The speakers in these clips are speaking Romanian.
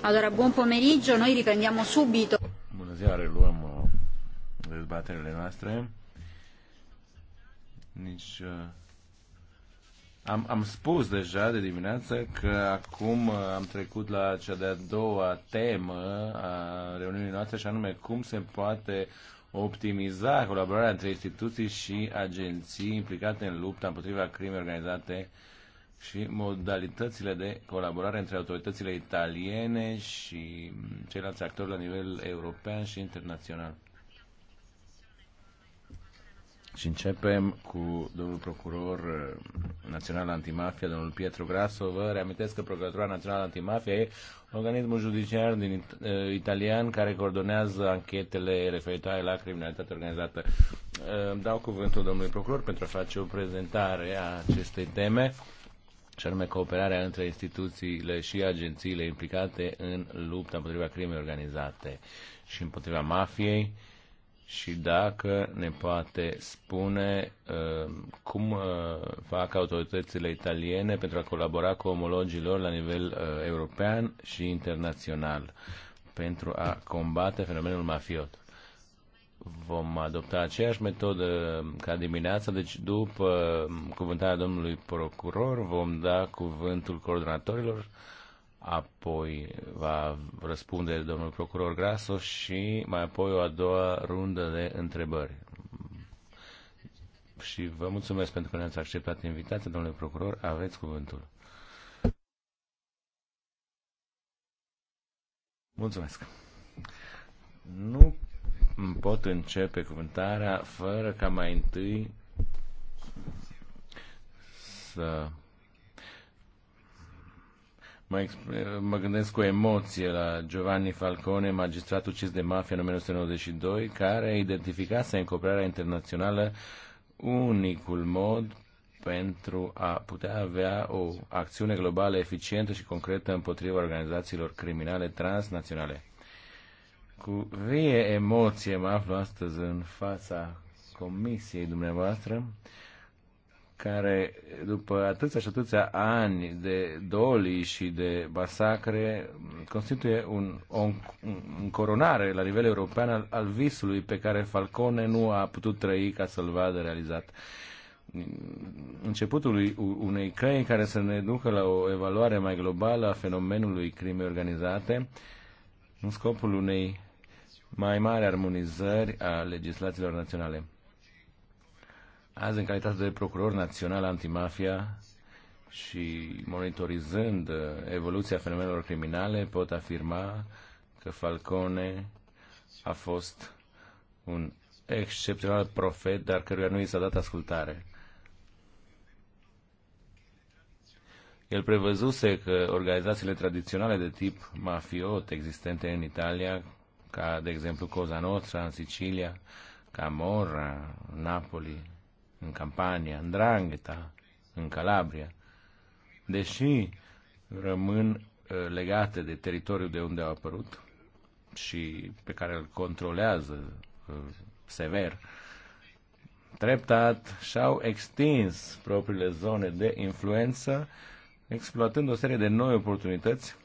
Allora, buon pomeriggio, noi riprendiamo subito. Bună ziua, reluăm uh, le noastre. Nici, uh, am, am spus deja de dimineață că acum uh, am trecut la cea de-a doua temă a reuniunii noastre și anume cum se poate optimiza colaborarea între instituții și agenții implicate în lupta împotriva crimei organizate și modalitățile de colaborare între autoritățile italiene și ceilalți actori la nivel european și internațional. Și începem cu domnul procuror eh, național antimafia, domnul Pietro Grasso. Vă reamintesc că Procuratura Națională Antimafia e organismul judiciar din eh, italian care coordonează anchetele referitoare la criminalitate organizată. Eh, dau cuvântul domnului procuror pentru a face o prezentare a acestei teme și anume cooperarea între instituțiile și agențiile implicate în lupta împotriva crimei organizate și împotriva mafiei și dacă ne poate spune uh, cum uh, fac autoritățile italiene pentru a colabora cu lor la nivel uh, european și internațional pentru a combate fenomenul mafiot vom adopta aceeași metodă ca dimineața, deci după cuvântarea domnului procuror vom da cuvântul coordonatorilor, apoi va răspunde domnul procuror Graso și mai apoi o a doua rundă de întrebări. Și vă mulțumesc pentru că ne-ați acceptat invitația, domnule procuror, aveți cuvântul. Mulțumesc. Nu pot începe cuvântarea fără ca mai întâi să mă, mă gândesc cu emoție la Giovanni Falcone, magistrat ucis de mafia în 1992, care identificase în cooperarea internațională unicul mod pentru a putea avea o acțiune globală eficientă și concretă împotriva organizațiilor criminale transnaționale cu vie emoție mă aflu astăzi în fața comisiei dumneavoastră, care după atâția și atâția ani de doli și de masacre constituie un, o încoronare la nivel european al, al visului pe care Falcone nu a putut trăi ca să-l vadă realizat începutul unei căi care să ne ducă la o evaluare mai globală a fenomenului crimei organizate, în scopul unei mai mari armonizări a legislațiilor naționale. Azi, în calitate de procuror național antimafia și monitorizând uh, evoluția fenomenelor criminale, pot afirma că Falcone a fost un excepțional profet, dar căruia nu i s-a dat ascultare. El prevăzuse că organizațiile tradiționale de tip mafiot existente în Italia, ca de exemplu Cosa Nostra în Sicilia, Camorra, Napoli, în Campania, în Drangheta, în Calabria, deși rămân ă, legate de teritoriul de unde au apărut și pe care îl controlează ă, sever, treptat și-au extins propriile zone de influență, exploatând o serie de noi oportunități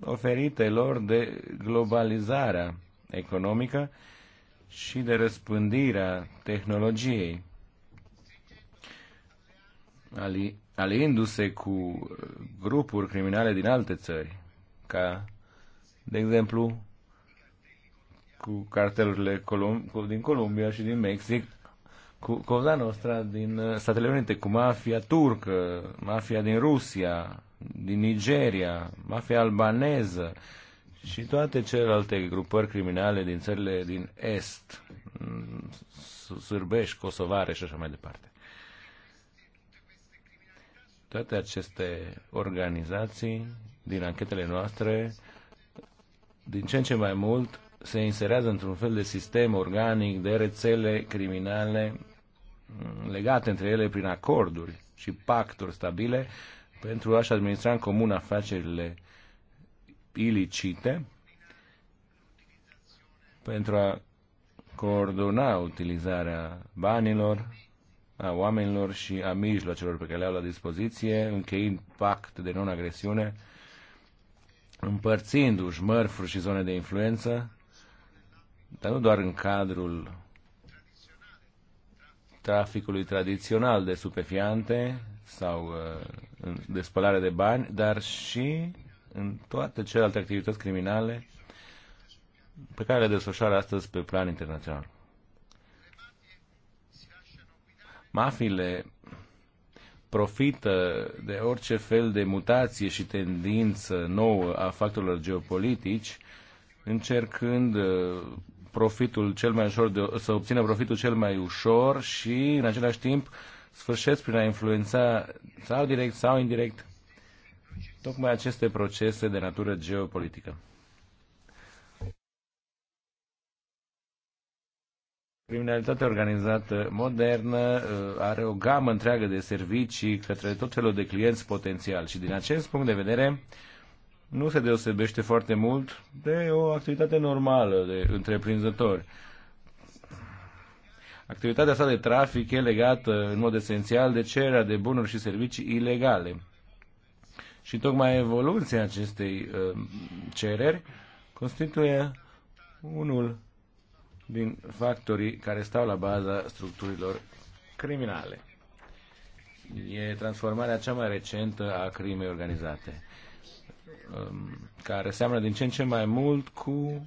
oferite lor de globalizarea economică și de răspândirea tehnologiei, ali, aliindu-se cu grupuri criminale din alte țări, ca, de exemplu, cu cartelurile Colum- din Columbia și din Mexic, cu Coza Nostra din uh, Statele Unite, cu mafia turcă, mafia din Rusia, din Nigeria, mafia albaneză și toate celelalte grupări criminale din țările din Est, mm, sârbești, kosovare și așa mai departe. Toate aceste organizații, din anchetele noastre, din ce în ce mai mult se inserează într-un fel de sistem organic de rețele criminale mm, legate între ele prin acorduri și pacturi stabile pentru a-și administra în comun afacerile ilicite, pentru a coordona utilizarea banilor, a oamenilor și a mijloacelor pe care le au la dispoziție, încheind pact de non-agresiune, împărțindu-și mărfuri și zone de influență, dar nu doar în cadrul traficului tradițional de supefiante, sau uh, de spălare de bani, dar și în toate celelalte activități criminale pe care le desfășoară astăzi pe plan internațional. Mafiile profită de orice fel de mutație și tendință nouă a factorilor geopolitici, încercând uh, profitul cel mai ușor de, să obțină profitul cel mai ușor și, în același timp, sfârșesc prin a influența sau direct sau indirect tocmai aceste procese de natură geopolitică. Criminalitatea organizată modernă uh, are o gamă întreagă de servicii către tot felul de clienți potențial și din acest punct de vedere nu se deosebește foarte mult de o activitate normală de întreprinzători. Activitatea sa de trafic e legată în mod esențial de cererea de bunuri și servicii ilegale. Și tocmai evoluția acestei uh, cereri constituie unul din factorii care stau la baza structurilor criminale. E transformarea cea mai recentă a crimei organizate, um, care seamănă din ce în ce mai mult cu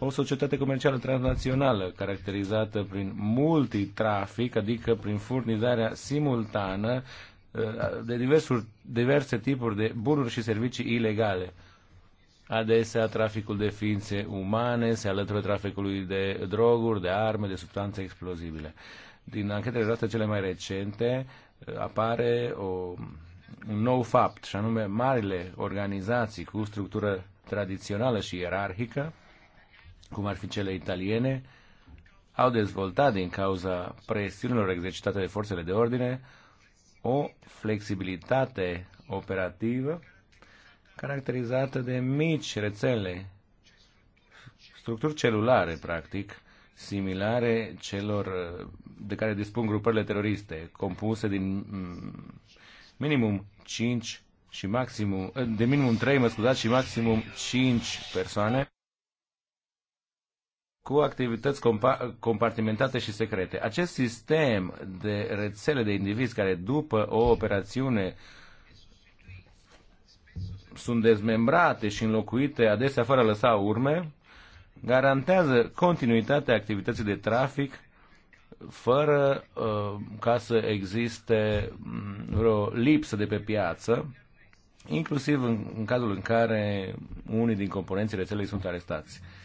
o societate comercială transnațională caracterizată prin multitrafic, adică prin furnizarea simultană eh, de diversuri, diverse tipuri de bunuri și servicii ilegale. Adesea traficul de ființe umane se alătură traficului de droguri, de arme, de substanțe explozibile. Din anchetele noastre cele mai recente eh, apare o, un nou fapt, și anume marile organizații cu structură tradițională și ierarhică, cum ar fi cele italiene, au dezvoltat din cauza presiunilor exercitate de forțele de ordine o flexibilitate operativă caracterizată de mici rețele, structuri celulare, practic, similare celor de care dispun grupările teroriste, compuse din mm, minimum 5 și maximum, de minimum 3, mă scuzați, și maximum 5 persoane cu activități compa- compartimentate și secrete. Acest sistem de rețele de indivizi care după o operațiune sunt dezmembrate și înlocuite adesea fără a lăsa urme, garantează continuitatea activității de trafic fără uh, ca să existe mm, vreo lipsă de pe piață, inclusiv în, în cazul în care unii din componenții rețelei sunt arestați. Uh,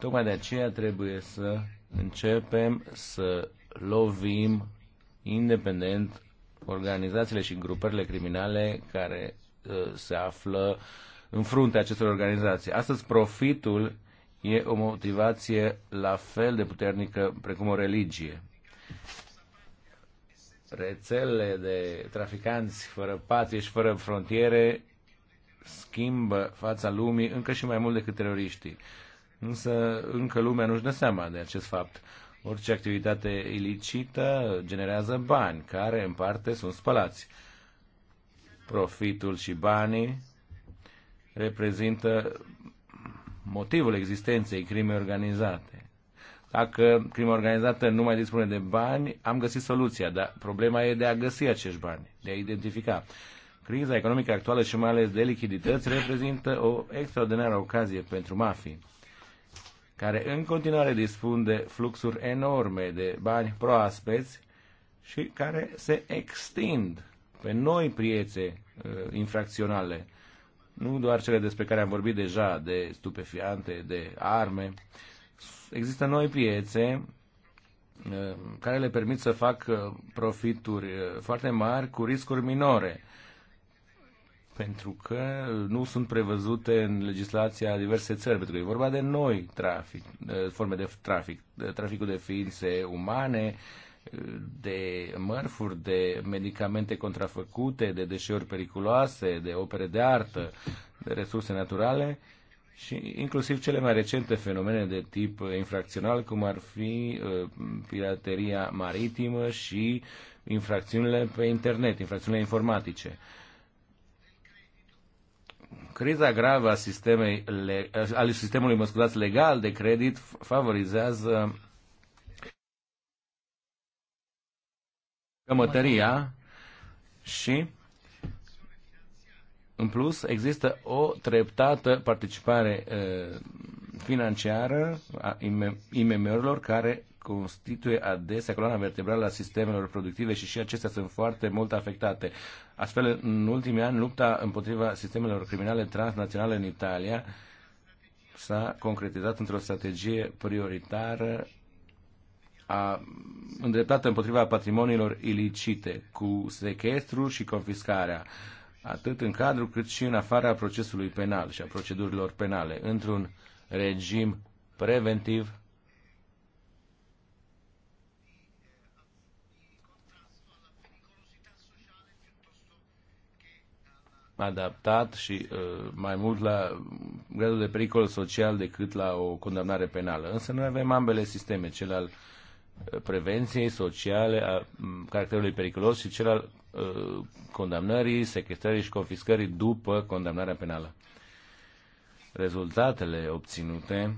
Tocmai de aceea trebuie să începem să lovim independent organizațiile și grupările criminale care uh, se află în fruntea acestor organizații. Astăzi profitul e o motivație la fel de puternică precum o religie. Rețelele de traficanți fără patrie și fără frontiere schimbă fața lumii încă și mai mult decât teroriștii însă încă lumea nu-și dă seama de acest fapt. Orice activitate ilicită generează bani, care în parte sunt spălați. Profitul și banii reprezintă motivul existenței crimei organizate. Dacă crima organizată nu mai dispune de bani, am găsit soluția, dar problema e de a găsi acești bani, de a identifica. Criza economică actuală și mai ales de lichidități reprezintă o extraordinară ocazie pentru mafii care în continuare dispun fluxuri enorme de bani proaspeți și care se extind pe noi uh, infracționale, nu doar cele despre care am vorbit deja, de stupefiante, de arme. Există noi piețe uh, care le permit să fac profituri uh, foarte mari cu riscuri minore pentru că nu sunt prevăzute în legislația diverse țări, pentru că e vorba de noi trafic, forme de trafic, traficul de ființe umane, de mărfuri, de medicamente contrafăcute, de deșeuri periculoase, de opere de artă, de resurse naturale și inclusiv cele mai recente fenomene de tip infracțional, cum ar fi uh, pirateria maritimă și infracțiunile pe internet, infracțiunile informatice. Criza gravă a, sistemului, al sistemului mă scuzați, legal de credit favorizează cămătăria și în plus, există o treptată participare financiară a IMM-urilor care constituie adesea coloana vertebrală a sistemelor productive și și acestea sunt foarte mult afectate. Astfel, în ultimii ani, lupta împotriva sistemelor criminale transnaționale în Italia s-a concretizat într-o strategie prioritară a, îndreptată împotriva patrimoniilor ilicite, cu sequestru și confiscarea, atât în cadrul cât și în afara procesului penal și a procedurilor penale, într-un regim preventiv adaptat și uh, mai mult la gradul de pericol social decât la o condamnare penală. Însă noi avem ambele sisteme, cel al uh, prevenției sociale a caracterului periculos și cel al uh, condamnării, sequestrării și confiscării după condamnarea penală. Rezultatele obținute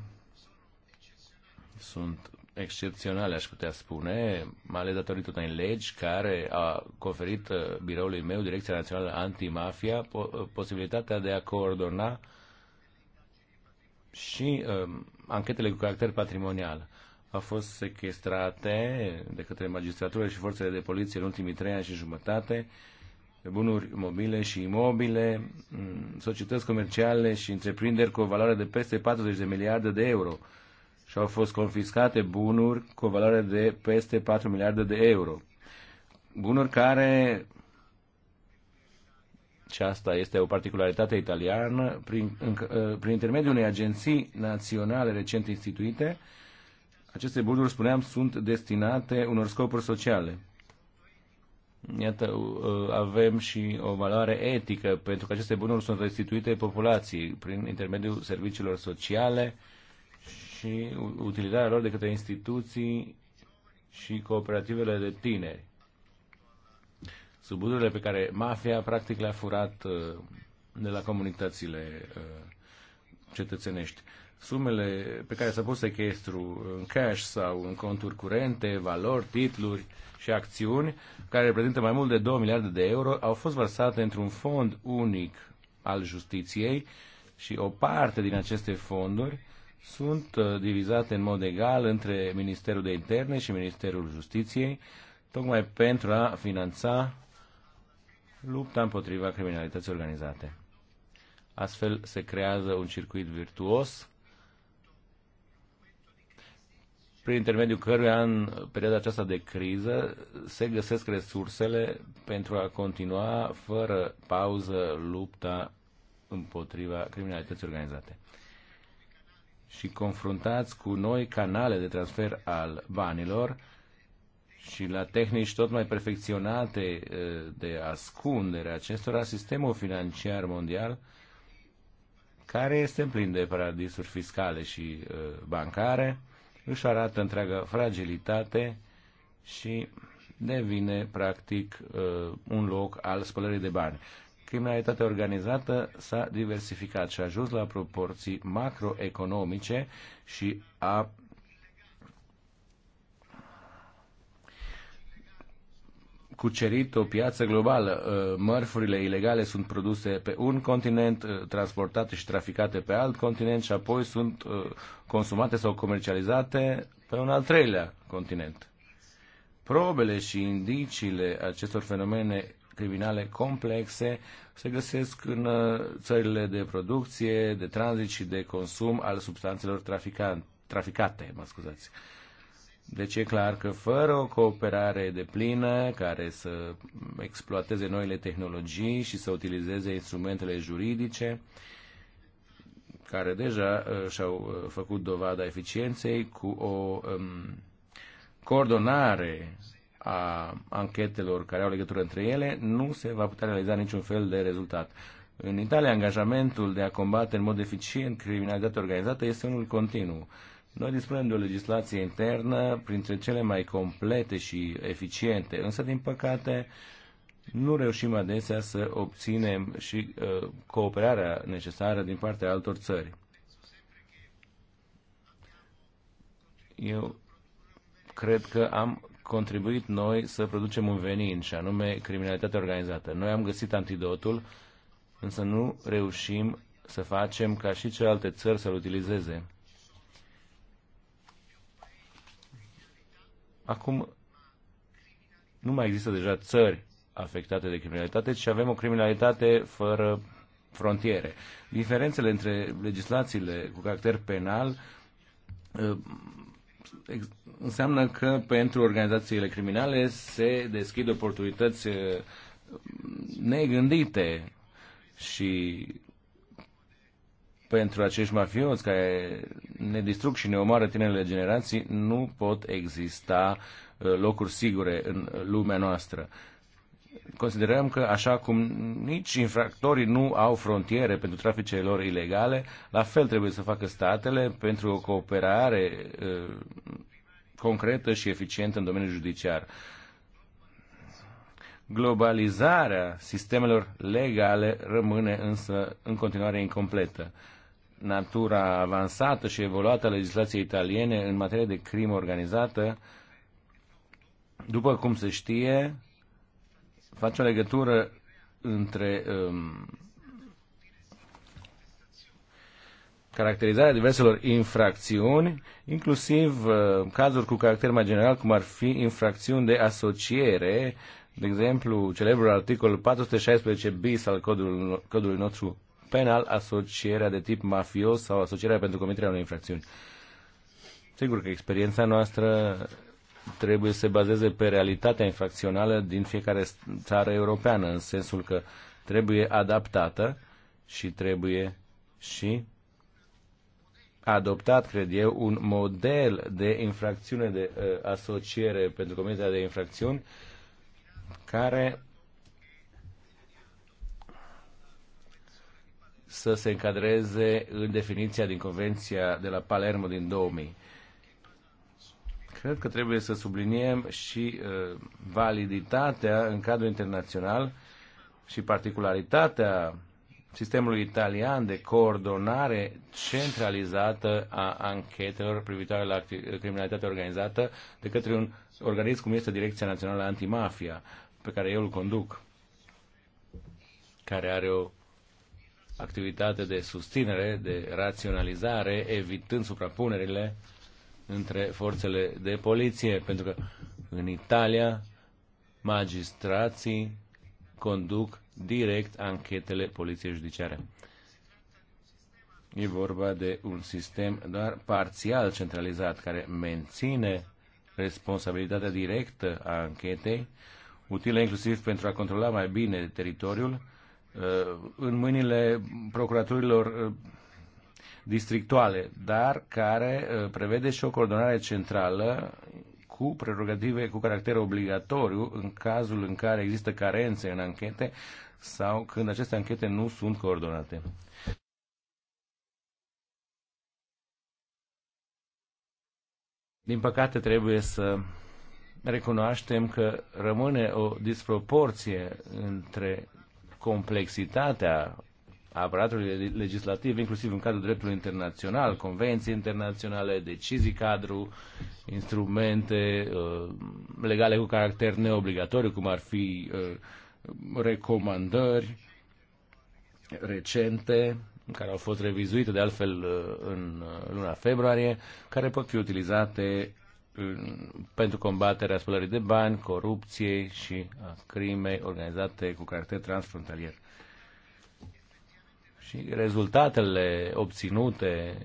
sunt excepționale, aș putea spune, mai ales datorită unei legi care a conferit uh, biroului meu, Direcția Națională Antimafia, po- uh, posibilitatea de a coordona și um, anchetele cu caracter patrimonial. Au fost sequestrate de către magistratură și forțele de poliție în ultimii trei ani și jumătate bunuri mobile și imobile, mm, societăți comerciale și întreprinderi cu o valoare de peste 40 de miliarde de euro și au fost confiscate bunuri cu o valoare de peste 4 miliarde de euro. Bunuri care, și asta este o particularitate italiană, prin, în, uh, prin intermediul unei agenții naționale recent instituite, aceste bunuri, spuneam, sunt destinate unor scopuri sociale. Iată, uh, avem și o valoare etică, pentru că aceste bunuri sunt restituite populației prin intermediul serviciilor sociale, și utilizarea lor de către instituții și cooperativele de tineri. Subudurile pe care mafia practic le-a furat uh, de la comunitățile uh, cetățenești. Sumele pe care s-a pus sechestru uh, în cash sau în conturi curente, valori, titluri și acțiuni, care reprezintă mai mult de 2 miliarde de euro, au fost vărsate într-un fond unic al justiției și o parte din aceste fonduri sunt uh, divizate în mod egal între Ministerul de Interne și Ministerul Justiției, tocmai pentru a finanța lupta împotriva criminalității organizate. Astfel se creează un circuit virtuos prin intermediul căruia în perioada aceasta de criză se găsesc resursele pentru a continua fără pauză lupta împotriva criminalității organizate și confruntați cu noi canale de transfer al banilor și la tehnici tot mai perfecționate de ascundere acestora, sistemul financiar mondial care este plin de paradisuri fiscale și bancare, își arată întreaga fragilitate și devine practic un loc al spălării de bani criminalitatea organizată s-a diversificat și a ajuns la proporții macroeconomice și a cucerit o piață globală. Uh, mărfurile ilegale sunt produse pe un continent, uh, transportate și traficate pe alt continent și apoi sunt uh, consumate sau comercializate pe un al treilea continent. Probele și indiciile acestor fenomene criminale complexe se găsesc în uh, țările de producție, de tranzit și de consum al substanțelor traficate. Mă scuzați. Deci e clar că fără o cooperare de plină care să exploateze noile tehnologii și să utilizeze instrumentele juridice, care deja uh, și-au uh, făcut dovada eficienței cu o um, coordonare a anchetelor care au legătură între ele, nu se va putea realiza niciun fel de rezultat. În Italia, angajamentul de a combate în mod eficient criminalitatea organizată este unul continuu. Noi dispunem de o legislație internă printre cele mai complete și eficiente, însă, din păcate, nu reușim adesea să obținem și uh, cooperarea necesară din partea altor țări. Eu cred că am contribuit noi să producem un venin, și anume criminalitatea organizată. Noi am găsit antidotul, însă nu reușim să facem ca și celelalte țări să-l utilizeze. Acum nu mai există deja țări afectate de criminalitate, ci avem o criminalitate fără frontiere. Diferențele între legislațiile cu caracter penal ă, înseamnă că pentru organizațiile criminale se deschid oportunități uh, negândite și pentru acești mafioți care ne distrug și ne omoară tinerele generații, nu pot exista uh, locuri sigure în lumea noastră considerăm că așa cum nici infractorii nu au frontiere pentru traficele lor ilegale, la fel trebuie să facă statele pentru o cooperare concretă și eficientă în domeniul judiciar. Globalizarea sistemelor legale rămâne însă în continuare incompletă. Natura avansată și evoluată a legislației italiene în materie de crimă organizată, după cum se știe, face o legătură între um, caracterizarea diverselor infracțiuni, inclusiv uh, cazuri cu caracter mai general, cum ar fi infracțiuni de asociere, de exemplu, celebrul articol 416 bis al codului, codului nostru penal, asocierea de tip mafios sau asocierea pentru comiterea unei infracțiuni. Sigur că experiența noastră trebuie să se bazeze pe realitatea infracțională din fiecare țară europeană, în sensul că trebuie adaptată și trebuie și adoptat, cred eu, un model de infracțiune de uh, asociere pentru comisia de infracțiuni care să se încadreze în definiția din Convenția de la Palermo din 2000. Cred că trebuie să subliniem și uh, validitatea în cadrul internațional și particularitatea sistemului italian de coordonare centralizată a anchetelor privitoare la criminalitatea organizată de către un organism cum este Direcția Națională Antimafia, pe care eu îl conduc, care are o activitate de susținere, de raționalizare, evitând suprapunerile între forțele de poliție, pentru că în Italia magistrații conduc direct anchetele poliției judiciare. E vorba de un sistem doar parțial centralizat care menține responsabilitatea directă a anchetei, utilă inclusiv pentru a controla mai bine teritoriul, uh, în mâinile procuraturilor uh, districtuale, dar care uh, prevede și o coordonare centrală cu prerogative cu caracter obligatoriu în cazul în care există carențe în anchete sau când aceste anchete nu sunt coordonate. Din păcate trebuie să recunoaștem că rămâne o disproporție între complexitatea aparatului legislativ, inclusiv în cadrul dreptului internațional, convenții internaționale, decizii cadru, instrumente uh, legale cu caracter neobligatoriu, cum ar fi uh, recomandări recente, care au fost revizuite de altfel uh, în uh, luna februarie, care pot fi utilizate uh, pentru combaterea spălării de bani, corupției și a crimei organizate cu caracter transfrontalier și rezultatele obținute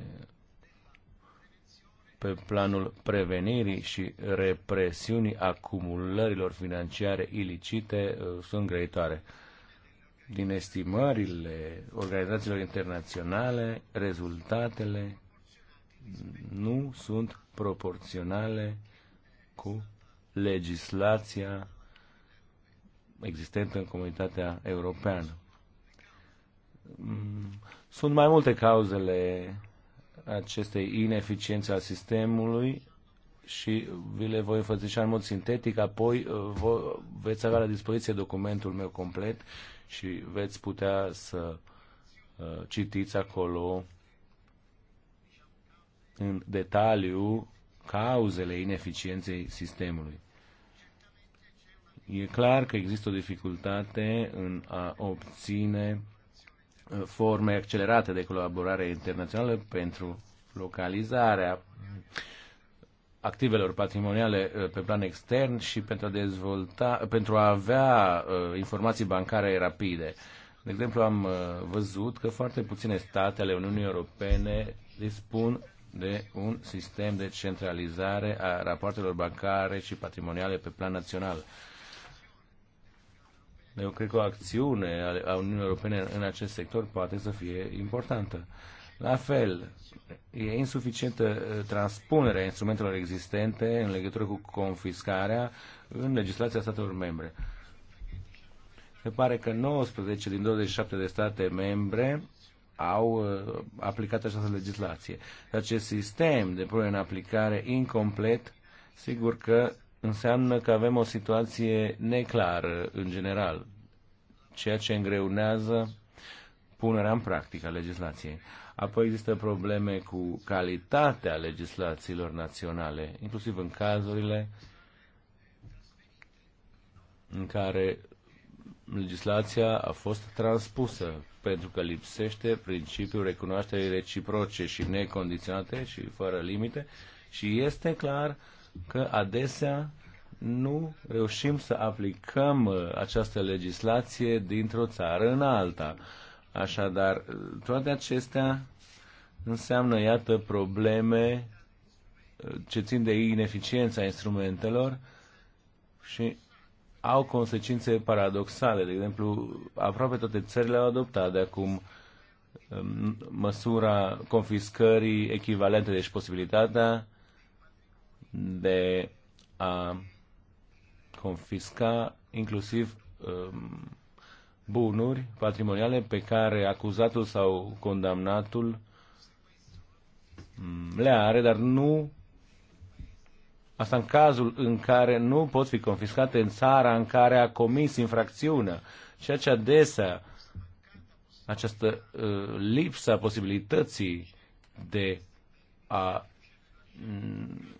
pe planul prevenirii și represiunii acumulărilor financiare ilicite uh, sunt greitoare. Din estimările organizațiilor internaționale, rezultatele nu sunt proporționale cu legislația existentă în comunitatea europeană. Mm, sunt mai multe cauzele acestei ineficiențe a sistemului și vi le voi înfățișa în mod sintetic, apoi uh, veți avea la dispoziție documentul meu complet și veți putea să uh, citiți acolo în detaliu cauzele ineficienței sistemului. E clar că există o dificultate în a obține forme accelerate de colaborare internațională pentru localizarea activelor patrimoniale uh, pe plan extern și pentru a dezvolta, pentru a avea uh, informații bancare rapide. De exemplu, am uh, văzut că foarte puține state ale Uniunii Europene dispun de un sistem de centralizare a rapoartelor bancare și patrimoniale pe plan național. Eu cred că o acțiune a Uniunii Europene în acest sector poate să fie importantă. La fel, e insuficientă uh, transpunerea instrumentelor existente în legătură cu confiscarea în legislația statelor membre. Se pare că 19 din 27 de state membre au uh, aplicat această legislație. Deci acest sistem de pune în aplicare incomplet, sigur că înseamnă că avem o situație neclară în general, ceea ce îngreunează punerea în practică a legislației. Apoi există probleme cu calitatea legislațiilor naționale, inclusiv în cazurile în care legislația a fost transpusă pentru că lipsește principiul recunoașterii reciproce și necondiționate și fără limite și este clar uh, că adesea nu reușim să aplicăm uh, această legislație dintr-o țară în alta. Așadar, toate acestea înseamnă, iată, probleme uh, ce țin de ineficiența instrumentelor și au consecințe paradoxale. De exemplu, aproape toate țările au adoptat de acum um, măsura confiscării echivalente, deci posibilitatea de a confisca inclusiv um, bunuri patrimoniale pe care acuzatul sau condamnatul um, le are, dar nu asta în cazul în care nu pot fi confiscate în țara în care a comis infracțiunea, ceea ce adesea această uh, lipsa posibilității de a mm,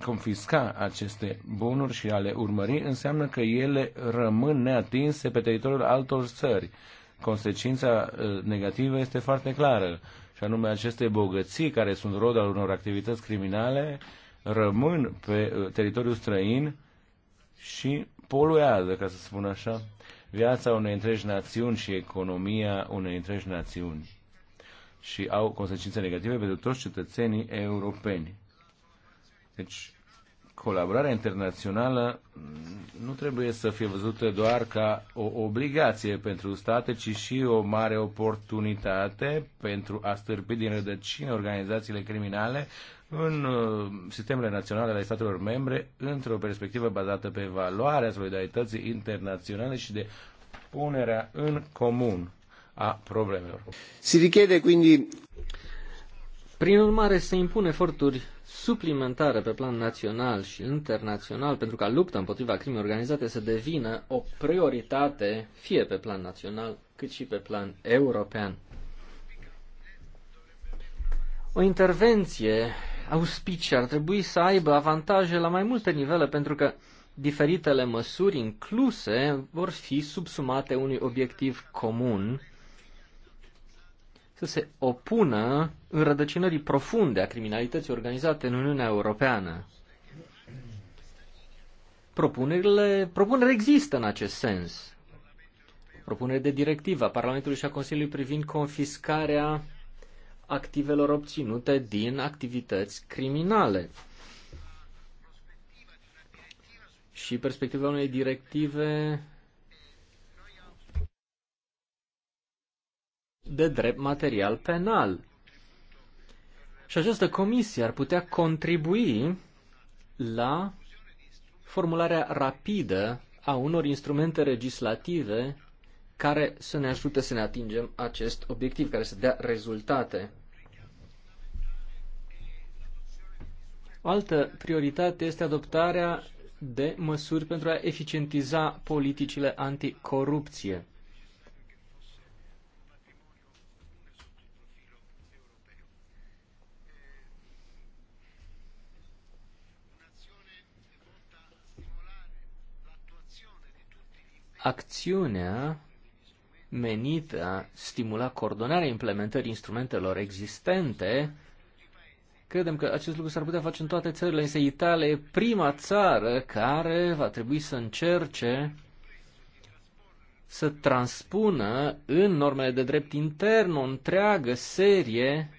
confisca aceste bunuri și a le urmări înseamnă că ele rămân neatinse pe teritoriul altor țări. Consecința uh, negativă este foarte clară, și anume aceste bogății care sunt rod al unor activități criminale rămân pe uh, teritoriul străin și poluează, ca să spun așa, viața unei întregi națiuni și economia unei întregi națiuni și au consecințe negative pentru toți cetățenii europeni. Deci, colaborarea internațională nu trebuie să fie văzută doar ca o obligație pentru state, ci și o mare oportunitate pentru a stârpi din rădăcină organizațiile criminale în uh, sistemele naționale ale statelor membre într-o perspectivă bazată pe valoarea solidarității internaționale și de punerea în comun a problemelor. Si richiede quindi prin urmare, se impun eforturi suplimentare pe plan național și internațional pentru ca lupta împotriva crimei organizate să devină o prioritate fie pe plan național cât și pe plan european. O intervenție auspice ar trebui să aibă avantaje la mai multe nivele pentru că diferitele măsuri incluse vor fi subsumate unui obiectiv comun să se opună înrădăcinării profunde a criminalității organizate în Uniunea Europeană. Propunerile, propuneri există în acest sens. Propunere de directivă a Parlamentului și a Consiliului privind confiscarea activelor obținute din activități criminale. Și perspectiva unei directive de drept material penal. Și această comisie ar putea contribui la formularea rapidă a unor instrumente legislative care să ne ajute să ne atingem acest obiectiv, care să dea rezultate. O altă prioritate este adoptarea de măsuri pentru a eficientiza politicile anticorupție. acțiunea menită a stimula coordonarea implementării instrumentelor existente, credem că acest lucru s-ar putea face în toate țările, însă Italia e prima țară care va trebui să încerce să transpună în normele de drept intern o întreagă serie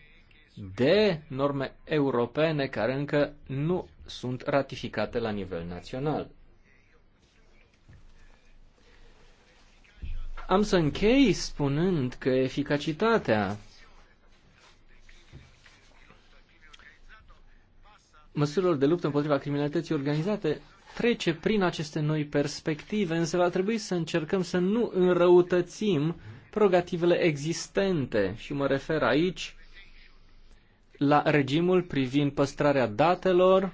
de norme europene care încă nu sunt ratificate la nivel național. Am să închei spunând că eficacitatea măsurilor de luptă împotriva criminalității organizate trece prin aceste noi perspective, însă va trebui să încercăm să nu înrăutățim progativele existente și mă refer aici la regimul privind păstrarea datelor,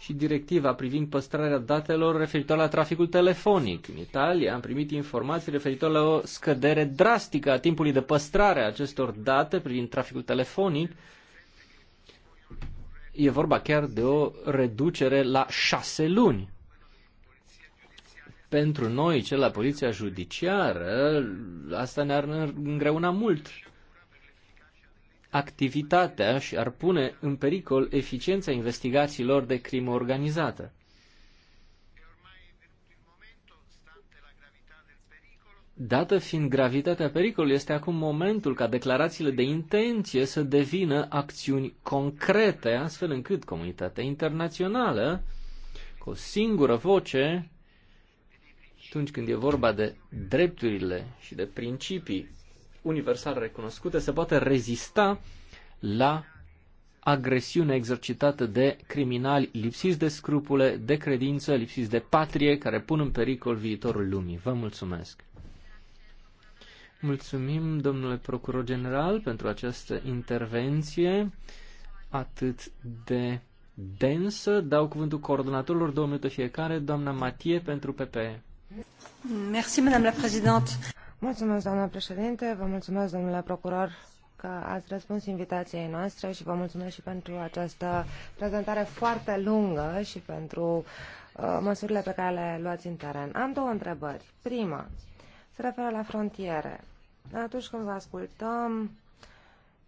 și directiva privind păstrarea datelor referitor la traficul telefonic. În Italia am primit informații referitor la o scădere drastică a timpului de păstrare a acestor date privind traficul telefonic. E vorba chiar de o reducere la șase luni. Pentru noi, cel la poliția judiciară, asta ne-ar îngreuna mult activitatea și ar pune în pericol eficiența investigațiilor de crimă organizată. Dată fiind gravitatea pericolului, este acum momentul ca declarațiile de intenție să devină acțiuni concrete, astfel încât comunitatea internațională, cu o singură voce, atunci când e vorba de drepturile și de principii universal recunoscute se poate rezista la agresiune exercitată de criminali lipsiți de scrupule, de credință, lipsiți de patrie, care pun în pericol viitorul lumii. Vă mulțumesc! Mulțumim, domnule procuror general, pentru această intervenție atât de densă. Dau cuvântul coordonatorilor, două minute fiecare, doamna Matie pentru PPE. Merci, madame la présidente. Mulțumesc, doamna președinte, vă mulțumesc, domnule procuror, că ați răspuns invitației noastre și vă mulțumesc și pentru această prezentare foarte lungă și pentru uh, măsurile pe care le luați în teren. Am două întrebări. Prima, se referă la frontiere. Atunci când vă ascultăm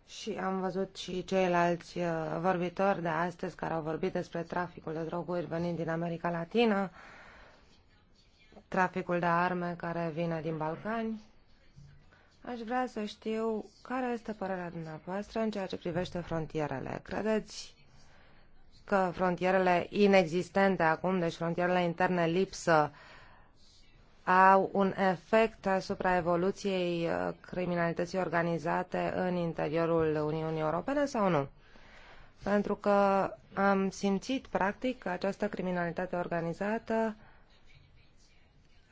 și am văzut și ceilalți uh, vorbitori de astăzi care au vorbit despre traficul de droguri venind din America Latină, uh, traficul de arme care vine din Balcani. Aș vrea să știu care este părerea dumneavoastră în ceea ce privește frontierele. Credeți că frontierele inexistente acum, deci frontierele interne lipsă, au un efect asupra evoluției uh, criminalității organizate în interiorul Uniunii Europene sau nu? Pentru că am simțit, practic, că această criminalitate organizată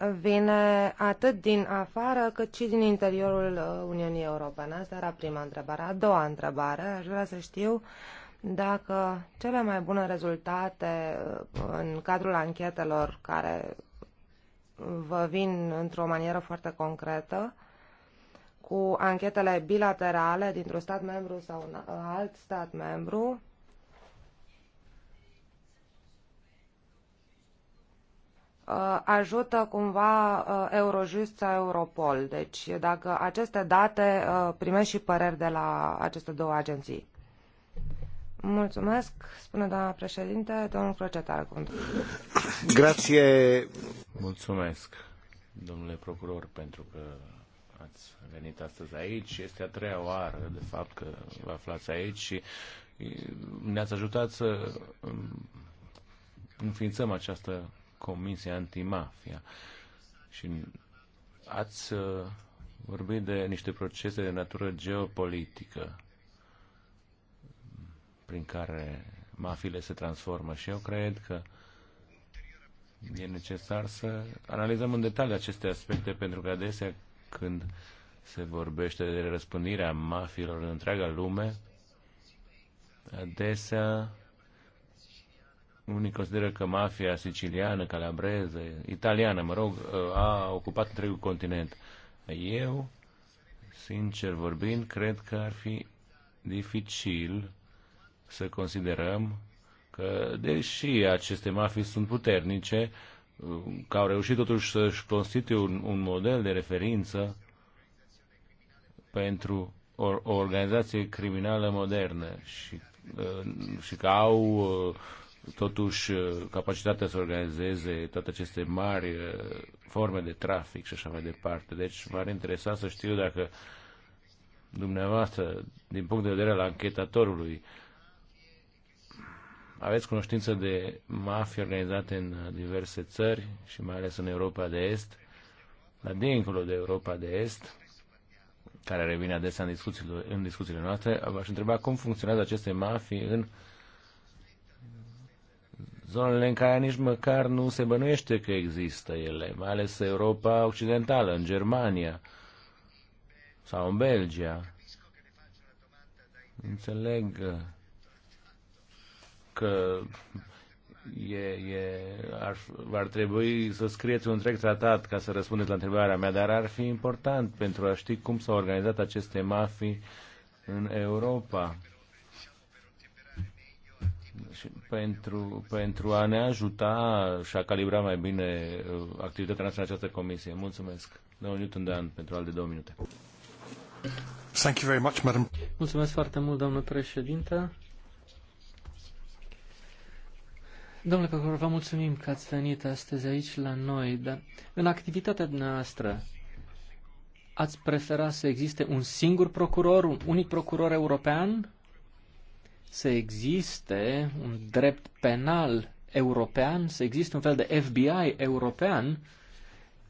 vine atât din afară cât și din interiorul uh, Uniunii Europene? Asta era prima întrebare. A doua întrebare, aș vrea să știu dacă cele mai bune rezultate uh, în cadrul anchetelor care uh, vă vin într-o manieră foarte concretă, cu anchetele bilaterale dintr-un stat membru sau un alt stat membru, Uh, ajută cumva uh, Eurojust sau Europol. Deci dacă aceste date uh, primești și păreri de la aceste două agenții. Mulțumesc, spune doamna președinte, domnul Crocet Grație. Mulțumesc, domnule procuror, pentru că ați venit astăzi aici. Este a treia oară, de fapt, că vă aflați aici și ne-ați ajutat să um, înființăm această Comisia Antimafia. Și ați uh, vorbit de niște procese de natură geopolitică prin care mafile se transformă și eu cred că e necesar să analizăm în detaliu aceste aspecte pentru că adesea când se vorbește de răspândirea mafilor în întreaga lume, adesea unii consideră că mafia siciliană, calabreză, italiană, mă rog, uh, a ocupat întregul continent. Eu, sincer vorbind, cred că ar fi dificil să considerăm că, deși aceste mafii sunt puternice, uh, că au reușit totuși să-și constituie un, un model de referință pentru o, o organizație criminală modernă și, uh, și că au totuși uh, capacitatea să organizeze toate aceste mari uh, forme de trafic și așa mai departe. Deci m-ar interesa să știu dacă dumneavoastră, din punct de vedere al anchetatorului, aveți cunoștință de mafii organizate în diverse țări și mai ales în Europa de Est, dar dincolo de Europa de Est, care revine adesea în discuțiile, în discuțiile noastre, v-aș întreba cum funcționează aceste mafii în uh, zonele în care nici măcar nu se bănuiește că există ele, mai ales Europa Occidentală, în Germania sau în Belgia. Înțeleg că e, e, ar, ar trebui să scrieți un întreg tratat ca să răspundeți la întrebarea mea, dar ar fi important pentru a ști cum s-au organizat aceste mafii în Europa și pentru, pentru a ne ajuta și a calibra mai bine uh, activitatea noastră în această comisie. Mulțumesc. Domnul Newton Dan, pentru al de două minute. Thank you very much, madam. Mulțumesc foarte mult, domnule președinte. Domnule Păcăru, vă mulțumim că ați venit astăzi aici la noi, dar în activitatea noastră ați prefera să existe un singur procuror, un unic procuror european să existe un drept penal european, să existe un fel de FBI european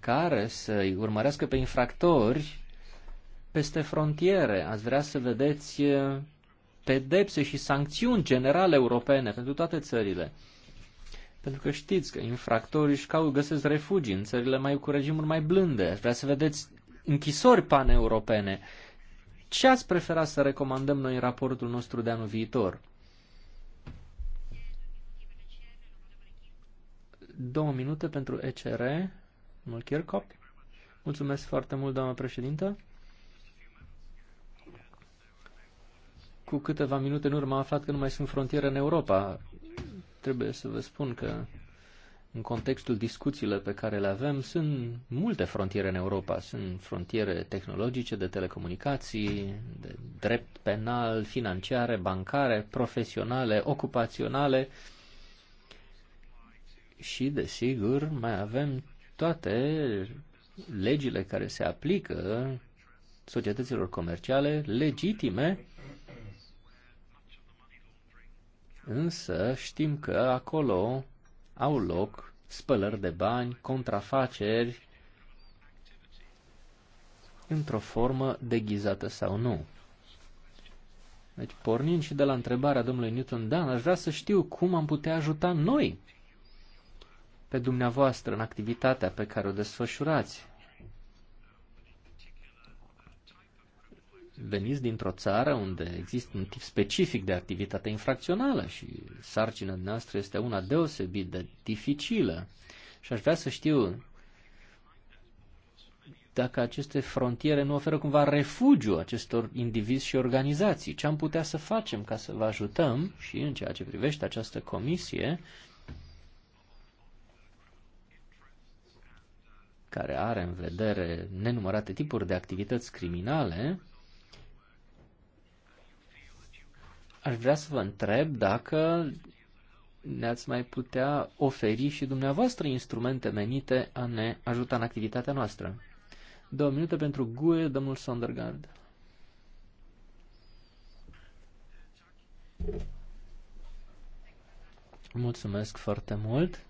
care să-i urmărească pe infractori peste frontiere. Ați vrea să vedeți uh, pedepse și sancțiuni generale europene pentru toate țările. Pentru că știți că infractorii își caut, găsesc refugii în țările mai cu regimuri mai blânde. Aș vrea să vedeți închisori paneuropene. europene ce ați prefera să recomandăm noi în raportul nostru de anul viitor? Două minute pentru ECR, Mulchircop. Mulțumesc foarte mult, doamnă președintă. Cu câteva minute în urmă am aflat că nu mai sunt frontiere în Europa. Trebuie să vă spun că în contextul discuțiilor pe care le avem, sunt multe frontiere în Europa. Sunt frontiere tehnologice, de telecomunicații, de drept penal, financiare, bancare, profesionale, ocupaționale și, desigur, mai avem toate legile care se aplică societăților comerciale legitime, însă știm că acolo au loc spălări de bani, contrafaceri, într-o formă deghizată sau nu. Deci, pornind și de la întrebarea domnului Newton da, aș vrea să știu cum am putea ajuta noi pe dumneavoastră în activitatea pe care o desfășurați. veniți dintr-o țară unde există un tip specific de activitate infracțională și sarcina noastră este una deosebit de dificilă. Și aș vrea să știu dacă aceste frontiere nu oferă cumva refugiu acestor indivizi și organizații. Ce am putea să facem ca să vă ajutăm și în ceea ce privește această comisie care are în vedere nenumărate tipuri de activități criminale, Aș vrea să vă întreb dacă ne-ați mai putea oferi și dumneavoastră instrumente menite a ne ajuta în activitatea noastră. Două minute pentru GUE, domnul Sondergaard. Mulțumesc foarte mult.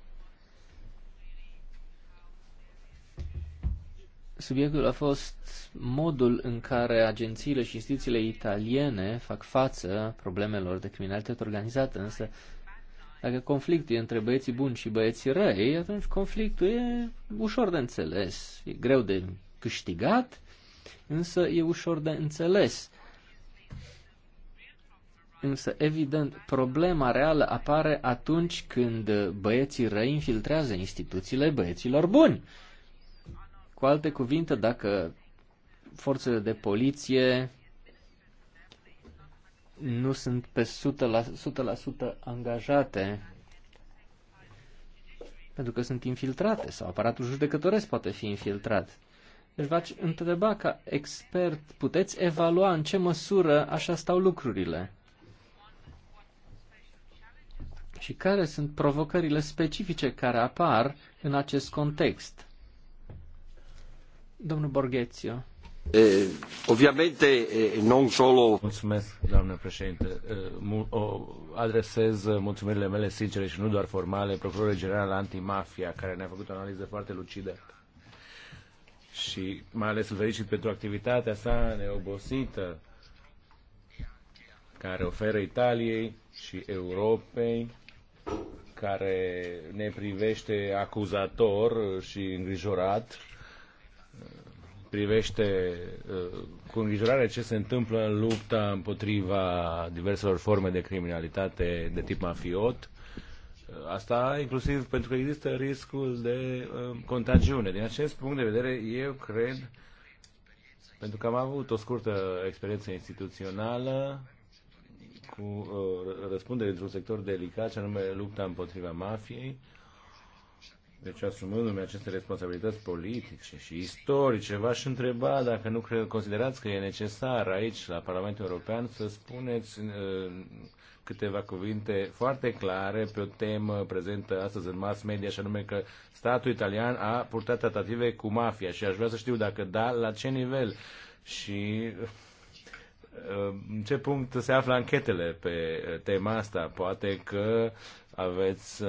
Subiectul a fost modul în care agențiile și instituțiile italiene fac față problemelor de criminalitate organizată, însă dacă conflictul e între băieții buni și băieții răi, atunci conflictul e ușor de înțeles, e greu de câștigat, însă e ușor de înțeles. Însă, evident, problema reală apare atunci când băieții răi infiltrează instituțiile băieților buni. Cu alte cuvinte, dacă forțele de poliție nu sunt pe 100%, 100% angajate pentru că sunt infiltrate sau aparatul judecătoresc poate fi infiltrat. Deci v-aș întreba ca expert, puteți evalua în ce măsură așa stau lucrurile? Și care sunt provocările specifice care apar în acest context? Domnul Borghețiu. E, obviamente, e, non solo... Mulțumesc, doamnă președinte. O adresez mulțumirile mele sincere și nu doar formale procurorului general antimafia, care ne-a făcut o analiză foarte lucidă și mai ales îl felicit pentru activitatea sa neobosită care oferă Italiei și Europei care ne privește acuzator și îngrijorat privește uh, cu îngrijorare ce se întâmplă în lupta împotriva diverselor forme de criminalitate de tip mafiot. Uh, asta inclusiv pentru că există riscul de uh, contagiune. Din acest punct de vedere, eu cred, pentru că am avut o scurtă experiență instituțională cu răspundere într-un sector delicat, ce anume lupta împotriva mafiei, deci, asumându-mi aceste responsabilități politice și istorice, v-aș întreba dacă nu cred considerați că e necesar aici, la Parlamentul European, să spuneți uh, câteva cuvinte foarte clare pe o temă prezentă astăzi în mass media, și anume că statul italian a purtat tratative cu mafia și aș vrea să știu dacă da, la ce nivel și uh, în ce punct se află anchetele pe uh, tema asta. Poate că aveți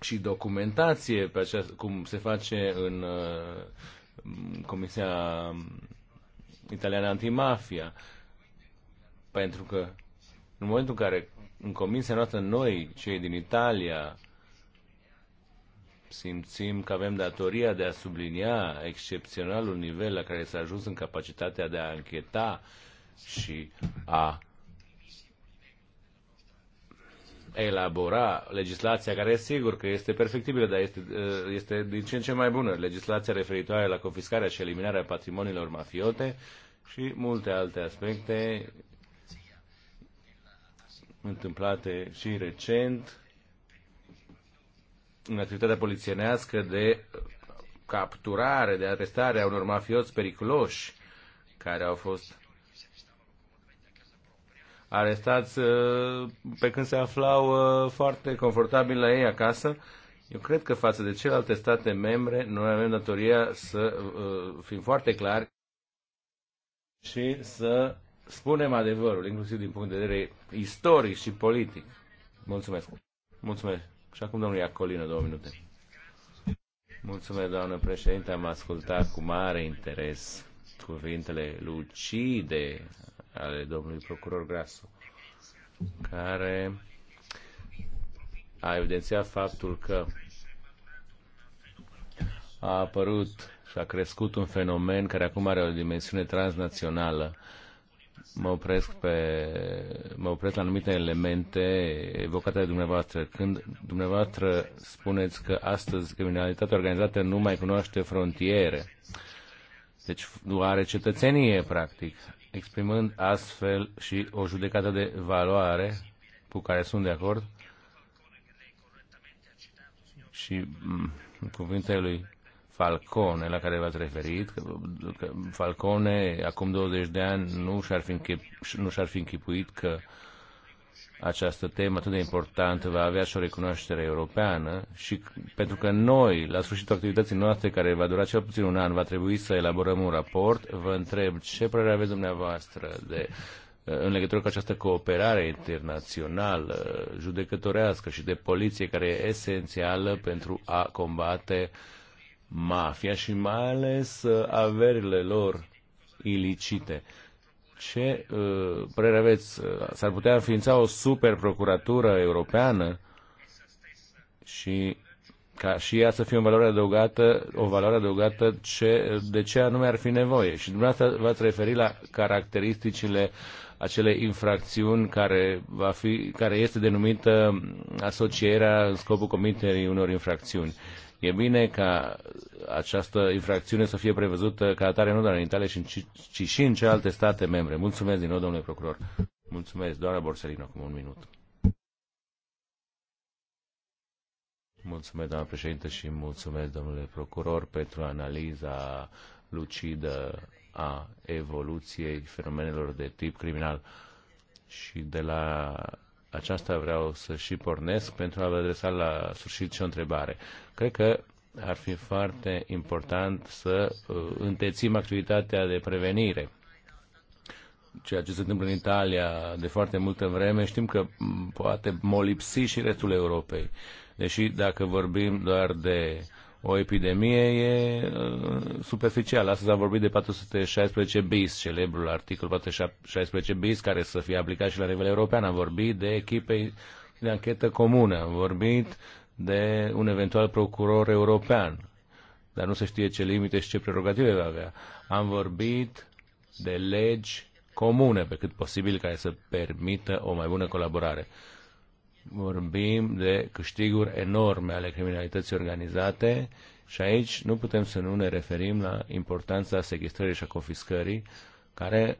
și documentație pe aceast, cum se face în uh, Comisia Italiană Antimafia. Pentru că în momentul în care în comisia noastră noi, cei din Italia, simțim că avem datoria de a sublinia excepționalul nivel la care s-a ajuns în capacitatea de a încheta și a elabora legislația care sigur că este perfectibilă, dar este, uh, este din ce în ce mai bună, legislația referitoare la confiscarea și eliminarea patrimoniilor mafiote și multe alte aspecte întâmplate și recent în activitatea polițienească de capturare, de arestare a unor mafioți periculoși care au fost arestați uh, pe când se aflau uh, foarte confortabil la ei acasă. Eu cred că față de celelalte state membre, noi avem datoria să uh, fim foarte clari și să spunem adevărul, inclusiv din punct de vedere istoric și politic. Mulțumesc. Mulțumesc. Și acum domnul Iacolino, două minute. Mulțumesc, doamnă președinte. Am ascultat cu mare interes cuvintele lucide ale domnului procuror Grasu, care a evidențiat faptul că a apărut și a crescut un fenomen care acum are o dimensiune transnațională. Mă opresc, pe, mă opresc la anumite elemente evocate de dumneavoastră. Când dumneavoastră spuneți că astăzi criminalitatea organizată nu mai cunoaște frontiere, deci nu are cetățenie, practic exprimând astfel și o judecată de valoare cu care sunt de acord și mm, cuvintele lui Falcone, la care v-ați referit, că, că Falcone acum 20 de ani nu și-ar fi, închip, nu și-ar fi închipuit că această temă atât de importantă va avea și o recunoaștere europeană și pentru că noi, la sfârșitul activității noastre, care va dura cel puțin un an, va trebui să elaborăm un raport, vă întreb ce părere aveți dumneavoastră de, uh, în legătură cu această cooperare internațională, judecătorească și de poliție, care e esențială pentru a combate mafia și mai ales uh, averile lor ilicite. Ce uh, părere aveți? Uh, s-ar putea înființa o super procuratură europeană și ca și ea să fie o valoare adăugată, o valoare adăugată ce, de ce anume ar fi nevoie. Și dumneavoastră v-ați referit la caracteristicile acele infracțiuni care, va fi, care este denumită asocierea în scopul comiterii unor infracțiuni. Uh, E bine ca această infracțiune să fie prevăzută ca atare nu doar în Italia, ci și în celelalte state membre. Mulțumesc din nou, domnule procuror. Mulțumesc, doamna Borsellino, acum un minut. Mulțumesc, doamna președinte, și mulțumesc, domnule procuror, pentru analiza lucidă a evoluției fenomenelor de tip criminal și de la aceasta vreau să și pornesc pentru a vă adresa la sfârșit și o întrebare. Cred că ar fi foarte important să uh, întețim activitatea de prevenire. Ceea ce se întâmplă în Italia de foarte multă vreme, știm că poate molipsi și restul Europei. Deși dacă vorbim doar de o epidemie e uh, superficială. Astăzi am vorbit de 416 bis, celebrul articol 416 bis, care să fie aplicat și la nivel european. Am vorbit de echipe de anchetă comună, am vorbit de un eventual procuror european, dar nu se știe ce limite și ce prerogative va avea. Am vorbit de legi comune, pe cât posibil, care să permită o mai bună colaborare vorbim de câștiguri enorme ale criminalității organizate și aici nu putem să nu ne referim la importanța sequestrării și a confiscării, care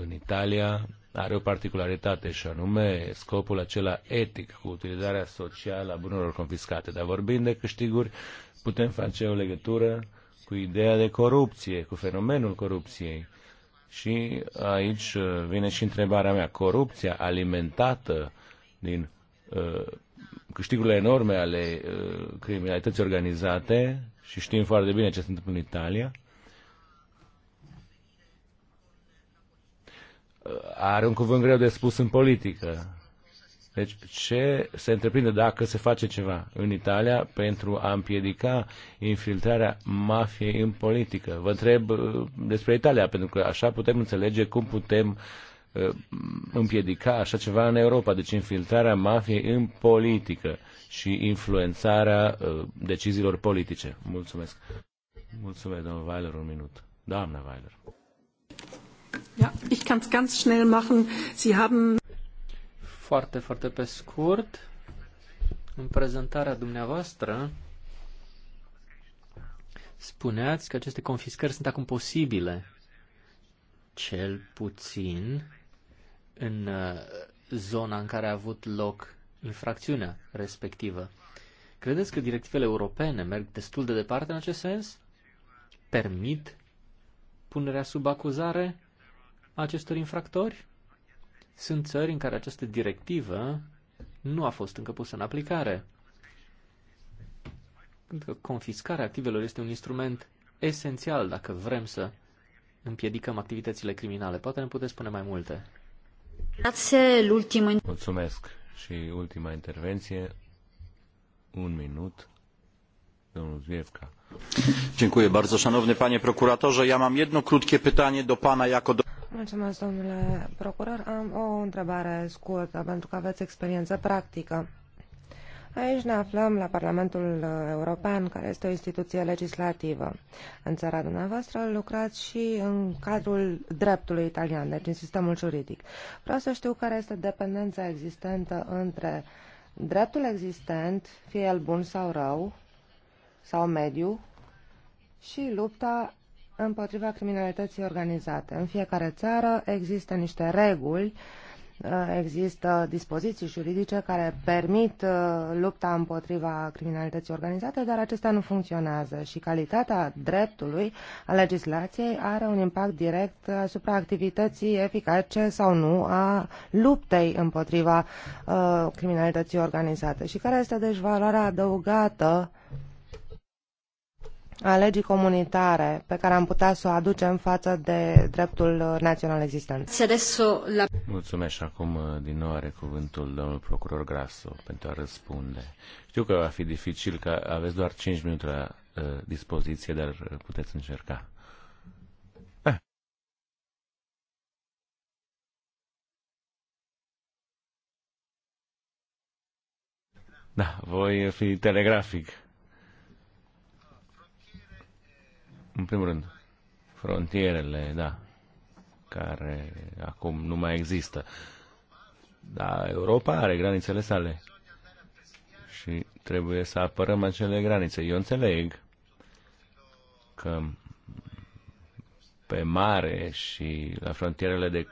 în Italia are o particularitate și anume scopul acela etic cu utilizarea socială a bunurilor confiscate. Dar vorbind de câștiguri, putem face o legătură cu ideea de corupție, cu fenomenul corupției. Și aici vine și întrebarea mea. Corupția alimentată din Uh, câștigurile enorme ale uh, criminalității organizate și știm foarte bine ce se întâmplă în Italia, uh, are un cuvânt greu de spus în politică. Deci ce se întreprinde dacă se face ceva în Italia pentru a împiedica infiltrarea mafiei în politică? Vă întreb despre Italia, pentru că așa putem înțelege cum putem împiedica așa ceva în Europa, deci infiltrarea mafiei în politică și influențarea uh, deciziilor politice. Mulțumesc. Mulțumesc, domnul Weiler, un minut. Doamna Weiler. Ja, ich kann's ganz schnell machen. Sie haben foarte, foarte pe scurt, în prezentarea dumneavoastră, spuneați că aceste confiscări sunt acum posibile. Cel puțin în uh, zona în care a avut loc infracțiunea respectivă. Credeți că directivele europene merg destul de departe în acest sens? Permit punerea sub acuzare a acestor infractori? Sunt țări în care această directivă nu a fost încă pusă în aplicare. Pentru că confiscarea activelor este un instrument esențial dacă vrem să împiedicăm activitățile criminale. Poate ne puteți spune mai multe. Mulțumesc. Și ultima intervenție, un minut, domnul Zwiewka. Dziękuję bardzo, szanowny panie prokuratorze. Ja mam jedno krótkie pytanie do pana jako do... Mulțumesc, domnule procuror. Am o întrebare scurtă, pentru că aveți experiență practică. Aici ne aflăm la Parlamentul European, care este o instituție legislativă. În țara dumneavoastră lucrați și în cadrul dreptului italian, deci în sistemul juridic. Vreau să știu care este dependența existentă între dreptul existent, fie el bun sau rău, sau mediu, și lupta împotriva criminalității organizate. În fiecare țară există niște reguli uh, Uh, există dispoziții juridice care permit uh, lupta împotriva criminalității organizate, dar acestea nu funcționează și calitatea dreptului a legislației are un impact direct asupra activității eficace sau nu a luptei împotriva uh, criminalității organizate. Și care este deci valoarea adăugată a legii comunitare pe care am putea să o aducem față de dreptul național existent. Mulțumesc și acum uh, din nou are cuvântul domnul procuror Grasso pentru a răspunde. Știu că va fi dificil, că aveți doar 5 minute la uh, dispoziție, dar uh, puteți încerca. Eh. Da, voi fi telegrafic. În primul rând, frontierele, da, care acum nu mai există. Dar Europa are granițele sale și trebuie să apărăm acele granițe. Eu înțeleg că pe mare și la frontierele de,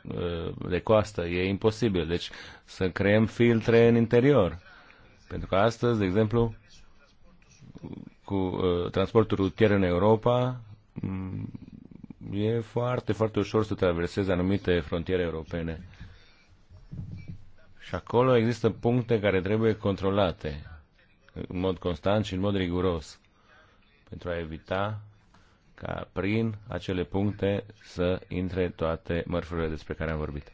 de coastă e imposibil. Deci să creăm filtre în interior. Pentru că astăzi, de exemplu, cu uh, transportul rutier în Europa, Mm, e foarte, foarte ușor să traversezi anumite frontiere europene. Și acolo există puncte care trebuie controlate în mod constant și în mod riguros pentru a evita ca prin acele puncte să intre toate mărfurile despre care am vorbit.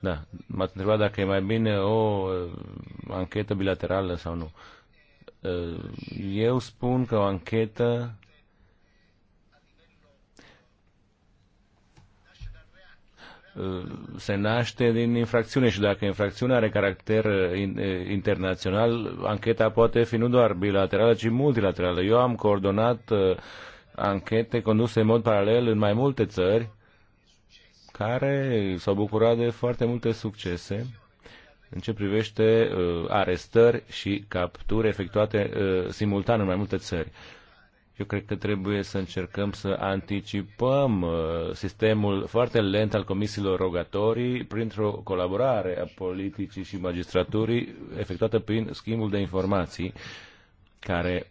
Da, m-ați întrebat dacă e mai bine o anchetă bilaterală sau nu. Uh, eu spun că o anchetă se naște din infracțiune și dacă infracțiunea are caracter internațional, ancheta poate fi nu doar bilaterală, ci multilaterală. Eu am coordonat uh, anchete conduse în mod paralel în mai multe țări care s-au bucurat de foarte multe succese în ce privește uh, arestări și capturi efectuate uh, simultan în mai multe țări. Eu cred că trebuie să încercăm să anticipăm uh, sistemul foarte lent al comisiilor rogatorii printr-o colaborare a politicii și magistraturii efectuată prin schimbul de informații care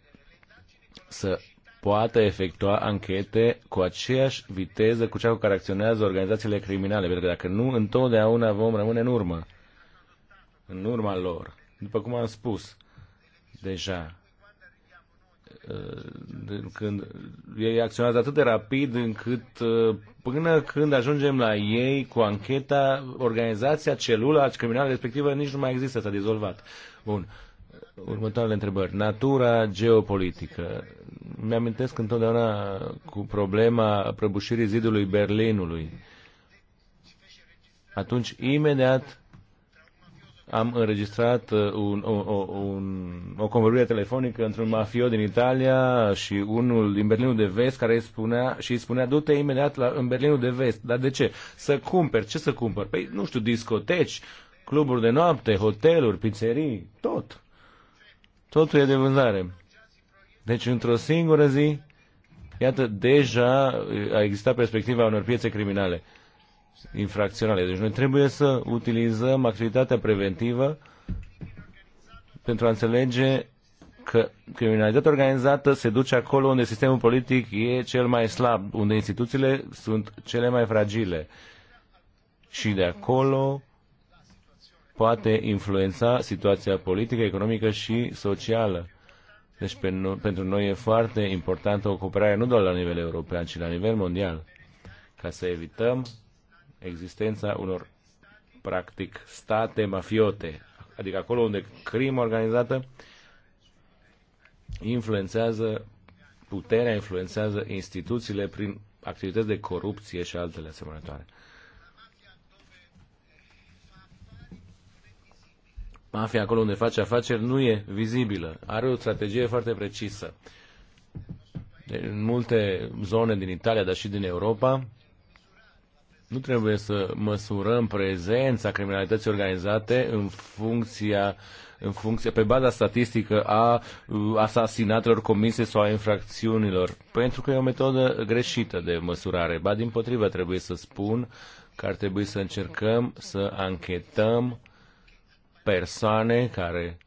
să poată efectua anchete cu aceeași viteză cu cea cu care acționează organizațiile criminale, pentru că dacă nu, întotdeauna vom rămâne în urmă în urma lor. După cum am spus deja, uh, când ei acționează atât de rapid încât uh, până când ajungem la ei cu ancheta, organizația, celula criminală respectivă nici nu mai există, s-a dizolvat. Bun. Următoarele întrebări. Natura geopolitică. Mi-amintesc întotdeauna cu problema prăbușirii zidului Berlinului. Atunci, imediat, am înregistrat uh, un, o, o, un, o convorbire telefonică între un mafio din Italia și unul din Berlinul de Vest care îi spunea și îi spunea du-te imediat la, în Berlinul de Vest. Dar de ce? Să cumperi. Ce să cumperi? Păi, nu știu, discoteci, cluburi de noapte, hoteluri, pizzerii, tot. Totul e de vânzare. Deci, într-o singură zi, iată, deja uh, a existat perspectiva unor piețe criminale infracționale. Deci noi trebuie să utilizăm activitatea preventivă pentru a înțelege că criminalitatea organizată se duce acolo unde sistemul politic e cel mai slab, unde instituțiile sunt cele mai fragile. Și de acolo poate influența situația politică, economică și socială. Deci pentru noi e foarte importantă o cooperare nu doar la nivel european, ci la nivel mondial, ca să evităm existența unor, practic, state mafiote, adică acolo unde crima organizată influențează, puterea influențează instituțiile prin activități de corupție și altele asemănătoare. Mafia acolo unde face afaceri nu e vizibilă, are o strategie foarte precisă. În multe zone din Italia, dar și din Europa, nu trebuie să măsurăm prezența criminalității organizate în funcția în funcție, pe baza statistică a uh, asasinatelor comise sau a infracțiunilor, pentru că e o metodă greșită de măsurare. Ba din potrivă trebuie să spun că ar trebui să încercăm să anchetăm persoane care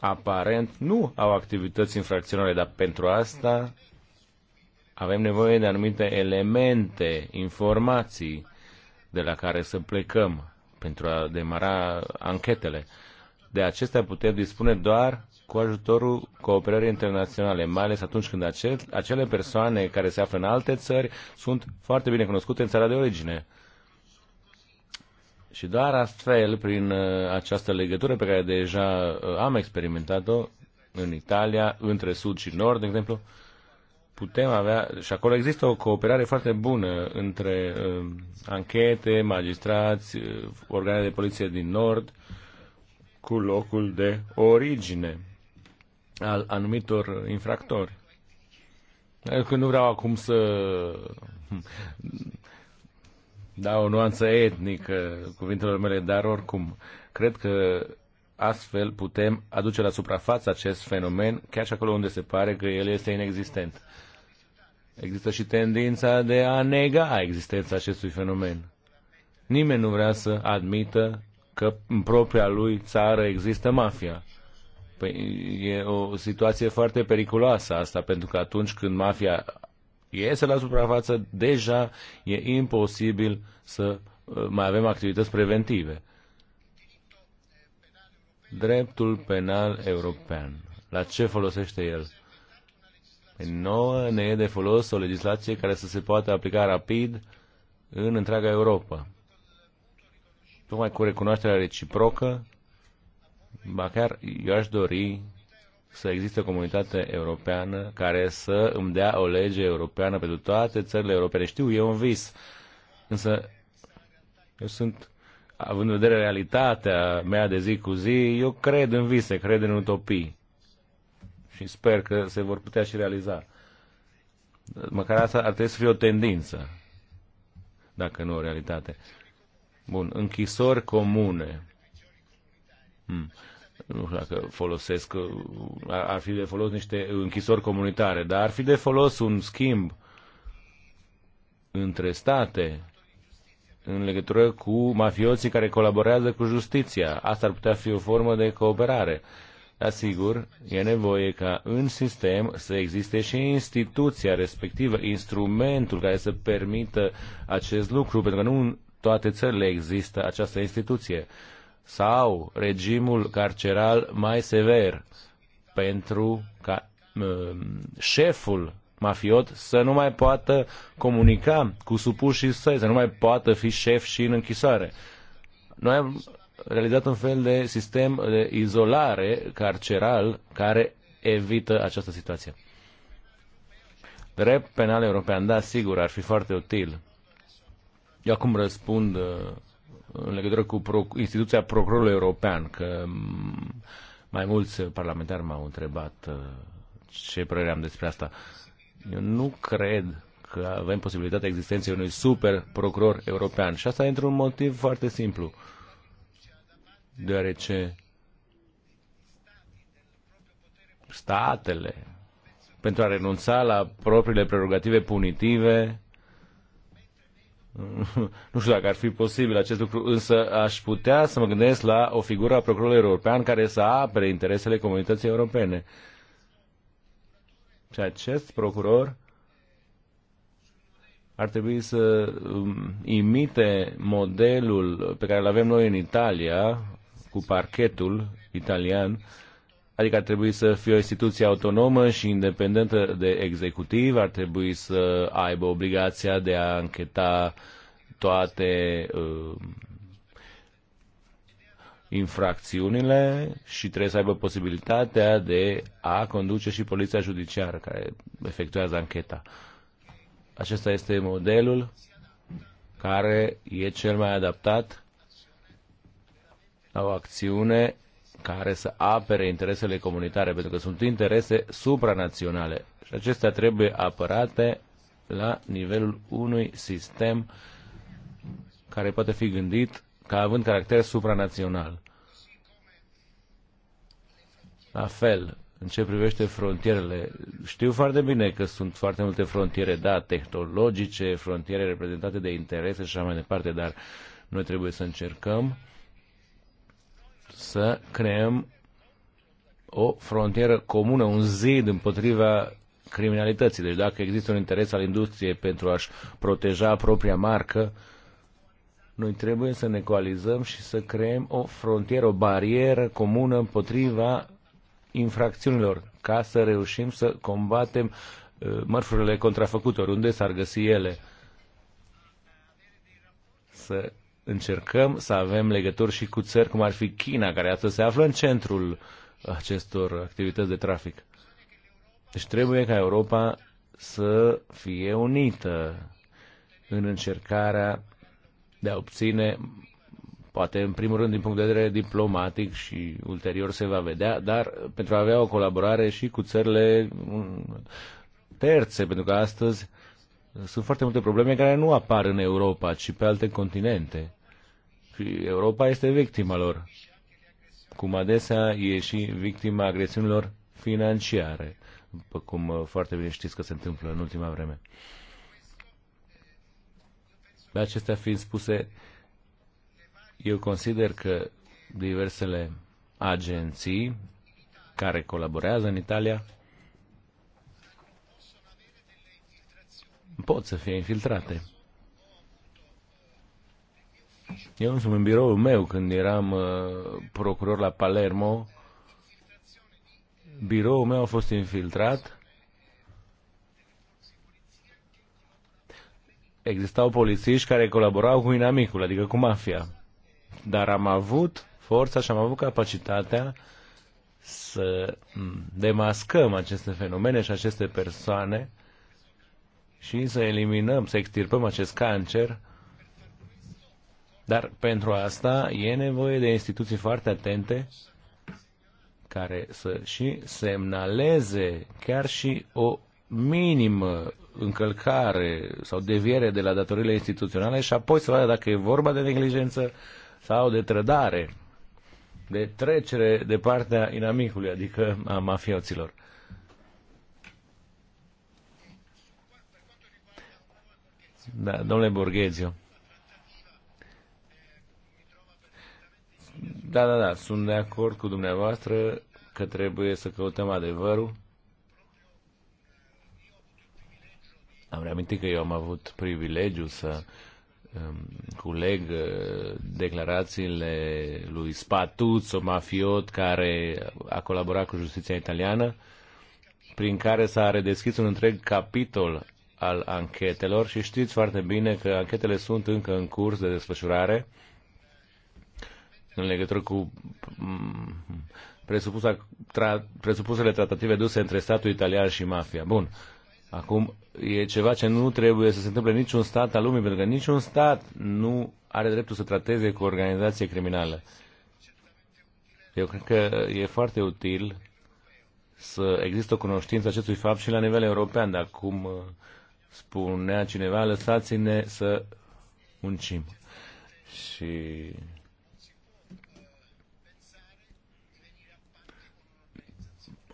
aparent nu au activități infracționale, dar pentru asta avem nevoie de anumite elemente, informații de la care să plecăm pentru a demara anchetele. De acestea putem dispune doar cu ajutorul cooperării internaționale, mai ales atunci când acele persoane care se află în alte țări sunt foarte bine cunoscute în țara de origine. Și doar astfel, prin uh, această legătură pe care deja uh, am experimentat-o în Italia, între sud și nord, de exemplu, putem avea, și acolo există o cooperare foarte bună între uh, anchete, magistrați, uh, organele de poliție din Nord, cu locul de origine al anumitor infractori. Că adică nu vreau acum să hmm, dau o nuanță etnică cuvintelor mele, dar oricum, cred că astfel putem aduce la suprafață acest fenomen, chiar și acolo unde se pare că el este inexistent. Există și tendința de a nega existența acestui fenomen. Nimeni nu vrea să admită că în propria lui țară există mafia. Păi e o situație foarte periculoasă asta, pentru că atunci când mafia iese la suprafață, deja e imposibil să uh, mai avem activități preventive. Dreptul penal european. La ce folosește el? Nouă ne e de folos o legislație care să se poată aplica rapid în întreaga Europa. Tocmai cu recunoașterea reciprocă, ba chiar eu aș dori să existe o comunitate europeană care să îmi dea o lege europeană pentru toate țările europene. Știu, e un vis, însă eu sunt, având în vedere realitatea mea de zi cu zi, eu cred în vise, cred în utopii și sper că se vor putea și realiza. Măcar asta ar trebui să fie o tendință, dacă nu o realitate. Bun, închisori comune. Hmm. Nu știu dacă folosesc, ar fi de folos niște închisori comunitare, dar ar fi de folos un schimb între state în legătură cu mafioții care colaborează cu justiția. Asta ar putea fi o formă de cooperare. Uh, Asigur, e nevoie ca în sistem să existe și instituția respectivă, instrumentul care să permită acest lucru, pentru că nu în toate țările există această instituție. Sau regimul carceral mai sever pentru ca um, șeful mafiot să nu mai poată comunica cu supușii săi, să nu mai poată fi șef și în închisoare. Noi am realizat un fel de sistem de izolare carceral care evită această situație. Drept penal european, da, sigur, ar fi foarte util. Eu acum răspund uh, în legătură cu pro, instituția Procurorului European, că mm, mai mulți parlamentari m-au întrebat uh, ce părere am despre asta. Eu nu cred că avem posibilitatea existenței unui super procuror european. Și asta e într-un motiv foarte simplu. Uh, deoarece statele, pentru a renunța la propriile prerogative punitive, nu știu dacă ar fi posibil acest lucru, însă aș putea să mă gândesc la o figură a procurorului european care să apere interesele comunității europene. Și acest procuror ar trebui să um, imite modelul pe care îl avem noi în Italia, cu parchetul italian, adică ar trebui să fie o instituție autonomă și independentă de executiv, ar trebui să aibă obligația de a încheta toate uh, infracțiunile și trebuie să aibă posibilitatea de a conduce și poliția judiciară care efectuează ancheta. Acesta este modelul care e cel mai adaptat la o acțiune care să apere interesele comunitare, pentru că sunt interese supranaționale și acestea trebuie apărate la nivelul unui sistem care poate fi gândit ca având caracter supranațional. La fel, în ce privește frontierele, știu foarte bine că sunt foarte multe frontiere, da, tehnologice, frontiere reprezentate de interese și așa mai departe, dar noi trebuie să încercăm să creăm o frontieră comună, un zid împotriva criminalității. Deci dacă există un interes al industriei pentru a-și proteja propria marcă, noi trebuie să ne coalizăm și să creăm o frontieră, o barieră comună împotriva infracțiunilor, ca să reușim să combatem uh, mărfurile contrafăcute, oriunde s-ar găsi ele. Să încercăm să avem legături și cu țări cum ar fi China, care astăzi se află în centrul acestor activități de trafic. Deci trebuie ca Europa să fie unită în încercarea de a obține, poate în primul rând din punct de vedere diplomatic și ulterior se va vedea, dar pentru a avea o colaborare și cu țările mm, terțe, pentru că astăzi sunt foarte multe probleme care nu apar în Europa, ci pe alte continente și Europa este victima lor, cum adesea e și victima agresiunilor financiare, după cum uh, foarte bine știți că se întâmplă în ultima vreme. De acestea fiind spuse, eu consider că diversele agenții care colaborează în Italia pot să fie infiltrate. Eu însumi în biroul meu, când eram uh, procuror la Palermo, biroul meu a fost infiltrat. Existau polițiști care colaborau cu inamicul, adică cu mafia. Dar am avut forța și am avut capacitatea să demascăm aceste fenomene și aceste persoane și să eliminăm, să extirpăm acest cancer dar pentru asta e nevoie de instituții foarte atente care să și semnaleze chiar și o minimă încălcare sau deviere de la datorile instituționale și apoi să vadă dacă e vorba de neglijență sau de trădare, de trecere de partea inamicului, adică a mafioților. Da, domnule Borghezio. Da, da, da, sunt de acord cu dumneavoastră că trebuie să căutăm adevărul. Am reamintit că eu am avut privilegiu să um, culeg uh, declarațiile lui Spatuzzo, mafiot care a colaborat cu justiția italiană, prin care s-a redeschis un întreg capitol al anchetelor și știți foarte bine că anchetele sunt încă în curs de desfășurare în legătură cu mm, tra, presupusele tratative duse între statul italian și mafia. Bun. Acum, e ceva ce nu trebuie să se întâmple niciun stat al lumii, pentru că niciun stat nu are dreptul să trateze cu o organizație criminală. Eu cred că e foarte util să există o cunoștință acestui fapt și la nivel european, dar cum uh, spunea cineva, lăsați-ne să muncim. Și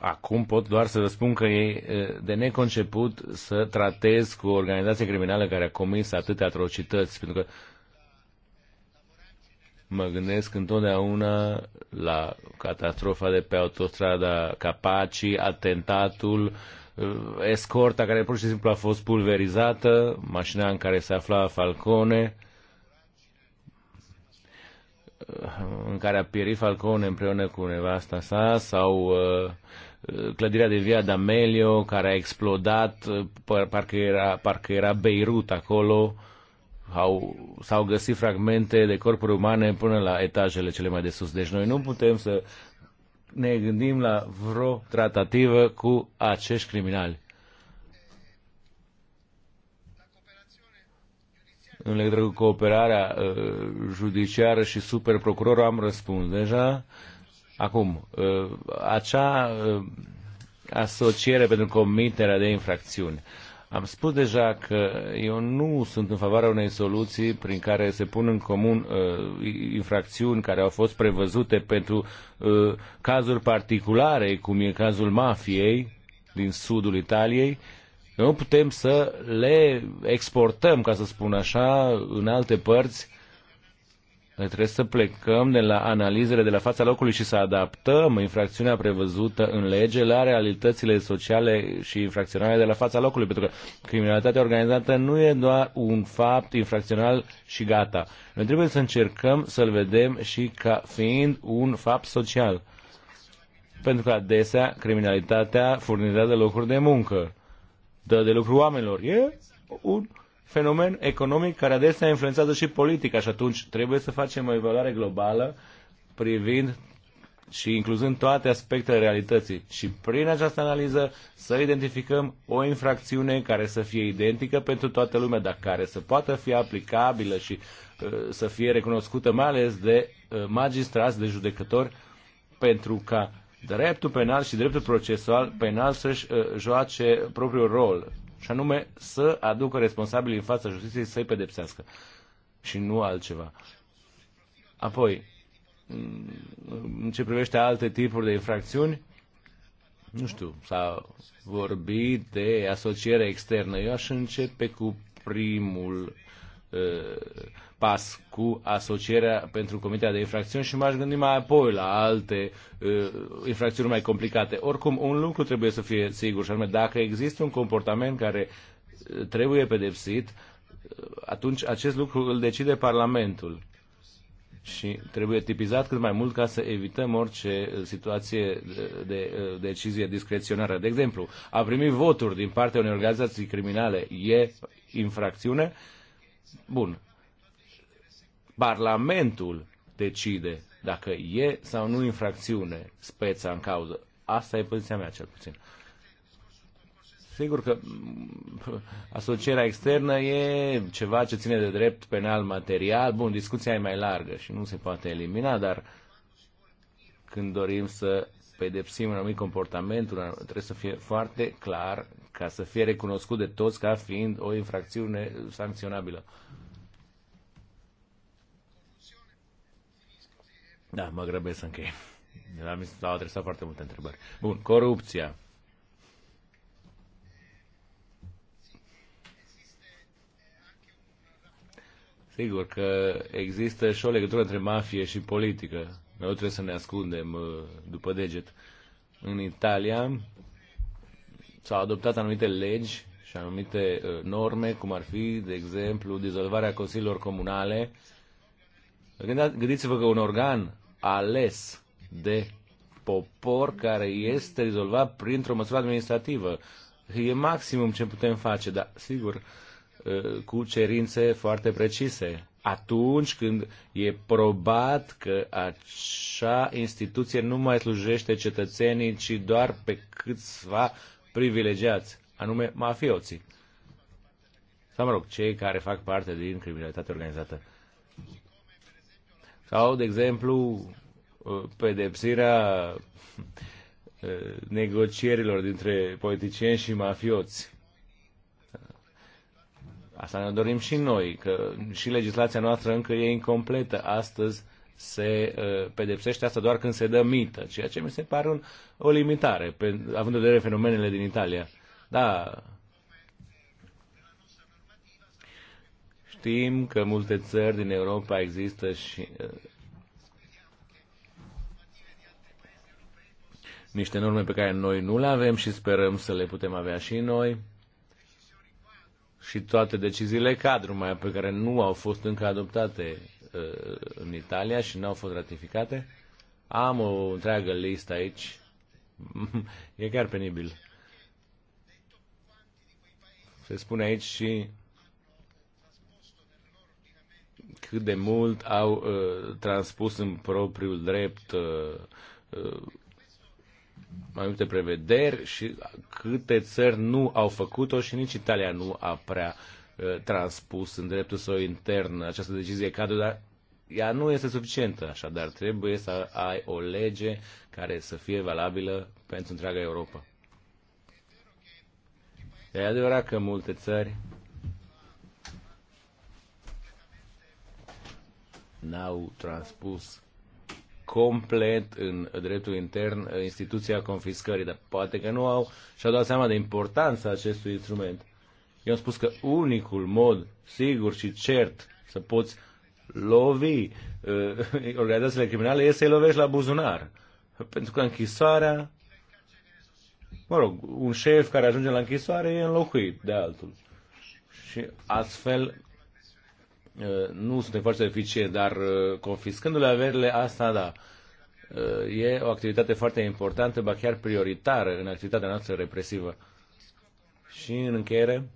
Acum pot doar să vă spun că e de neconceput să tratez cu o organizație criminală care a comis atâtea atrocități, pentru că mă gândesc întotdeauna la catastrofa de pe autostrada Capaci, atentatul, escorta care pur și simplu a fost pulverizată, mașina în care se afla Falcone, în care a pierit Falcone împreună cu nevasta sa, sau uh, clădirea de Via D'Amelio care a explodat, parcă era, parcă era Beirut acolo, au, s-au găsit fragmente de corpuri umane până la etajele cele mai de sus. Deci noi nu putem să ne gândim la vreo tratativă cu acești criminali. În legătură cu cooperarea uh, judiciară și superprocurorul am răspuns deja. Uh, Acum, ă, acea ă, asociere pentru comiterea de infracțiuni. Am spus deja că eu nu sunt în favoarea unei soluții prin care se pun în comun uh, infracțiuni care au fost prevăzute pentru uh, cazuri particulare, cum e cazul mafiei din sudul Italiei. Nu putem să le exportăm, ca să spun așa, în alte părți noi trebuie să plecăm de la analizele de la fața locului și să adaptăm infracțiunea prevăzută în lege la realitățile sociale și infracționale de la fața locului, pentru că criminalitatea organizată nu e doar un fapt infracțional și gata. Noi trebuie să încercăm să-l vedem și ca fiind un fapt social. Pentru că adesea criminalitatea furnizează locuri de muncă, dă de lucru oamenilor. E un fenomen economic care adesea influențează și politica și atunci trebuie să facem o evaluare globală privind și incluzând toate aspectele realității și prin această analiză să identificăm o infracțiune care să fie identică pentru toată lumea, dar care să poată fi aplicabilă și uh, să fie recunoscută mai ales de uh, magistrați, de judecători, pentru ca dreptul penal și dreptul procesual penal să-și uh, joace propriul rol și anume să aducă responsabilii în fața justiției să-i pedepsească și nu altceva. Apoi, în ce privește alte tipuri de infracțiuni, nu știu, s-a vorbit de asociere externă. Eu aș începe cu primul Uh, pas cu asocierea pentru comiterea de infracțiuni și m-aș gândi mai apoi la alte uh, infracțiuni mai complicate. Oricum, un lucru trebuie să fie sigur, și anume, dacă există un comportament care uh, trebuie pedepsit, uh, atunci acest lucru îl decide Parlamentul și trebuie tipizat cât mai mult ca să evităm orice situație de, de decizie discreționară. De exemplu, a primi voturi din partea unei organizații criminale e infracțiune, Bun. Parlamentul decide dacă e sau nu infracțiune speța în cauză. Asta e poziția mea, cel puțin. Sigur că mm, asocierea externă e ceva ce ține de drept penal material. Bun, discuția e mai largă și nu se poate elimina, dar când dorim să pedepsim un anumit comportament, trebuie să fie foarte clar ca să fie recunoscut de toți ca fiind o infracțiune sancționabilă. Da, mă grăbesc să închei. Mi s-au adresat foarte multe întrebări. Bun, corupția. Sigur că există și o legătură între mafie și politică. Noi trebuie să ne ascundem uh, după deget. În Italia s-au adoptat anumite legi și anumite uh, norme, cum ar fi, de exemplu, dizolvarea consiliilor comunale. Gândiți-vă că un organ ales de popor care este rezolvat printr-o măsură administrativă. E maximum ce putem face, dar sigur, uh, cu cerințe foarte precise atunci când e probat că acea instituție nu mai slujește cetățenii, ci doar pe câțiva privilegiați, anume mafioții. Sau, mă rog, cei care fac parte din criminalitatea organizată. Sau, de exemplu, pedepsirea eh, negocierilor dintre politicieni și mafioți. Asta ne dorim și noi, că și legislația noastră încă e incompletă. Astăzi se uh, pedepsește asta doar când se dă mită, ceea ce mi se pare un, o limitare, pe, având în vedere fenomenele din Italia. Da, știm că multe țări din Europa există și uh, niște norme pe care noi nu le avem și sperăm să le putem avea și noi și toate deciziile cadru mai pe care nu au fost încă adoptate uh, în Italia și nu au fost ratificate. Am o întreagă listă aici. e chiar penibil. Se spune aici și cât de mult au uh, transpus în propriul drept uh, uh, mai multe prevederi și câte țări nu au făcut-o și nici Italia nu a prea uh, transpus în dreptul său intern această decizie cadru, dar ea nu este suficientă, așadar trebuie să ai o lege care să fie valabilă pentru întreaga Europa. E adevărat că multe țări n-au transpus complet în dreptul intern uh, instituția confiscării, dar poate că nu au și-au dat seama de importanța acestui instrument. Eu am spus că unicul mod sigur și cert să poți lovi uh, organizațiile criminale este să-i lovești la buzunar. Pentru că închisoarea, mă rog, un șef care ajunge la închisoare e înlocuit de altul. Și astfel Uh, nu suntem foarte eficienți, dar uh, confiscându-le averile, asta da. Uh, e o activitate foarte importantă, ba chiar prioritară în activitatea noastră represivă. Și în încheiere,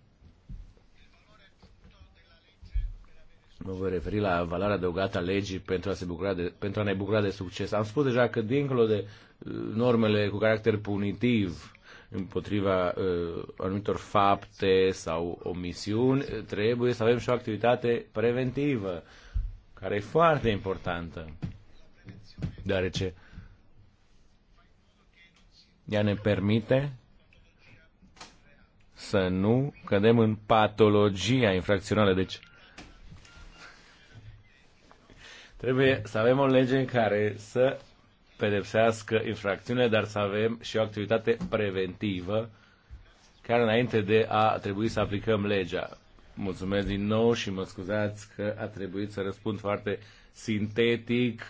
mă voi referi la valoarea adăugată a legii pentru a, se bucura de, pentru a ne bucura de succes. Am spus deja că dincolo de normele cu caracter punitiv împotriva uh, anumitor fapte sau omisiuni, uh, trebuie să avem și o activitate preventivă, care e foarte importantă, deoarece ea ne permite să nu cădem în patologia infracțională. Deci, trebuie să avem o lege care să pedepsească infracțiunile, dar să avem și o activitate preventivă, chiar înainte de a trebui să aplicăm legea. Mulțumesc din nou și mă scuzați că a trebuit să răspund foarte sintetic,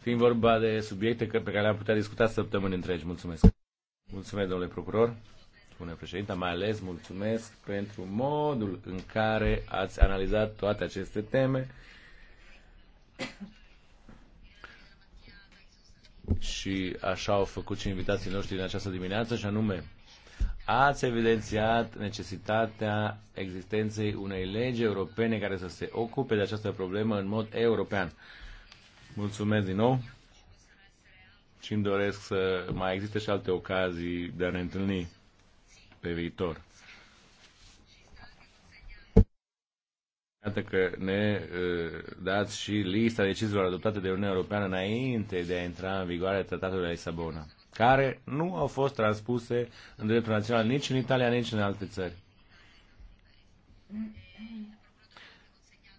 fiind vorba de subiecte pe care le-am putea discuta săptămâni întregi. Mulțumesc. Mulțumesc, domnule procuror, domnule președinte, mai ales mulțumesc pentru modul în care ați analizat toate aceste teme și așa au făcut și invitații noștri în această dimineață, și anume, ați evidențiat necesitatea existenței unei legi europene care să se ocupe de această problemă în mod european. Mulțumesc din nou și îmi doresc să mai existe și alte ocazii de a ne întâlni pe viitor. Iată că ne uh, dați și lista deciziilor adoptate de Uniunea Europeană înainte de a intra în vigoare tratatul de Lisabona, care nu au fost transpuse în dreptul național nici în Italia, nici în alte țări.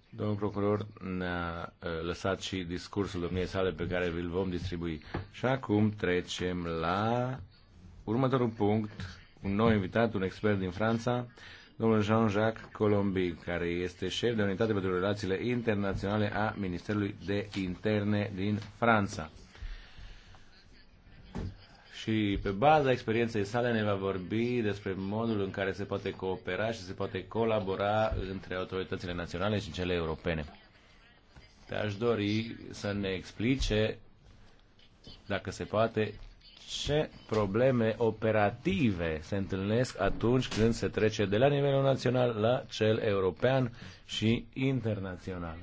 Domnul procuror ne-a uh, lăsat și discursul domniei sale pe care îl vom distribui. Și acum trecem la următorul punct, un nou invitat, un expert din Franța, domnul Jean-Jacques Colombi, care este șef de unitate pentru relațiile internaționale a Ministerului de Interne din Franța. Și pe baza experienței sale ne va vorbi despre modul în care se poate coopera și se poate colabora între autoritățile naționale și cele europene. Te-aș dori să ne explice, dacă se poate, ce probleme operative se întâlnesc atunci când se trece de la nivelul național la cel european și internațional.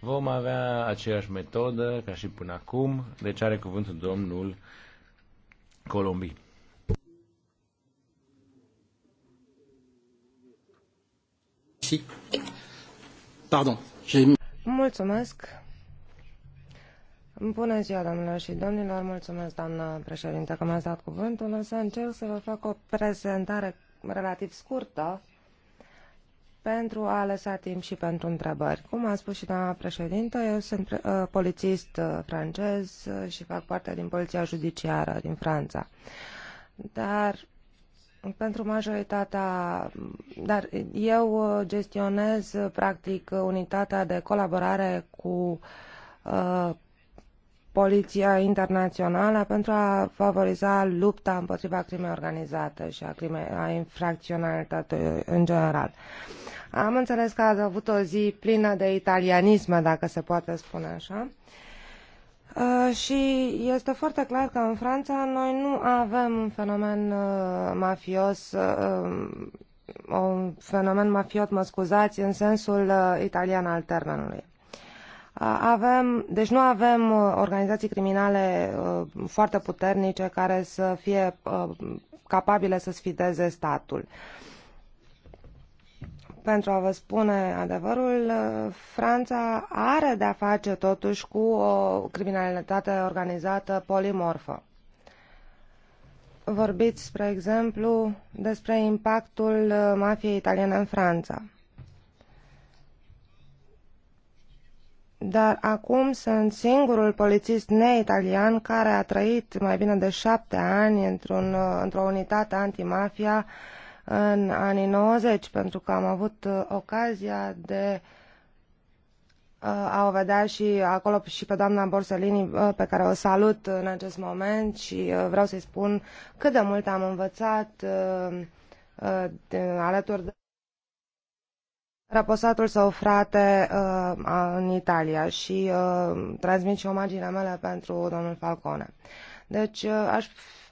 Vom avea aceeași metodă ca și până acum, deci are cuvântul domnul Colombi. Pardon, Mulțumesc. Bună ziua, domnilor și domnilor. Mulțumesc, doamnă președinte, că mi-ați dat cuvântul. O să încerc să vă fac o prezentare relativ scurtă pentru a lăsa timp și pentru întrebări. Cum a spus și doamna președinte eu sunt uh, polițist uh, francez uh, și fac parte din poliția judiciară din Franța. Dar pentru majoritatea, dar eu uh, gestionez uh, practic uh, unitatea de colaborare cu uh, poliția internațională pentru a favoriza lupta împotriva crimei organizate și a, crime, a infracționalității în general. Am înțeles că ați avut o zi plină de italianisme, dacă se poate spune așa. Uh, și este foarte clar că în Franța noi nu avem un fenomen uh, mafios, uh, um, un fenomen mafiot, mă scuzați, în sensul uh, italian al termenului. Avem, deci nu avem uh, organizații criminale uh, foarte puternice care să fie uh, capabile să sfideze statul. Pentru a vă spune adevărul, Franța are de-a face totuși cu o criminalitate organizată polimorfă. Vorbiți, spre exemplu, despre impactul mafiei italiene în Franța. dar acum sunt singurul polițist neitalian care a trăit mai bine de șapte ani într-un, uh, într-o unitate antimafia în anii 90, pentru că am avut uh, ocazia de uh, a o vedea și acolo și pe doamna Borsellini, pe care o salut în acest moment și vreau să-i spun cât de mult am învățat alături de raposatul frate uh, în Italia și uh, transmit și omaginea mele pentru domnul Falcone. Deci uh, aș,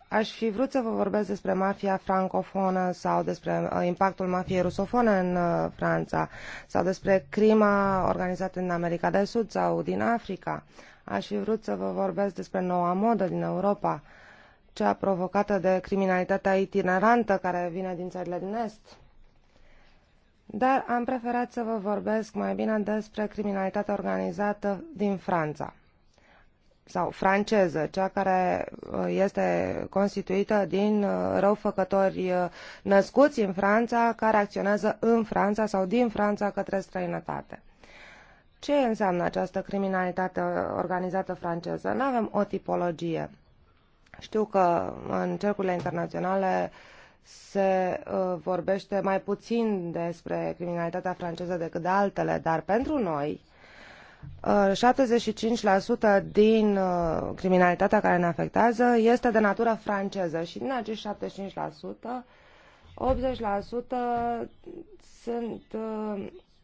aș fi vrut să vă vorbesc despre mafia francofonă sau despre uh, impactul mafiei rusofone în uh, Franța sau despre crima organizată în America de Sud sau din Africa. Aș fi vrut să vă vorbesc despre noua modă din Europa, cea provocată de criminalitatea itinerantă care vine din țările din Est dar am preferat să vă vorbesc mai bine despre criminalitatea organizată din Franța sau franceză, cea care uh, este constituită din uh, răufăcători uh, născuți în Franța, care acționează în Franța sau din Franța către străinătate. Ce înseamnă această criminalitate organizată franceză? Nu avem o tipologie. Știu că în cercurile internaționale uh, se uh, vorbește mai puțin despre criminalitatea franceză decât de altele, dar pentru noi 75% uh, din uh, criminalitatea care ne afectează este de natură franceză și din acești 75%, 80% sunt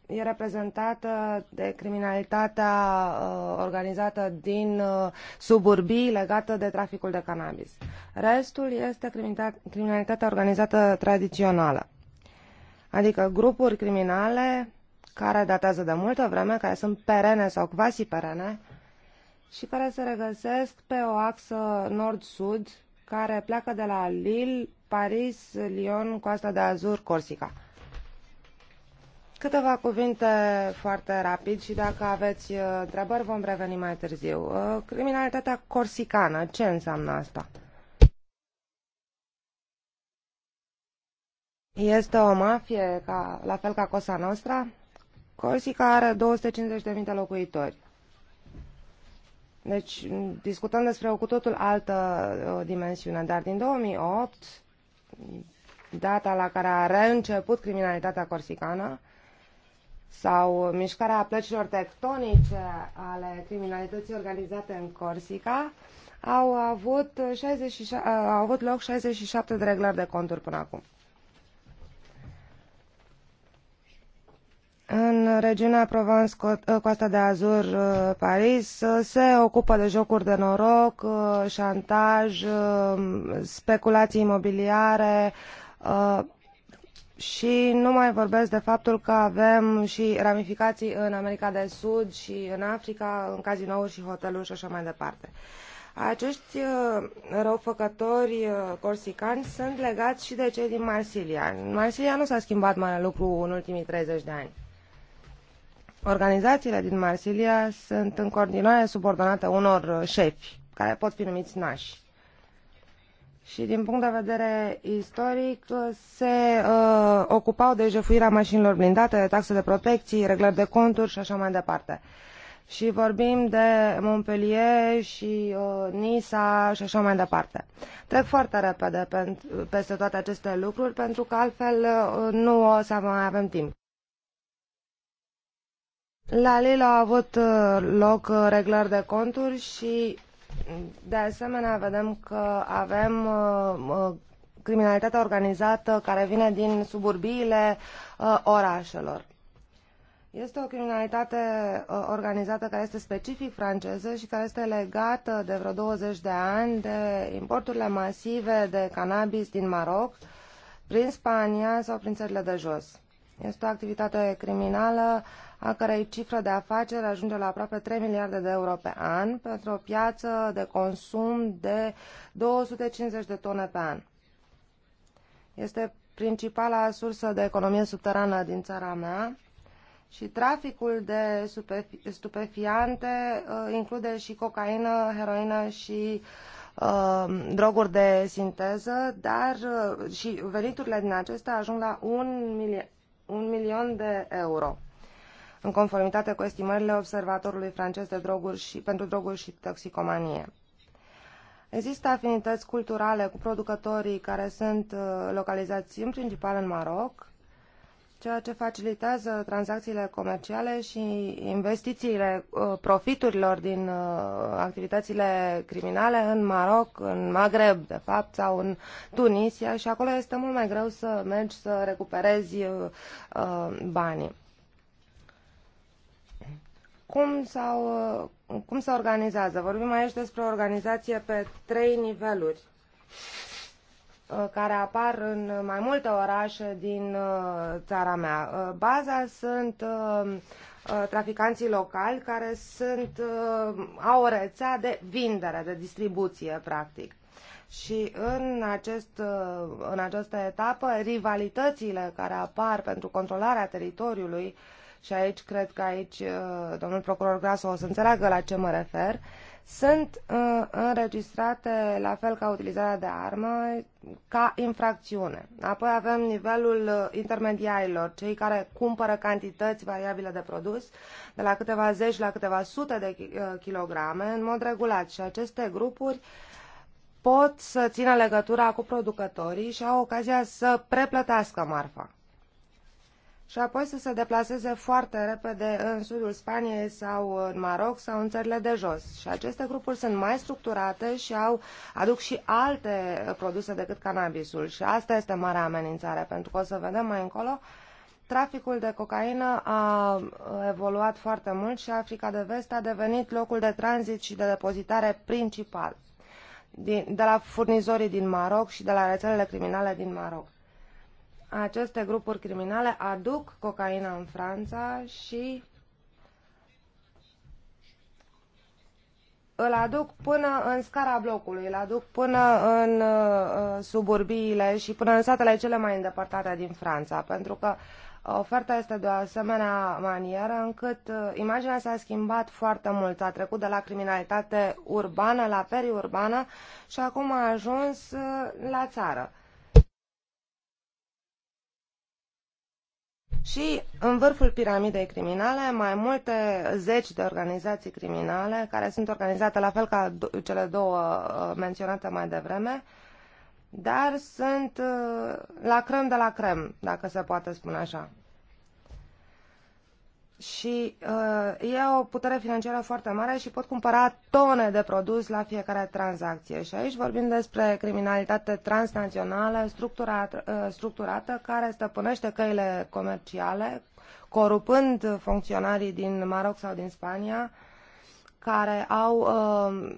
e reprezentată de criminalitatea uh, organizată din uh, suburbii legată de traficul de cannabis. Restul este criminalitatea organizată tradițională, adică grupuri criminale care datează de multă vreme, care sunt perene sau quasi perene și care se regăsesc pe o axă nord-sud care pleacă de la Lille, Paris, Lyon, Coasta de Azur, Corsica. Câteva cuvinte foarte rapid și dacă aveți uh, întrebări vom reveni mai târziu. Uh, criminalitatea corsicană, ce înseamnă asta? Este o mafie, ca, la fel ca Cosa Nostra? Corsica are 250.000 de locuitori. Deci discutăm despre o cu totul altă uh, dimensiune, dar din 2008, data la care a reînceput criminalitatea corsicană, sau mișcarea plăcilor tectonice ale criminalității organizate în Corsica, au avut, 66, au avut loc 67 de reglări de conturi până acum. În regiunea Provence, eh, Coasta de Azur, eh, Paris, eh, se ocupă de jocuri de noroc, șantaj, speculații imobiliare, și nu mai vorbesc de faptul că avem și ramificații în America de Sud și în Africa, în cazinouri și hoteluri și așa mai departe. Acești uh, răufăcători uh, corsicani sunt legați și de cei din Marsilia. Marsilia nu s-a schimbat mare lucru în ultimii 30 de ani. Organizațiile din Marsilia sunt în coordonare subordonate unor șefi, care pot fi numiți nași și din punct de vedere istoric se uh, ocupau de jefuirea mașinilor blindate, de taxe de protecții, reglări de conturi și așa mai departe. Și vorbim de Montpellier și uh, Nisa și așa mai departe. Trec foarte repede peste toate aceste lucruri pentru că altfel uh, nu o să mai avem timp. La Lille au avut uh, loc uh, reglări de conturi și de asemenea, vedem că avem uh, uh, criminalitatea organizată care vine din suburbiile uh, orașelor. Este o criminalitate organizată care este specific franceză și care este legată de vreo 20 de ani de importurile masive de cannabis din Maroc, prin Spania sau prin țările de jos. Este o activitate criminală a cărei cifră de afaceri ajunge la aproape 3 miliarde de euro pe an pentru o piață de consum de 250 de tone pe an. Este principala sursă de economie subterană din țara mea și traficul de stupefiante uh, include și cocaină, heroină și uh, droguri de sinteză, dar uh, și veniturile din acestea ajung la un miliard un milion de euro în conformitate cu estimările observatorului francez de droguri și, pentru droguri și toxicomanie. Există afinități culturale cu producătorii care sunt uh, localizați în principal în Maroc, ceea ce facilitează tranzaciile comerciale și investițiile uh, profiturilor din uh, activitățile criminale în Maroc, în Maghreb, de fapt, sau în Tunisia și acolo este mult mai greu să mergi să recuperezi uh, banii. Cum, s-au cum se organizează? Vorbim aici despre o organizație pe trei niveluri. Uh, care apar în mai multe orașe din uh, țara mea. Uh, baza sunt traficanții locali care sunt, au o rețea de vindere, de distribuție, practic. Și în, acest, în această etapă, rivalitățile care apar pentru controlarea teritoriului, și aici cred că aici domnul procuror Graso o să înțeleagă la ce mă refer, uh, sunt uh, înregistrate la fel ca utilizarea de armă ca infracțiune. Apoi avem nivelul uh, intermediarilor, cei care cumpără cantități variabile de produs, de la câteva zeci la câteva sute de uh, kilograme, în mod regulat. Și aceste grupuri pot să țină legătura cu producătorii și au ocazia să preplătească marfa și apoi să se deplaseze foarte repede în sudul Spaniei sau în Maroc sau în țările de jos. Și aceste grupuri sunt mai structurate și au, aduc și alte produse decât cannabisul. Și asta este marea amenințare, pentru că o să vedem mai încolo Traficul de cocaină a evoluat foarte mult și Africa de Vest a devenit locul de tranzit și de depozitare principal din, de la furnizorii din Maroc și de la rețelele criminale din Maroc aceste grupuri criminale aduc cocaina în Franța și îl aduc până în scara blocului, îl aduc până în uh, uh, suburbiile și până în satele cele mai îndepărtate din Franța, pentru că oferta este de o asemenea manieră încât uh, imaginea s-a schimbat foarte mult, a trecut de la criminalitate urbană la periurbană și acum a ajuns uh, la țară. Și în vârful piramidei criminale, mai multe zeci de organizații criminale, care sunt organizate la fel ca cele două uh, menționate mai devreme, dar sunt uh, la crem de la crem, dacă se poate spune așa și uh, e o putere financiară foarte mare și pot cumpăra tone de produs la fiecare tranzacție. Și aici vorbim despre criminalitate transnațională structurat, uh, structurată care stăpânește căile comerciale, corupând funcționarii din Maroc sau din Spania, care au uh,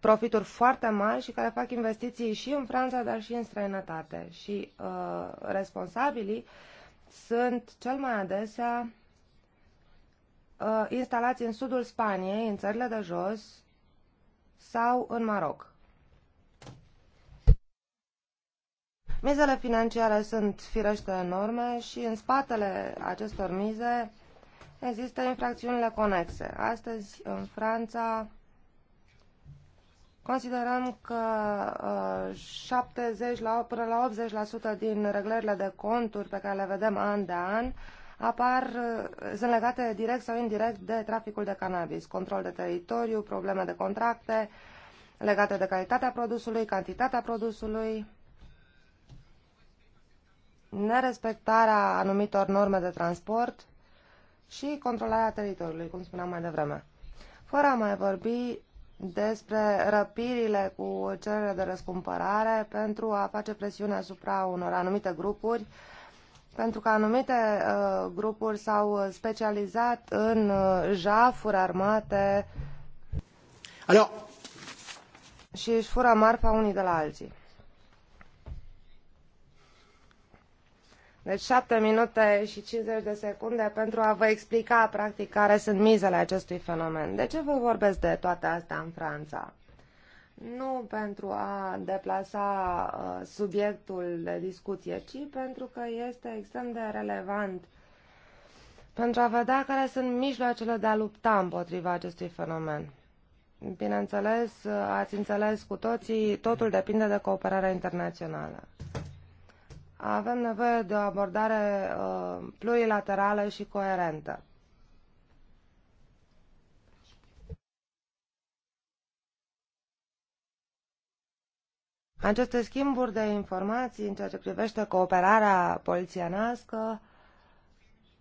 profituri foarte mari și care fac investiții și în Franța, dar și în străinătate. Și uh, responsabilii sunt cel mai adesea uh, instalați în sudul Spaniei, în țările de jos sau în Maroc. Mizele financiare sunt firește enorme și în spatele acestor mize există infracțiunile conexe. Astăzi, în Franța, considerăm că uh, 70 la, până la 80% din reglările de conturi pe care le vedem an de an apar, uh, sunt legate direct sau indirect de traficul de cannabis, control de teritoriu, probleme de contracte legate de calitatea produsului, cantitatea produsului, nerespectarea anumitor norme de transport și controlarea teritoriului, cum spuneam mai devreme. Fără a mai vorbi despre răpirile cu cerere de răscumpărare pentru a face presiune asupra unor anumite grupuri pentru că anumite uh, grupuri s-au uh, specializat în uh, jafuri armate Alo. și își fură marfa unii de la alții. Deci 7 minute și 50 de secunde pentru a vă explica practic care sunt mizele acestui fenomen. De ce vă vorbesc de toate astea în Franța? nu pentru a deplasa uh, subiectul de discuție, ci pentru că este extrem de relevant pentru a vedea care sunt mijloacele de a lupta împotriva acestui fenomen. Bineînțeles, uh, ați înțeles cu toții, totul depinde de cooperarea internațională. Avem nevoie de o abordare uh, plurilaterală și coerentă. Aceste schimburi de informații în ceea ce privește cooperarea polițienească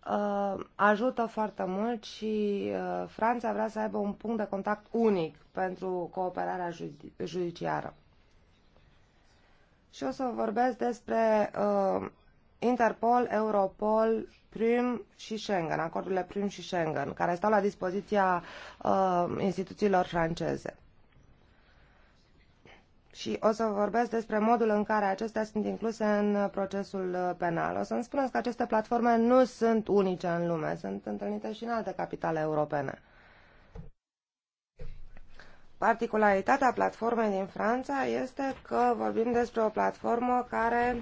uh, ajută foarte mult și uh, Franța vrea să aibă un punct de contact unic pentru cooperarea judiciară. Și o să vorbesc despre uh, Interpol, Europol, Prim și Schengen, acordurile Prim și Schengen, care stau la dispoziția uh, instituțiilor franceze și o să vorbesc despre modul în care acestea sunt incluse în procesul penal. O să-mi spuneți că aceste platforme nu sunt unice în lume, sunt întâlnite și în alte capitale europene. Particularitatea platformei din Franța este că vorbim despre o platformă care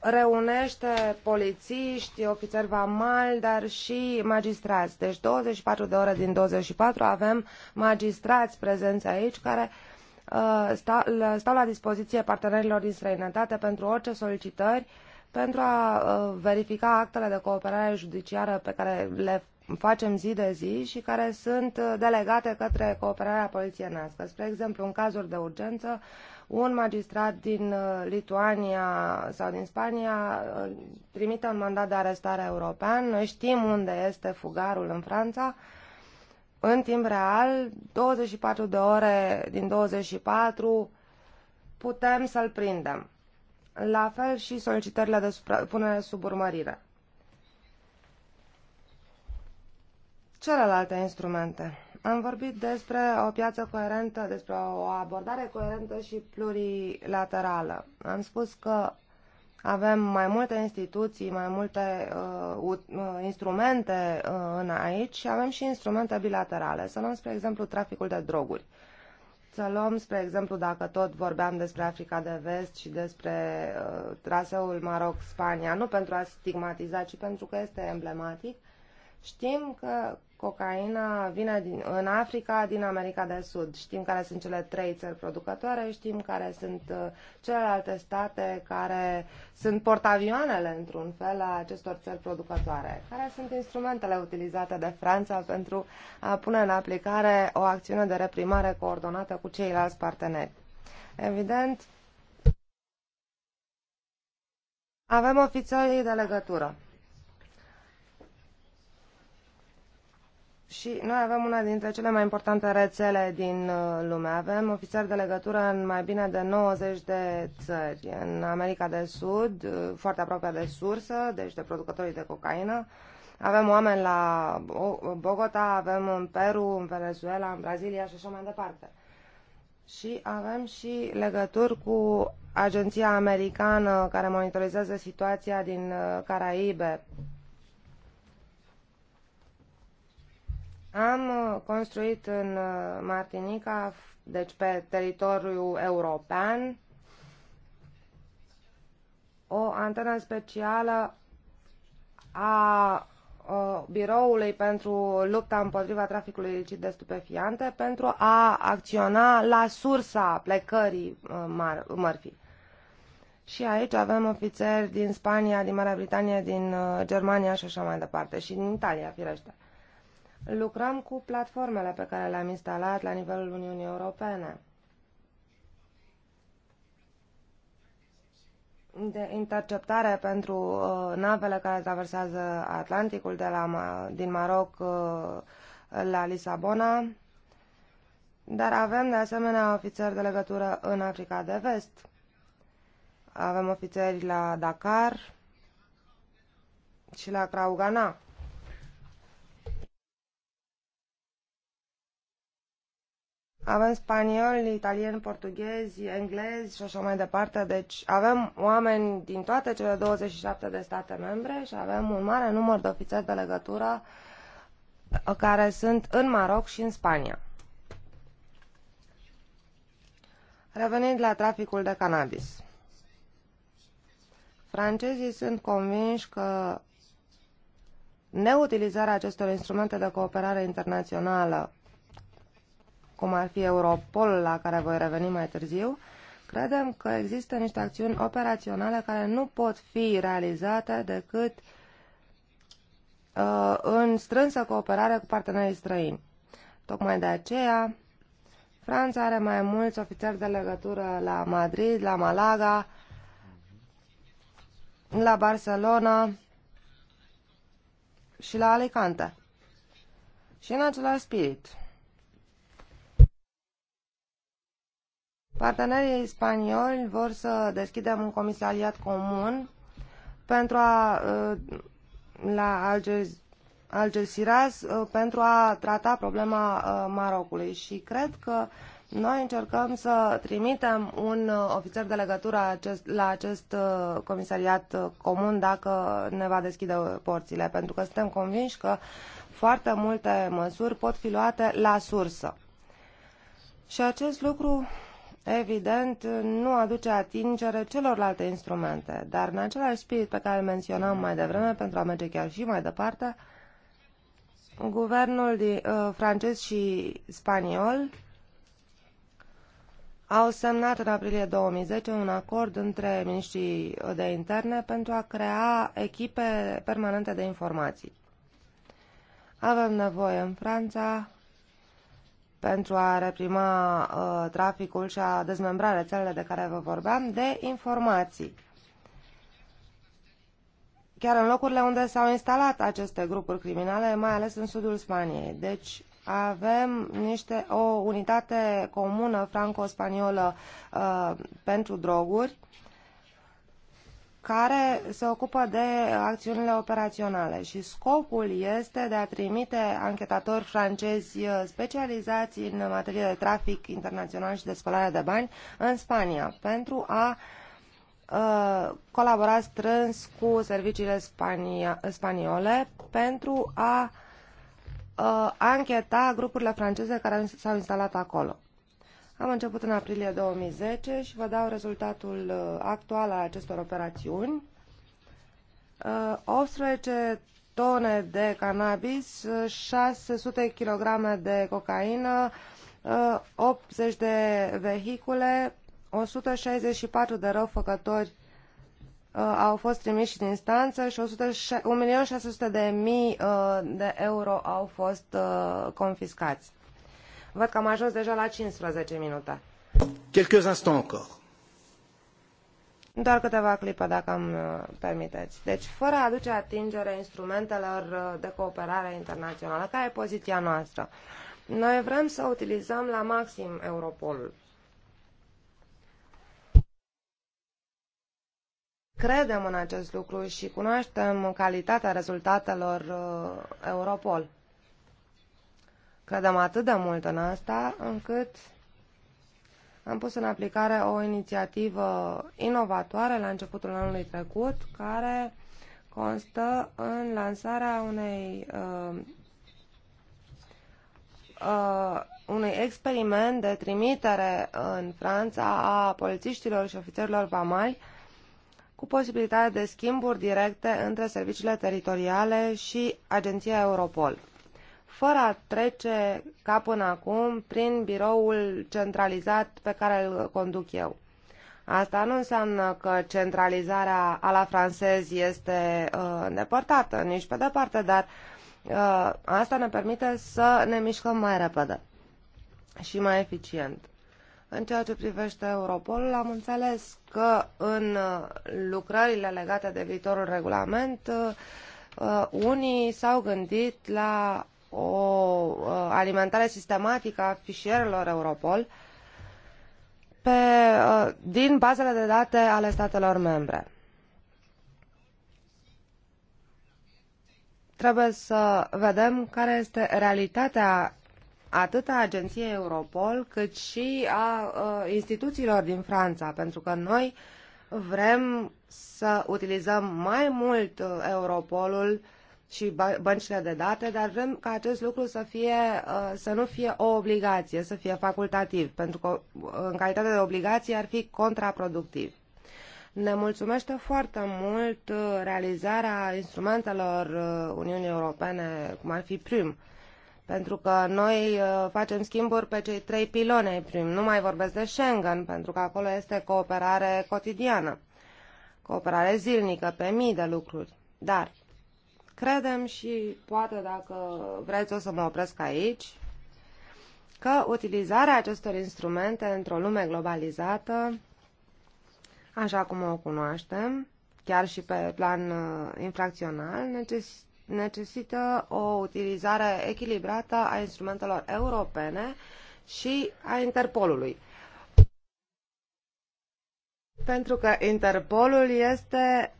reunește polițiști, ofițeri vamali, dar și magistrați. Deci 24 de ore din 24 avem magistrați prezenți aici care uh, stau, la dispoziție partenerilor din străinătate pentru orice solicitări pentru a uh, verifica actele de cooperare judiciară pe care le facem zi de zi și care sunt uh, delegate către cooperarea polițienească. Spre exemplu, în cazuri de urgență, un magistrat din uh, Lituania sau din Spania uh, trimite un mandat de arestare european, noi știm unde este fugarul în Franța, în timp real, 24 de ore din 24 putem să-l prindem. La fel și solicitările de punere sub urmărire. Celelalte instrumente. Am vorbit despre o piață coerentă, despre o abordare coerentă și plurilaterală. Am spus că avem mai multe instituții, mai multe uh, uh, instrumente uh, în aici și avem și instrumente bilaterale. Să luăm, spre exemplu, traficul de droguri. Să luăm, spre exemplu, dacă tot vorbeam despre Africa de Vest și despre uh, traseul Maroc-Spania, nu pentru a stigmatiza, ci pentru că este emblematic, știm că cocaina vine din, în Africa, din America de Sud. Știm care sunt cele trei țări producătoare, știm care sunt uh, celelalte state care sunt portavioanele, într-un fel, a acestor țări producătoare. Care sunt instrumentele utilizate de Franța pentru a pune în aplicare o acțiune de reprimare coordonată cu ceilalți parteneri? Evident, avem ofițerii de legătură. Și noi avem una dintre cele mai importante rețele din uh, lume. Avem ofițeri de legătură în mai bine de 90 de țări. În America de Sud, uh, foarte aproape de sursă, deci de producătorii de cocaină. Avem oameni la uh, Bogota, avem în Peru, în Venezuela, în Brazilia și așa mai departe. Și avem și legături cu agenția americană care monitorizează situația din Caraibe, Am uh, construit în uh, Martinica, deci pe teritoriul european, o antenă specială a uh, biroului pentru lupta împotriva traficului ilicit de stupefiante pentru a acționa la sursa plecării mărfii. Și aici avem ofițeri din Spania, din Marea Britanie, din Germania și așa mai departe, și din Italia, firește. Uh, Lucrăm cu platformele pe care le-am instalat la nivelul Uniunii Europene. de interceptare pentru uh, navele care traversează Atlanticul de la, din Maroc uh, la Lisabona, dar avem de asemenea ofițeri de legătură în Africa de Vest. Avem ofițeri la Dakar și la Craugana. Avem spanioli, italieni, portughezi, englezi și așa mai departe. Deci avem oameni din toate cele 27 de state membre și avem un mare număr de ofițeri de legătură uh, care sunt în Maroc și în Spania. Revenind la traficul de cannabis. Francezii sunt convinși că neutilizarea acestor instrumente de cooperare internațională cum ar fi Europol, la care voi reveni mai târziu, credem că există niște acțiuni operaționale care nu pot fi realizate decât uh, în strânsă cooperare cu partenerii străini. Tocmai de aceea, Franța are mai mulți ofițeri de legătură la Madrid, la Malaga, la Barcelona și la Alicante. Și în același spirit, Partenerii spanioli vor să deschidem un comisariat comun pentru a, ă, la Algez, Algeciras ă, pentru a trata problema ă, Marocului și cred că noi încercăm să trimitem un ofițer de legătură acest, la acest comisariat comun dacă ne va deschide porțile, pentru că suntem convinși că foarte multe măsuri pot fi luate la sursă. Și acest lucru evident, nu aduce atingere celorlalte instrumente, dar în același spirit pe care îl menționam mai devreme, pentru a merge chiar și mai departe, guvernul din, uh, francez și spaniol au semnat în aprilie 2010 un acord între miniștrii de interne pentru a crea echipe permanente de informații. Avem nevoie în Franța pentru a reprima uh, traficul și a dezmembra rețelele de care vă vorbeam, de informații. Chiar în locurile unde s-au instalat aceste grupuri criminale, mai ales în sudul Spaniei. Deci avem niște, o unitate comună franco-spaniolă uh, pentru droguri, care se ocupă de acțiunile operaționale și scopul este de a trimite anchetatori francezi uh, specializați în materie de trafic internațional și de spălare de bani în Spania pentru a uh, colabora strâns cu serviciile spania, spaniole pentru a uh, ancheta grupurile franceze care s-au instalat acolo. Am început în aprilie 2010 și vă dau rezultatul uh, actual al acestor operațiuni. 18 uh, tone de cannabis, 600 uh, kg de cocaină, 80 de vehicule, 164 de răufăcători au fost trimiși în instanță și 1.600.000 de euro au fost confiscați. Văd că am ajuns deja la 15 minute. Quelques instants encore. Doar câteva clipe, dacă îmi uh, permiteți. Deci, fără a aduce atingere instrumentelor uh, de cooperare internațională, care e poziția noastră? Noi vrem să utilizăm la maxim Europolul. Credem în acest lucru și cunoaștem calitatea rezultatelor uh, Europol. Credem atât de mult în asta încât am pus în aplicare o inițiativă inovatoare la începutul anului trecut care constă în lansarea unei uh, uh, unui experiment de trimitere în Franța a polițiștilor și ofițerilor vamali cu posibilitatea de schimburi directe între serviciile teritoriale și Agenția Europol fără a trece ca până acum prin biroul centralizat pe care îl conduc eu. Asta nu înseamnă că centralizarea a la francez este uh, îndepărtată, nici pe departe, dar uh, asta ne permite să ne mișcăm mai repede și mai eficient. În ceea ce privește Europolul, am înțeles că în uh, lucrările legate de viitorul regulament, uh, uh unii s-au gândit la o uh, alimentare sistematică a fișierelor Europol pe, uh, din bazele de date ale statelor membre. Trebuie să vedem care este realitatea atât a agenției Europol cât și a uh, instituțiilor din Franța, pentru că noi vrem să utilizăm mai mult Europolul uh, și băncile de date, dar vrem ca acest lucru să, fie, uh, să nu fie o obligație, să fie facultativ, pentru că uh, în calitate de obligație ar fi contraproductiv. Ne mulțumește foarte mult uh, realizarea instrumentelor Uniunii Europene, cum ar fi prim, pentru că noi facem schimburi pe cei trei piloni ai prim. Nu mai vorbesc de Schengen, pentru că acolo este cooperare cotidiană, cooperare zilnică pe mii de lucruri. Dar Credem și poate dacă vreți o să mă opresc aici, că utilizarea acestor instrumente într-o lume globalizată, așa cum o cunoaștem, chiar și pe plan uh, infracțional, necesită necesită o utilizare echilibrată a instrumentelor europene și a Interpolului. Pentru că Interpolul este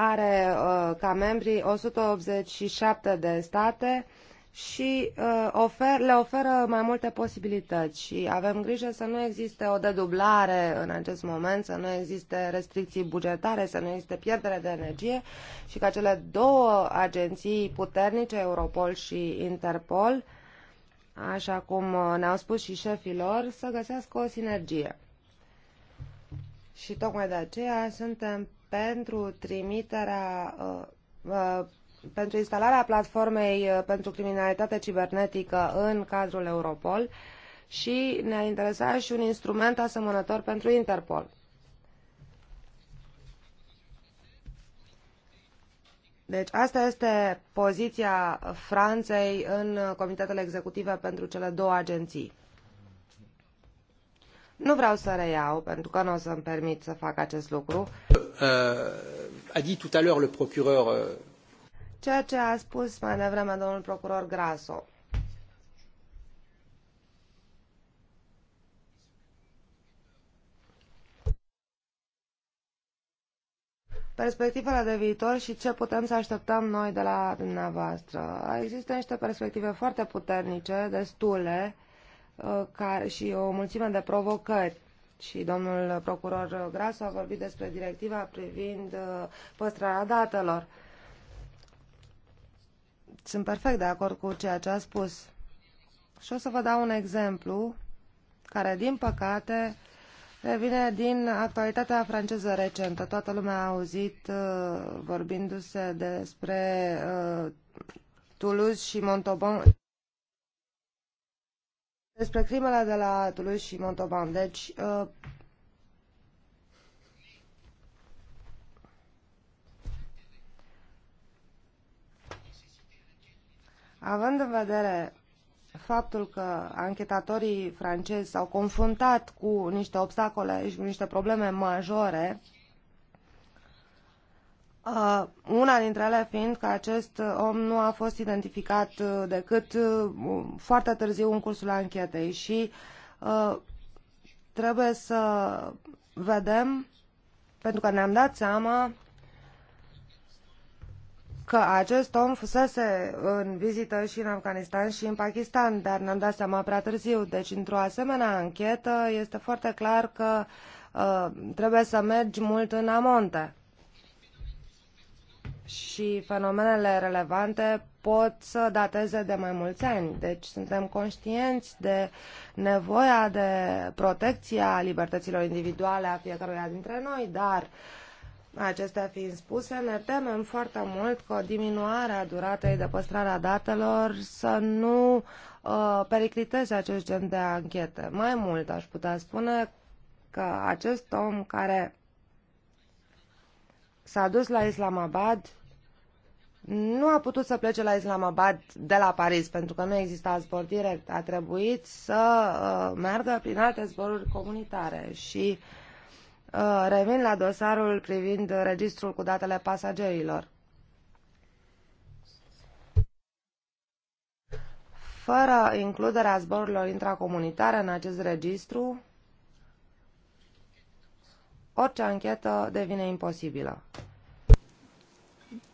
are uh, ca membri 187 de state și uh, ofer, le oferă mai multe posibilități și avem grijă să nu existe o dedublare în acest moment, să nu existe restricții bugetare, să nu existe pierdere de energie și ca cele două agenții puternice, Europol și Interpol, așa cum uh, ne-au spus și șefii lor, să găsească o sinergie. Și tocmai de aceea suntem pentru trimiterea uh, uh, pentru instalarea platformei uh, pentru criminalitate cibernetică în cadrul Europol și ne a interesat și un instrument asemănător pentru Interpol. Deci asta este poziția Franței în comitetele executive pentru cele două agenții. Nu vreau să reiau, pentru că nu o să-mi permit să fac acest lucru, euh, a dit tout à l'heure le procureur. Euh, Ceea ce a spus mai devreme domnul procuror Graso. perspectivele de viitor și ce putem să așteptăm noi de la dumneavoastră. Există niște perspective foarte puternice, destule, uh, ca și o mulțime de provocări și domnul procuror Grasu a vorbit despre directiva privind uh, păstrarea datelor. Sunt perfect de acord cu ceea ce a spus. Și o să vă dau un exemplu care, din păcate, revine din actualitatea franceză recentă. Toată lumea a auzit uh, vorbindu-se despre uh, Toulouse și Montauban despre crimele de la Toulouse și Montauban. Deci, uh, având în vedere faptul că anchetatorii francezi s-au confruntat cu niște obstacole și cu niște probleme majore, uh, Uh, una dintre ele fiind că acest uh, om nu a fost identificat uh, decât foarte târziu în cursul anchetei și trebuie să vedem, pentru că ne-am dat seama că acest om fusese în vizită și în Afganistan și în Pakistan, dar ne-am dat seama prea târziu. Deci, într-o asemenea anchetă, este foarte clar că uh, trebuie să mergi mult în amonte și fenomenele relevante pot să dateze de mai mulți ani. Deci suntem conștienți de nevoia de protecție a libertăților individuale a fiecăruia dintre noi, dar acestea fiind spuse, ne temem foarte mult că o diminuare a duratei de păstrare a datelor să nu uh, pericliteze acest gen de anchete. Mai mult aș putea spune că acest om care s-a dus la Islamabad nu a putut să plece la Islamabad de la Paris, pentru că nu exista zbor direct. A trebuit să uh, meargă prin alte zboruri comunitare și uh, revin la dosarul privind registrul cu datele pasagerilor. Fără includerea zborurilor intracomunitare în acest registru, orice anchetă devine imposibilă.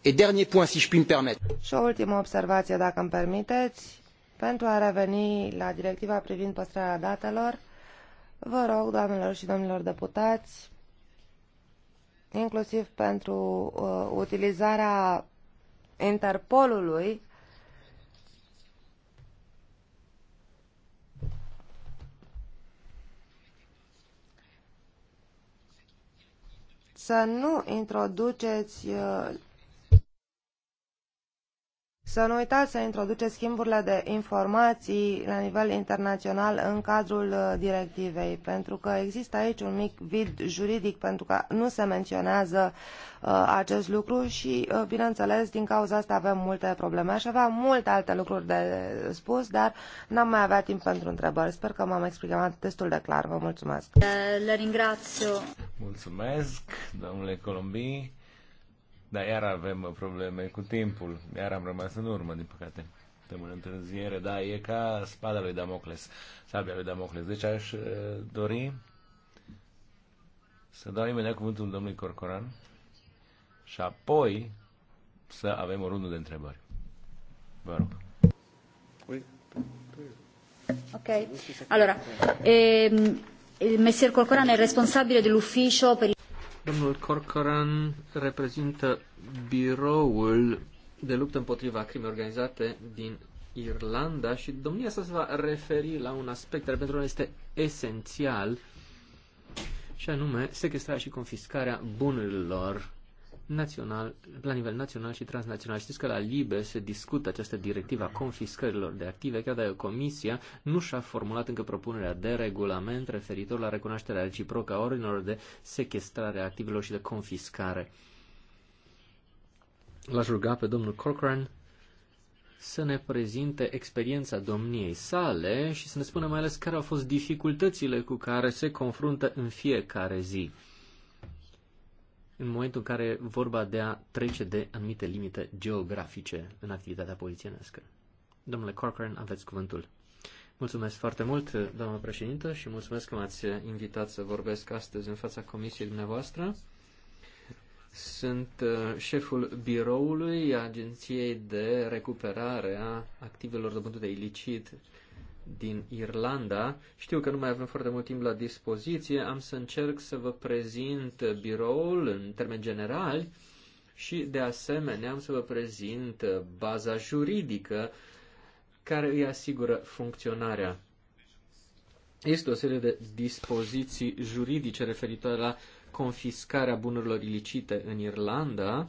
Et dernier point, si je puis me permettre. Și o ultimă observație, dacă îmi permiteți. Pentru a reveni la directiva privind păstrarea datelor, vă rog, doamnelor și domnilor deputați, inclusiv pentru uh, utilizarea Interpolului, să nu introduceți uh, să nu uitați să introduceți schimburile de informații la nivel internațional în cadrul uh, directivei, pentru că există aici un mic vid juridic pentru că nu se menționează uh, acest lucru și, uh, bineînțeles, din cauza asta avem multe probleme. Aș avea multe alte lucruri de spus, dar n-am mai avea timp pentru întrebări. Sper că m-am exprimat destul de clar. Vă mulțumesc. Le ringrazio. Mulțumesc, domnule Colombii. Dar iar avem probleme cu timpul. Iar am rămas în urmă, din păcate. Suntem în întârziere, da, e ca spada lui Damocles, sabia lui Damocles. Deci aș uh, dori să dau imediat cuvântul domnului Corcoran și apoi să avem o rundă de întrebări. Vă rog. Ok. Allora, eh, il Messier Corcoran è responsabile dell'ufficio per Domnul Corcoran reprezintă biroul de luptă împotriva crimei organizate din Irlanda și domnia sa se va referi la un aspect care pentru noi este esențial și anume sequestrarea și confiscarea bunurilor național, la nivel național și transnațional. Știți că la LIBE se discută această directivă a confiscărilor de active, chiar dacă Comisia nu și-a formulat încă propunerea de regulament referitor la recunoașterea reciprocă a ordinelor de sequestrare a activelor și de confiscare. L-aș ruga pe domnul Corcoran să ne prezinte experiența domniei sale și să ne spună mai ales care au fost dificultățile cu care se confruntă în fiecare zi în momentul în care vorba de a trece de anumite limite geografice în activitatea polițienescă. Domnule Corcoran, aveți cuvântul. Mulțumesc foarte mult, doamnă președintă, și mulțumesc că m-ați invitat să vorbesc astăzi în fața comisiei dumneavoastră. Sunt uh, șeful biroului Agenției de Recuperare a Activelor de Ilicit din Irlanda. Știu că nu mai avem foarte mult timp la dispoziție, am să încerc să vă prezint biroul în termeni generali și de asemenea am să vă prezint baza juridică care îi asigură funcționarea. Este o serie de dispoziții juridice referitoare la confiscarea bunurilor ilicite în Irlanda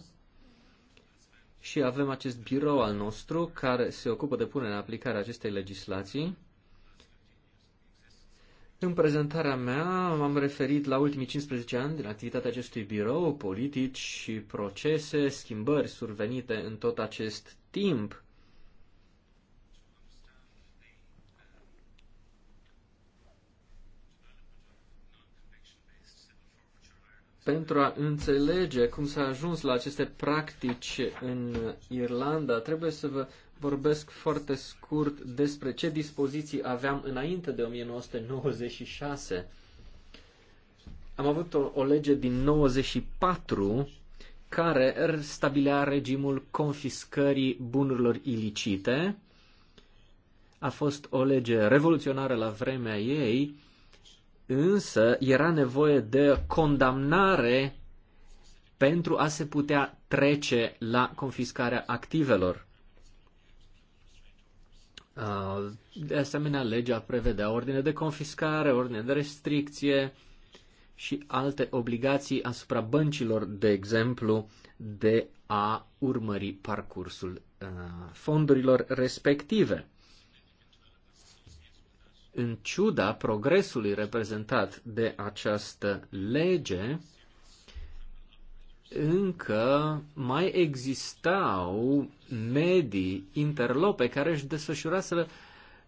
și avem acest birou al nostru care se ocupă de punerea în aplicare a acestei legislații. În prezentarea mea m-am referit la ultimii 15 ani din activitatea acestui birou, politici și procese, schimbări survenite în tot acest timp. Pentru a înțelege cum s-a ajuns la aceste practici în Irlanda, trebuie să vă vorbesc foarte scurt despre ce dispoziții aveam înainte de 1996. Am avut o, o lege din 94 care stabilea regimul confiscării bunurilor ilicite. A fost o lege revoluționară la vremea ei, însă era nevoie de condamnare pentru a se putea trece la confiscarea activelor. De asemenea, legea prevedea ordine de confiscare, ordine de restricție și alte obligații asupra băncilor, de exemplu, de a urmări parcursul fondurilor respective. În ciuda progresului reprezentat de această lege, încă mai existau medii interlope care își desfășuraseră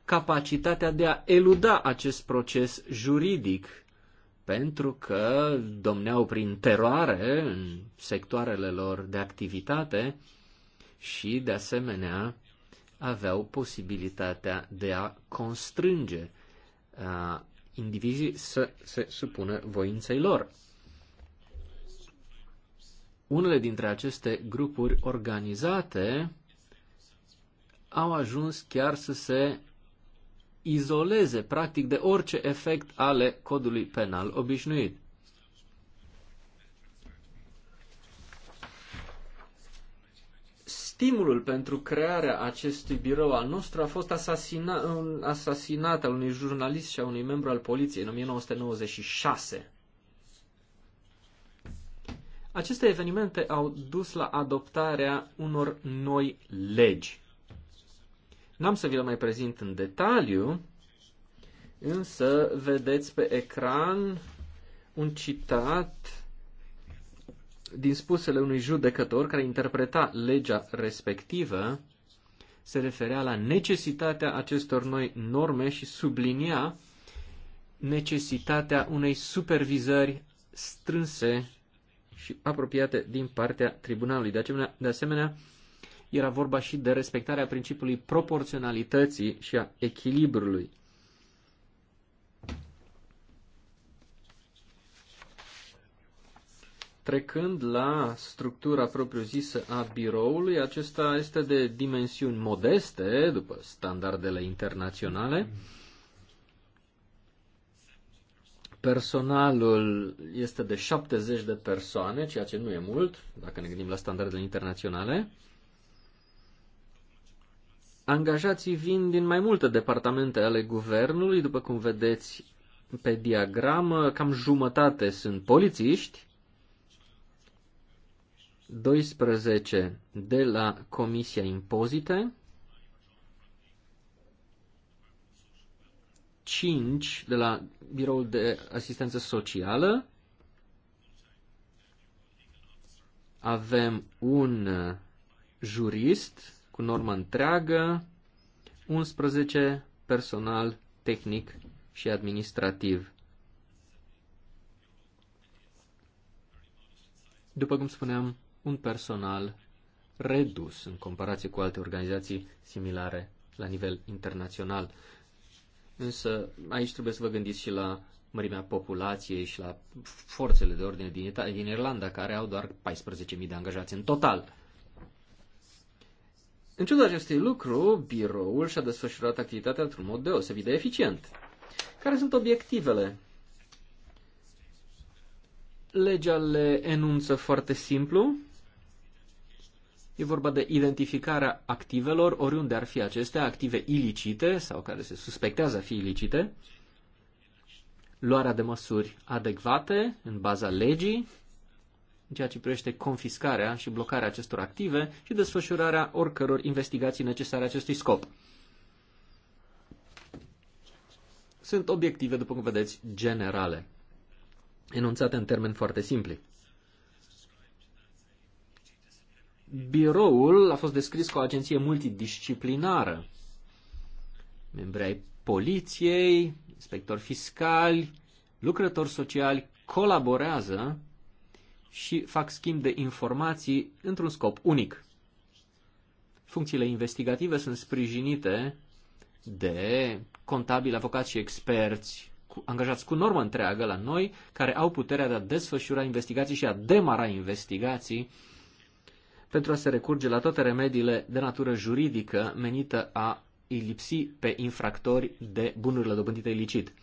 capacitatea de a eluda acest proces juridic, pentru că domneau prin teroare în sectoarele lor de activitate și, de asemenea, aveau posibilitatea de a constrânge indivizii să se supună voinței lor. Unele dintre aceste grupuri organizate au ajuns chiar să se izoleze practic de orice efect ale codului penal obișnuit. Stimulul pentru crearea acestui birou al nostru a fost asasina, asasinat al unui jurnalist și a unui membru al poliției în 1996. Aceste evenimente au dus la adoptarea unor noi legi. N-am să vi le mai prezint în detaliu, însă vedeți pe ecran un citat din spusele unui judecător care interpreta legea respectivă, se referea la necesitatea acestor noi norme și sublinia necesitatea unei supervizări strânse și apropiate din partea tribunalului. De asemenea, de asemenea era vorba și de respectarea principiului proporționalității și a echilibrului. Trecând la structura propriu-zisă a biroului, acesta este de dimensiuni modeste, după standardele internaționale. Mm Personalul este de 70 de persoane, ceea ce nu e mult, dacă ne gândim la standardele internaționale. Angajații vin din mai multe departamente ale guvernului, după cum vedeți pe diagramă, cam jumătate sunt polițiști, 12 de la Comisia Impozite, 5 de la Biroul de Asistență Socială. Avem un uh, jurist cu normă întreagă, 11 personal tehnic și administrativ. După cum spuneam, un personal redus în comparație cu alte organizații similare la nivel internațional. Însă aici trebuie să vă gândiți și la mărimea populației și la forțele de ordine din, Ita- din Irlanda, care au doar 14.000 de angajați în total. În ciuda acestui lucru, biroul și-a desfășurat activitatea într-un mod deosebit de eficient. Care sunt obiectivele? Legea le enunță foarte simplu. E vorba de identificarea activelor, oriunde ar fi acestea, active ilicite sau care se suspectează a fi ilicite, luarea de măsuri adecvate în baza legii, în ceea ce privește confiscarea și blocarea acestor active și desfășurarea oricăror investigații necesare acestui scop. Sunt obiective, după cum vedeți, generale, enunțate în termeni foarte simpli. Biroul a fost descris ca o agenție multidisciplinară. Membri ai poliției, inspectori fiscali, lucrători sociali colaborează și fac schimb de informații într-un scop unic. Funcțiile investigative sunt sprijinite de contabili, avocați și experți cu, angajați cu normă întreagă la noi, care au puterea de a desfășura investigații și a demara investigații pentru a se recurge la toate remediile de natură juridică menită a îi lipsi pe infractori de bunurile dobândite ilicit.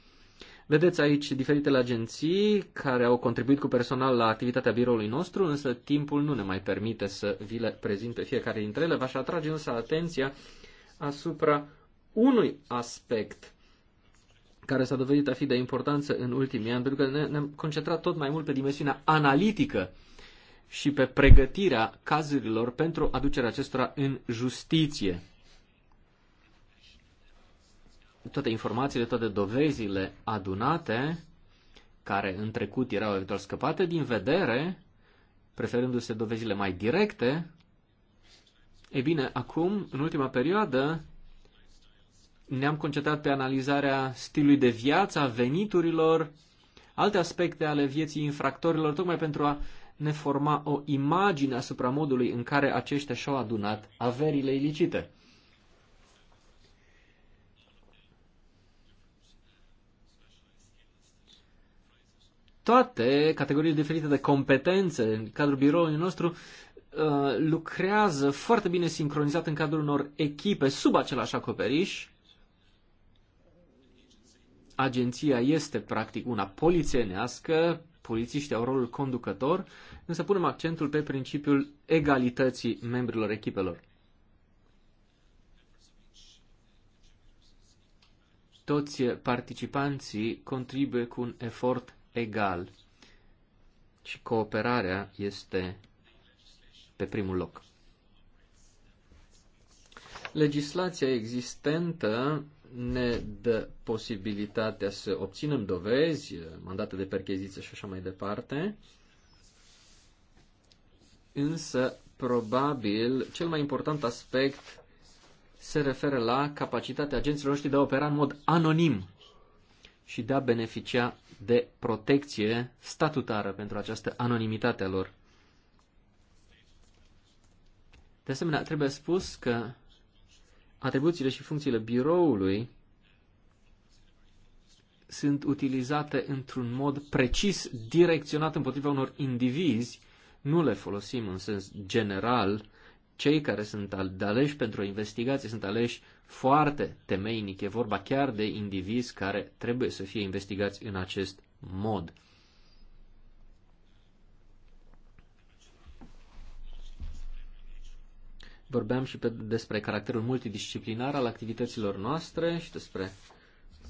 Vedeți aici diferitele agenții care au contribuit cu personal la activitatea biroului nostru, însă timpul nu ne mai permite să vi le prezint pe fiecare dintre ele. V-aș atrage însă atenția asupra unui aspect care s-a dovedit a fi de importanță în ultimii ani, pentru că ne, ne-am concentrat tot mai mult pe dimensiunea analitică și pe pregătirea cazurilor pentru aducerea acestora în justiție. Toate informațiile, toate dovezile adunate, care în trecut erau eventual scăpate din vedere, preferându-se dovezile mai directe, e bine, acum, în ultima perioadă, ne-am concentrat pe analizarea stilului de viață, a veniturilor, alte aspecte ale vieții infractorilor, tocmai pentru a ne forma o imagine asupra modului în care aceștia și-au adunat averile ilicite. Toate categoriile diferite de competențe în cadrul biroului nostru uh, lucrează foarte bine sincronizat în cadrul unor echipe sub același acoperiș. Agenția este practic una polițienească, polițiști au rolul conducător, însă punem accentul pe principiul egalității membrilor echipelor. Toți participanții contribuie cu un efort egal și cooperarea este pe primul loc. Legislația existentă ne dă posibilitatea să obținem dovezi, mandate de percheziție și așa mai departe, însă probabil cel mai important aspect se referă la capacitatea agenților noștri de a opera în mod anonim și de a beneficia de protecție statutară pentru această anonimitate a lor. De asemenea, trebuie spus că atribuțiile și funcțiile biroului sunt utilizate într-un mod precis, direcționat împotriva unor indivizi, nu le folosim în sens general. Cei care sunt aleși pentru o investigație sunt aleși foarte temeinic, e vorba chiar de indivizi care trebuie să fie investigați în acest mod. Vorbeam și pe, despre caracterul multidisciplinar al activităților noastre și despre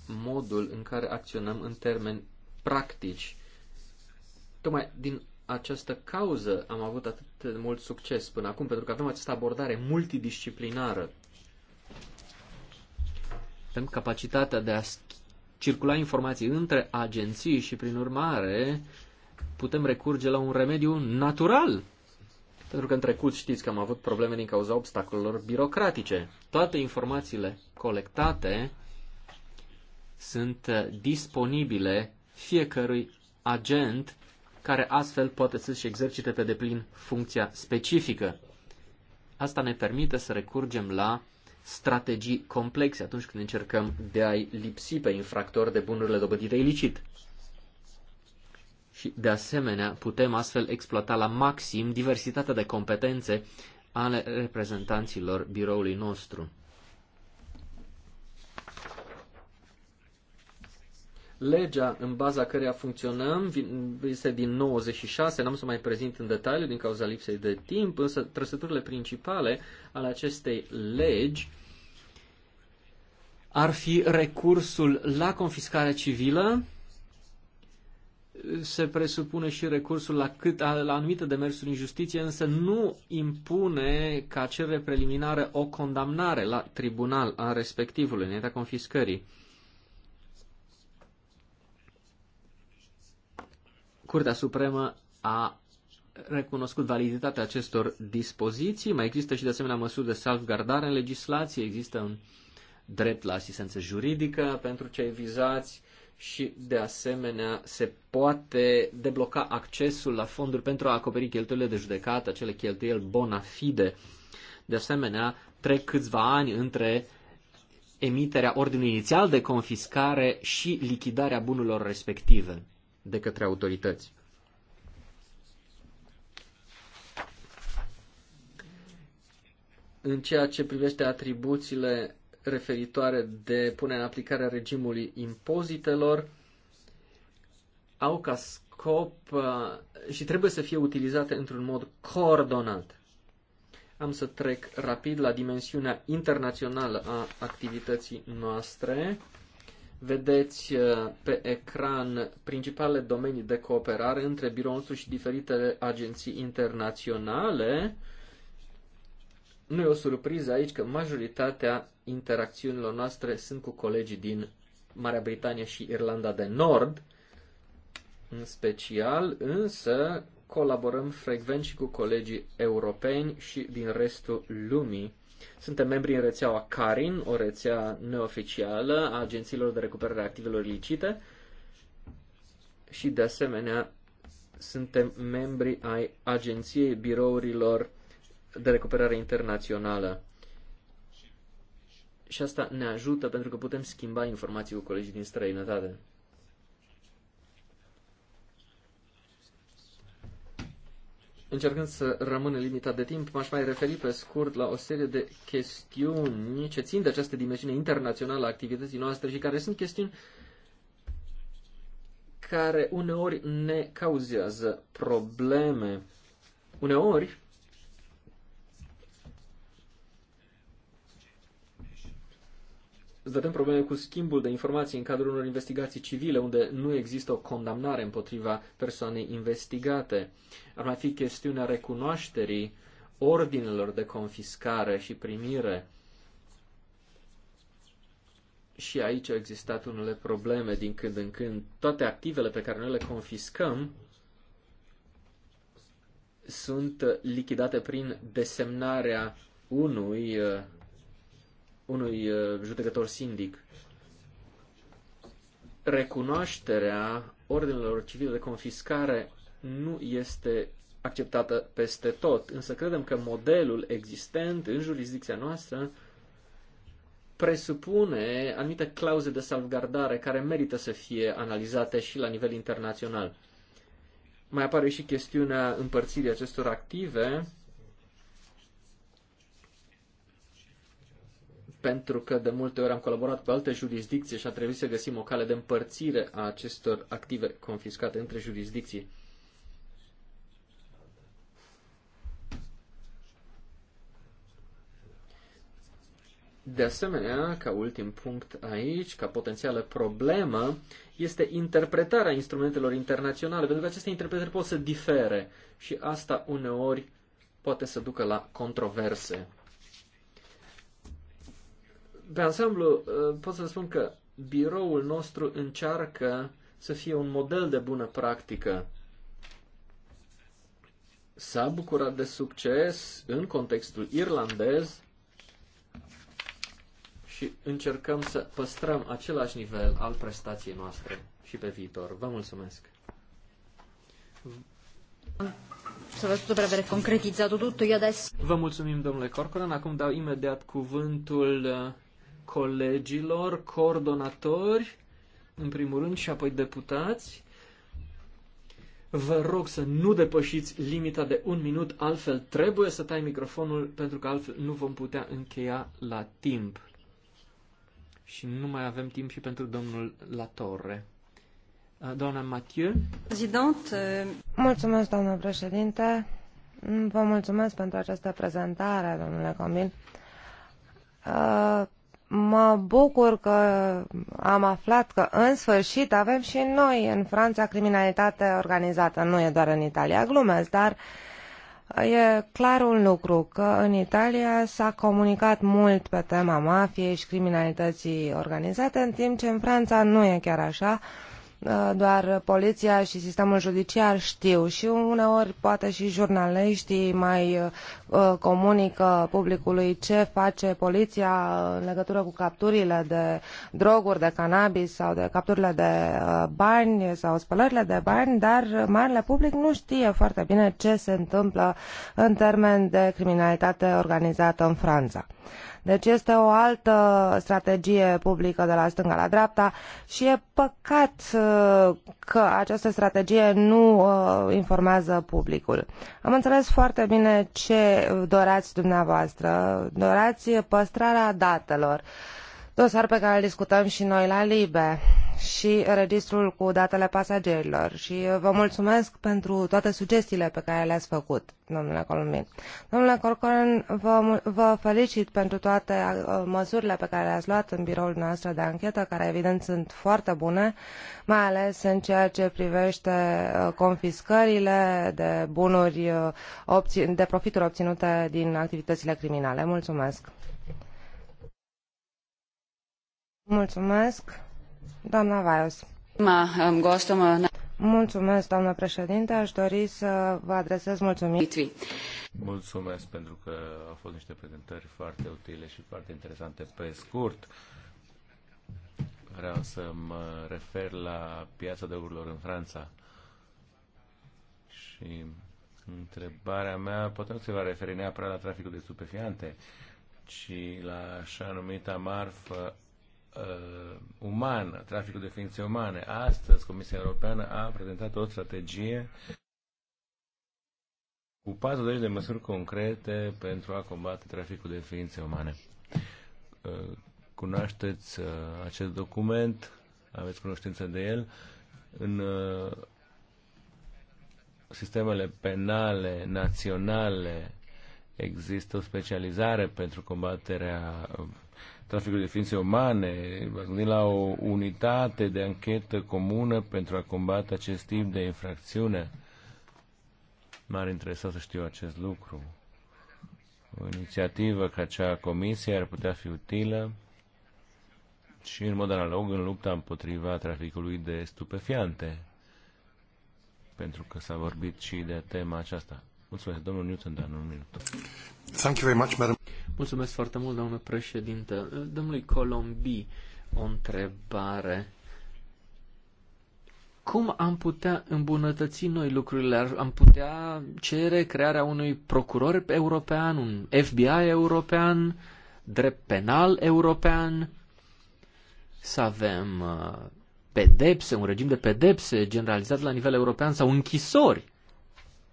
modul în care acționăm în termeni practici. Tocmai din această cauză am avut atât de mult succes până acum, pentru că avem această abordare multidisciplinară. Avem capacitatea de a circula informații între agenții și, prin urmare, putem recurge la un remediu natural pentru că în trecut știți că am avut probleme din cauza obstacolelor birocratice. Toate informațiile colectate sunt uh, disponibile fiecărui agent care astfel poate să-și exercite pe deplin funcția specifică. Asta ne permite să recurgem la strategii complexe atunci când încercăm de a-i lipsi pe infractori de bunurile dobădite ilicit și, de asemenea, putem astfel exploata la maxim diversitatea de competențe ale reprezentanților biroului nostru. Legea în baza căreia funcționăm este din 96, n-am să mai prezint în detaliu din cauza lipsei de timp, însă trăsăturile principale ale acestei legi ar fi recursul la confiscare civilă, se presupune și recursul la, cât, la anumite demersuri în justiție, însă nu impune ca cerere preliminară o condamnare la tribunal a respectivului înaintea confiscării. Curtea Supremă a recunoscut validitatea acestor dispoziții, mai există și de asemenea măsuri de salvgardare în legislație, există un drept la asistență juridică pentru cei vizați, și, de asemenea, se poate debloca accesul la fonduri pentru a acoperi cheltuielile de judecată, acele cheltuieli bona fide. De asemenea, trec câțiva ani între emiterea ordinului inițial de confiscare și lichidarea bunurilor respective de către autorități. În ceea ce privește atribuțiile referitoare de punerea în aplicare a regimului impozitelor au ca scop uh, și trebuie să fie utilizate într-un mod coordonat. Am să trec rapid la dimensiunea internațională a activității noastre. Vedeți uh, pe ecran principalele domenii de cooperare între biroul nostru și diferitele agenții internaționale. Uh, nu e o surpriză aici că majoritatea interacțiunilor noastre sunt cu colegii din Marea Britanie și Irlanda de Nord, în special, însă colaborăm frecvent și cu colegii europeni și din restul lumii. Suntem membri în rețeaua CARIN, o rețea neoficială a agențiilor de recuperare a activelor ilicite și, de asemenea, suntem membri ai agenției birourilor de recuperare internațională. Și asta ne ajută pentru că putem schimba informații cu colegii din străinătate. Încercând să rămână limitat de timp, m-aș mai referi pe scurt la o serie de chestiuni ce țin de această dimensiune internațională a activității noastre și care sunt chestiuni care uneori ne cauzează probleme. Uneori, stătem probleme cu schimbul de informații în cadrul unor investigații civile, unde nu există o condamnare împotriva persoanei investigate. Ar mai fi chestiunea recunoașterii ordinelor de confiscare și primire. Și aici au existat unele probleme din când în când. Toate activele pe care noi le confiscăm sunt lichidate prin desemnarea unui uh, unui uh, judecător sindic. Recunoașterea ordinelor civile de confiscare nu este acceptată peste tot, însă credem că modelul existent în jurisdicția noastră presupune anumite clauze de salvgardare care merită să fie analizate și la nivel internațional. Mai apare și chestiunea împărțirii acestor active pentru că de multe ori am colaborat cu alte jurisdicții și a trebuit să găsim o cale de împărțire a acestor active confiscate între jurisdicții. De asemenea, ca ultim punct aici, ca potențială problemă, este interpretarea instrumentelor internaționale, pentru că aceste interpretări pot să difere și asta uneori poate să ducă la controverse. Pe ansamblu, pot să spun că biroul nostru încearcă să fie un model de bună practică. S-a bucurat de succes în contextul irlandez și încercăm să păstrăm același nivel al prestației noastre și pe viitor. Vă mulțumesc! soprattutto per aver concretizat totul, eu adesso. Vă mulțumim, domnule Corcoran. Acum dau imediat cuvântul colegilor, coordonatori, în primul rând, și apoi deputați. Vă rog să nu depășiți limita de un minut, altfel trebuie să tai microfonul, pentru că altfel nu vom putea încheia la timp. Și nu mai avem timp și pentru domnul la Torre. Uh, doamna Mathieu. Uh, mulțumesc, doamnă președinte. Vă mulțumesc pentru această prezentare, domnule Camil. Uh, Mă bucur că am aflat că în sfârșit avem și noi în Franța criminalitate organizată. Nu e doar în Italia, glumesc, dar uh, e clar un lucru că în Italia s-a comunicat mult pe tema mafiei și criminalității organizate, în timp ce în Franța nu e chiar așa. Uh, Uh, doar poliția și sistemul judiciar știu și uneori poate și jurnaliștii mai uh, uh, comunică publicului ce face poliția în legătură cu capturile de droguri, de cannabis sau de capturile de bani sau spălările de bani, dar marele public nu știe foarte bine ce se întâmplă în termen de criminalitate organizată în Franța. Deci este o altă strategie publică de la stânga la dreapta și e păcat uh, că această strategie nu uh, informează publicul. Am înțeles foarte bine ce doreați dumneavoastră. Doreați păstrarea datelor dosar pe care îl discutăm și noi la Libe și registrul cu datele pasagerilor și uh, vă mulțumesc pentru toate sugestiile pe care le-ați făcut, domnule Columin. Domnule Corcoran, vă, vă felicit pentru toate uh, măsurile pe care le-ați luat în biroul nostru de anchetă, care evident sunt foarte bune, mai ales în ceea ce privește uh, confiscările de bunuri, de profituri obținute din activitățile criminale. Mulțumesc! Mulțumesc, doamnă președinte. Aș dori să vă adresez mulțumiri. Mulțumesc pentru că au fost niște prezentări foarte utile și foarte interesante pe scurt. Vreau să mă refer la piața de urlor în Franța. Și întrebarea mea poate nu se va referi neapărat la traficul de stupefiante, ci la așa numita marfă uh, umană, traficul de ființe umane. Astăzi Comisia Europeană a prezentat o strategie cu 40 de măsuri concrete pentru a combate traficul de ființe umane. Uh, cunoașteți uh, acest document, aveți cunoștință de el. În uh, sistemele penale naționale există o specializare pentru combaterea traficul de ființe umane, gândiți la o unitate de anchetă comună pentru a combate acest tip de infracțiune. M-ar interesa să știu acest lucru. O inițiativă ca cea a Comisiei ar putea fi utilă și în mod analog în lupta împotriva traficului de stupefiante, pentru că s-a vorbit și de tema aceasta. Mulțumesc, domnul Newton, dar un minut. Thank you very much, madam. Mulțumesc foarte mult, domnule președinte. Domnului Colombi, o întrebare. Cum am putea îmbunătăți noi lucrurile? Am putea cere crearea unui procuror european, un FBI european, drept penal european, să avem uh, pedepse, un regim de pedepse generalizat la nivel european sau închisori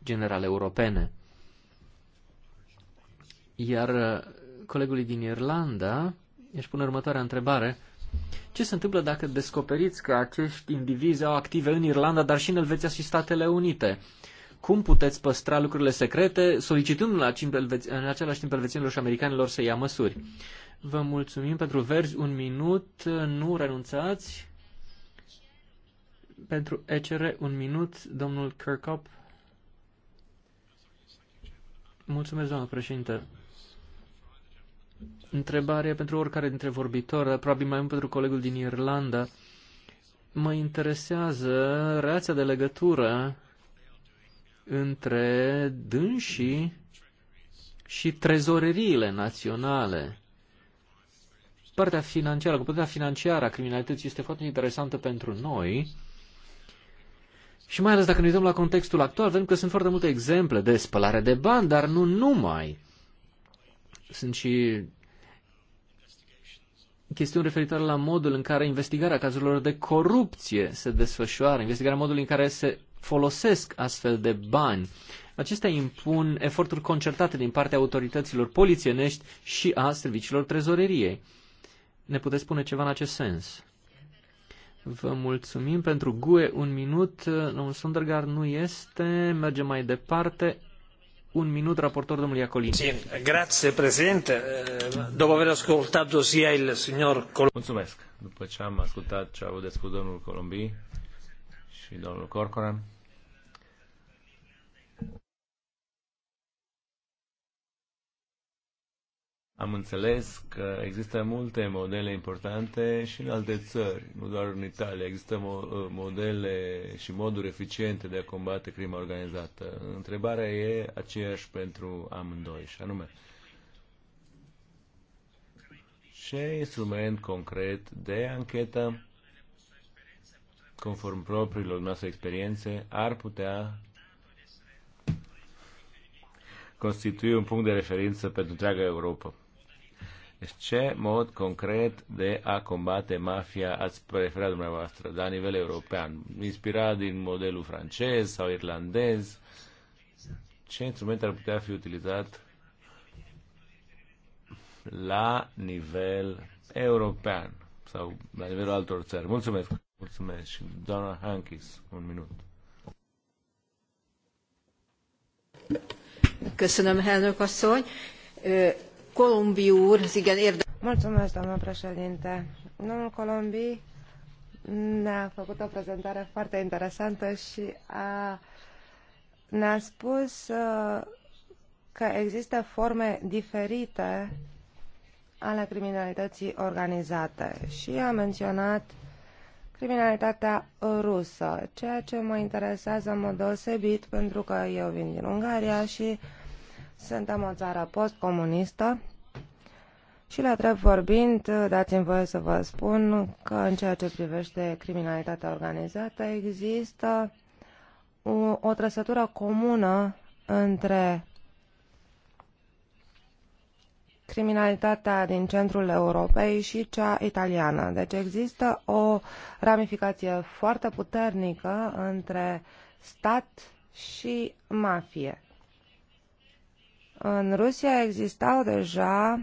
generale europene. Iar uh, colegului din Irlanda își pune următoarea întrebare. Ce se întâmplă dacă descoperiți că acești indivizi au active în Irlanda, dar și în Elveția și Statele Unite? Cum puteți păstra lucrurile secrete, solicitând la în același timp elvețienilor și americanilor să ia măsuri? Vă mulțumim pentru verzi. Un minut, nu renunțați. Pentru ECR, un minut, domnul Kirkhope. Mulțumesc, doamnă președinte. întrebarea pentru oricare dintre vorbitori, probabil mai mult pentru colegul din Irlanda. Mă interesează reația de legătură între dânsii și trezoreriile naționale. Partea financiară, partea financiară a criminalității este foarte interesantă pentru noi, și mai ales dacă ne uităm la contextul actual, vedem că sunt foarte multe exemple de spălare de bani, dar nu numai. Sunt și chestiuni referitoare la modul în care investigarea cazurilor de corupție se desfășoară, investigarea modului în care se folosesc astfel de bani. Acestea impun eforturi concertate din partea autorităților polițienești și a serviciilor trezoreriei. Ne puteți spune ceva în acest sens? Vă mulțumim pentru GUE. Un minut, domnul Sondergaard nu este. Mergem mai departe. Un minut, raportor domnul Iacolini. Sì, grazie Presidente. Dopo aver ascoltato sia il signor Colombi... Mulțumesc. După ce am ascultat ce a avut de spus domnul Colombi și domnul Corcoran, Am înțeles că există multe modele importante și în alte țări, nu doar în Italia. Există mo- uh, modele și moduri eficiente de a combate crima organizată. Întrebarea e aceeași pentru amândoi, și anume, ce instrument concret de anchetă, conform propriilor noastre experiențe, ar putea constitui un punct de referință pentru întreaga Europa? Deci ce mod concret de a combate mafia ați preferat dumneavoastră la nivel european? Inspirat din modelul francez sau irlandez? Ce instrument ar putea fi utilizat la nivel european sau la nivelul altor țări? Mulțumesc! Mulțumesc doamna Hankis, un minut. Köszönöm, elnök asszony președinte. Domnul Colombi ne-a făcut o prezentare foarte interesantă și a, ne-a spus uh, că există forme diferite ale criminalității organizate și a menționat criminalitatea rusă, ceea ce mă interesează în mod deosebit pentru că eu vin din Ungaria și suntem o țară postcomunistă și la drept vorbind, dați-mi voie să vă spun că în ceea ce privește criminalitatea organizată există o, o trăsătură comună între criminalitatea din centrul Europei și cea italiană. Deci există o ramificație foarte puternică între stat și mafie. În Rusia existau deja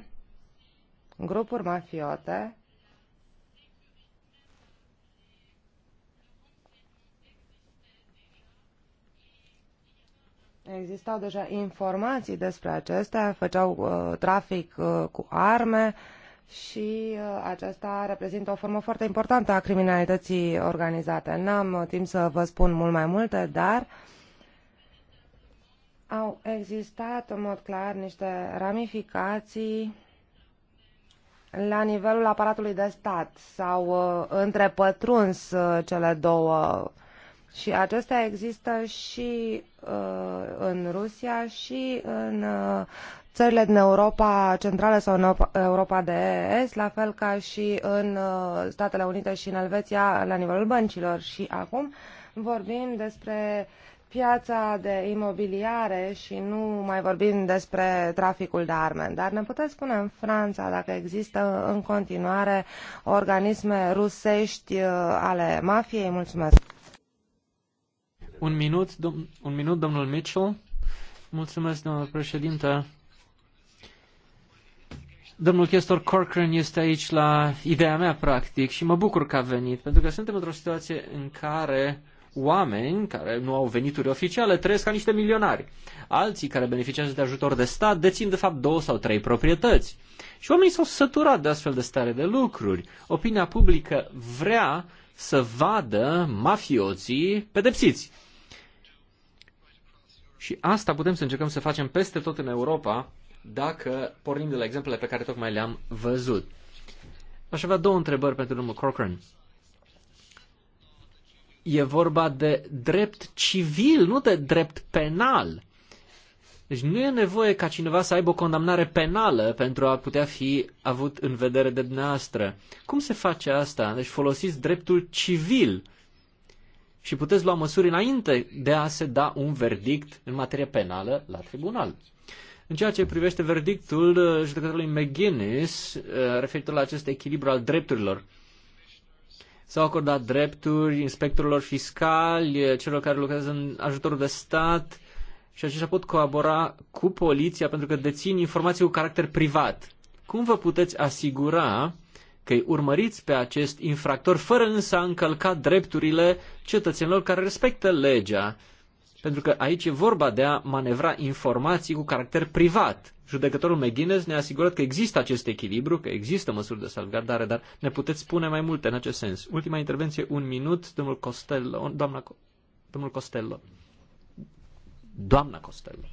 grupuri mafiote Existau deja informații despre acestea, făceau uh, trafic uh, cu arme și uh, aceasta reprezintă o formă foarte importantă a criminalității organizate. N-am uh, timp să vă spun mult mai multe, dar uh, au existat în mod clar niște ramificații la nivelul aparatului de stat. sau uh, întrepătruns uh, cele două și acestea există și uh, în Rusia și în uh, țările din Europa Centrală sau în Europa de Est, la fel ca și în uh, Statele Unite și în Elveția la nivelul băncilor. Și acum vorbim despre uh, piața de imobiliare și nu mai vorbim despre traficul de arme. Dar ne puteți spune în Franța dacă există în continuare organisme rusești uh, ale mafiei? Mulțumesc! Un minut, un minut domnul Mitchell. Mulțumesc, domnul președinte. Domnul chestor Corcoran este aici la ideea mea, practic, și mă bucur că a venit, pentru că suntem într-o situație în care uh, oameni care nu au venituri oficiale trăiesc ca niște milionari. Alții care beneficiază de ajutor de stat dețin de fapt două sau trei proprietăți. Și oamenii s-au săturat de astfel de stare de lucruri. Opinia publică vrea să vadă mafioții pedepsiți. Și asta putem să încercăm să facem peste tot în Europa dacă pornim de la exemplele pe care tocmai le-am văzut. Aș avea două întrebări pentru domnul Corcoran. E vorba de drept civil, nu de drept penal. Deci nu e nevoie ca cineva să aibă o condamnare penală pentru a putea fi avut în vedere de dumneavoastră. Cum se face asta? Deci folosiți dreptul civil și puteți lua măsuri înainte de a se da un verdict în materie penală la tribunal. În ceea ce privește verdictul uh, judecătorului McGuinness uh, referitor la acest echilibru al drepturilor, S-au acordat drepturi inspectorilor fiscali, eh, celor care lucrează în ajutorul de stat și aceștia pot colabora cu poliția pentru că dețin informații cu caracter privat. Cum vă puteți asigura că îi urmăriți pe acest infractor fără însă a încălca drepturile cetățenilor care respectă legea? Pentru că aici e vorba de a manevra informații cu caracter privat judecătorul McGuinness ne-a asigurat că există acest echilibru, că există măsuri de salvgardare, dar ne puteți spune mai multe în acest sens. Ultima intervenție, un minut, domnul Costello, doamna, domnul Costello. Doamna Costello.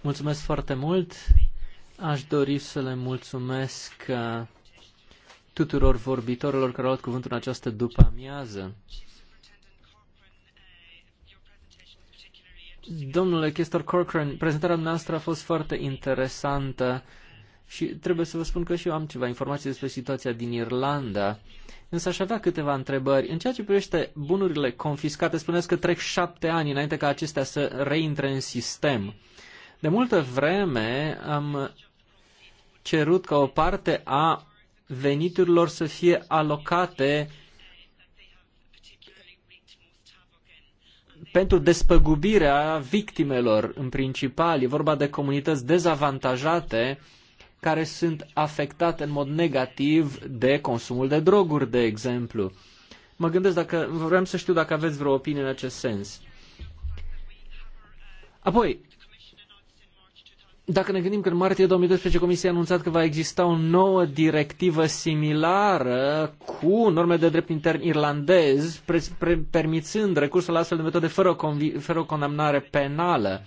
Mulțumesc foarte mult. Aș dori să le mulțumesc uh, tuturor vorbitorilor care au luat cuvântul în această după amiază. Domnule Chester Corcoran, prezentarea noastră a fost foarte interesantă și trebuie să vă spun că și eu am ceva informații despre situația din Irlanda, însă aș avea câteva întrebări. În ceea ce privește bunurile confiscate, spuneți că trec șapte ani înainte ca acestea să reintre în sistem. De multă vreme am cerut ca o parte a veniturilor să fie alocate pentru despăgubirea victimelor în principal. E vorba de comunități dezavantajate care sunt afectate în mod negativ de consumul de droguri, de exemplu. Mă gândesc dacă vreau să știu dacă aveți vreo opinie în acest sens. Apoi, dacă ne gândim că în martie 2012 Comisia a anunțat că va exista o nouă directivă similară cu norme de drept intern irlandez, pre- pre- permițând recursul la astfel de metode fără o, fără o condamnare penală,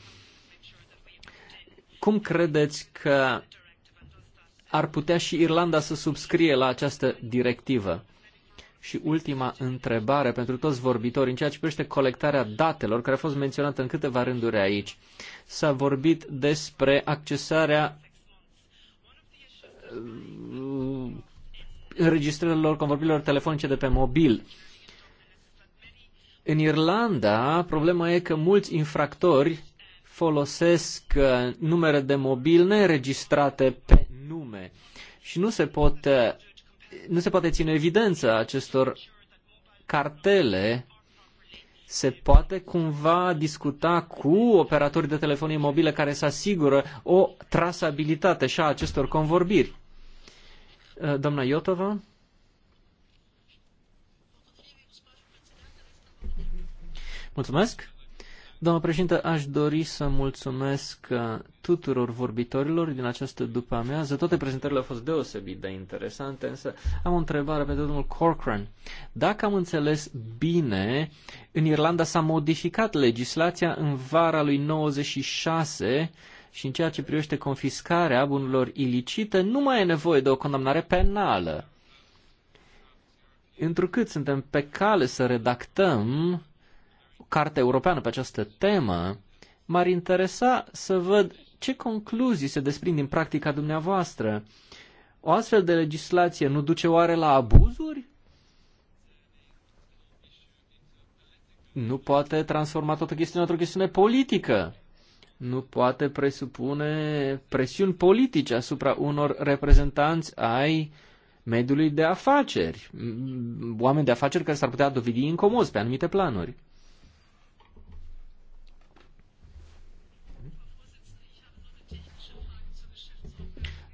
cum credeți că ar putea și Irlanda să subscrie la această directivă? Și ultima întrebare pentru toți vorbitorii în ceea ce privește colectarea datelor, care a fost menționată în câteva rânduri aici. S-a vorbit despre accesarea uh, înregistrărilor convorbirilor telefonice de pe mobil. În Irlanda, problema e că mulți infractori folosesc uh, numere de mobil neregistrate pe nume și nu se pot uh, nu se poate ține evidența acestor cartele se poate cumva discuta cu operatorii de telefonie mobilă care să asigură o trasabilitate și a acestor convorbiri. Uh, doamna Iotova? Mulțumesc. Doamnă președinte, aș dori să mulțumesc uh, tuturor vorbitorilor din această după-amiază. Toate prezentările au fost deosebit de interesante, însă am o întrebare pentru domnul Corcoran. Dacă am înțeles bine, în Irlanda s-a modificat legislația în vara lui 96 și în ceea ce privește confiscarea bunurilor ilicite, nu mai e nevoie de o condamnare penală. Întrucât suntem pe cale să redactăm carte europeană pe această temă, m-ar interesa să văd ce concluzii se desprind din practica dumneavoastră. O astfel de legislație nu duce oare la abuzuri? Nu poate transforma toată chestiunea într-o chestiune politică. Nu poate presupune presiuni politice asupra unor reprezentanți ai mediului de afaceri, oameni de afaceri care s-ar putea dovedi incomozi pe anumite planuri.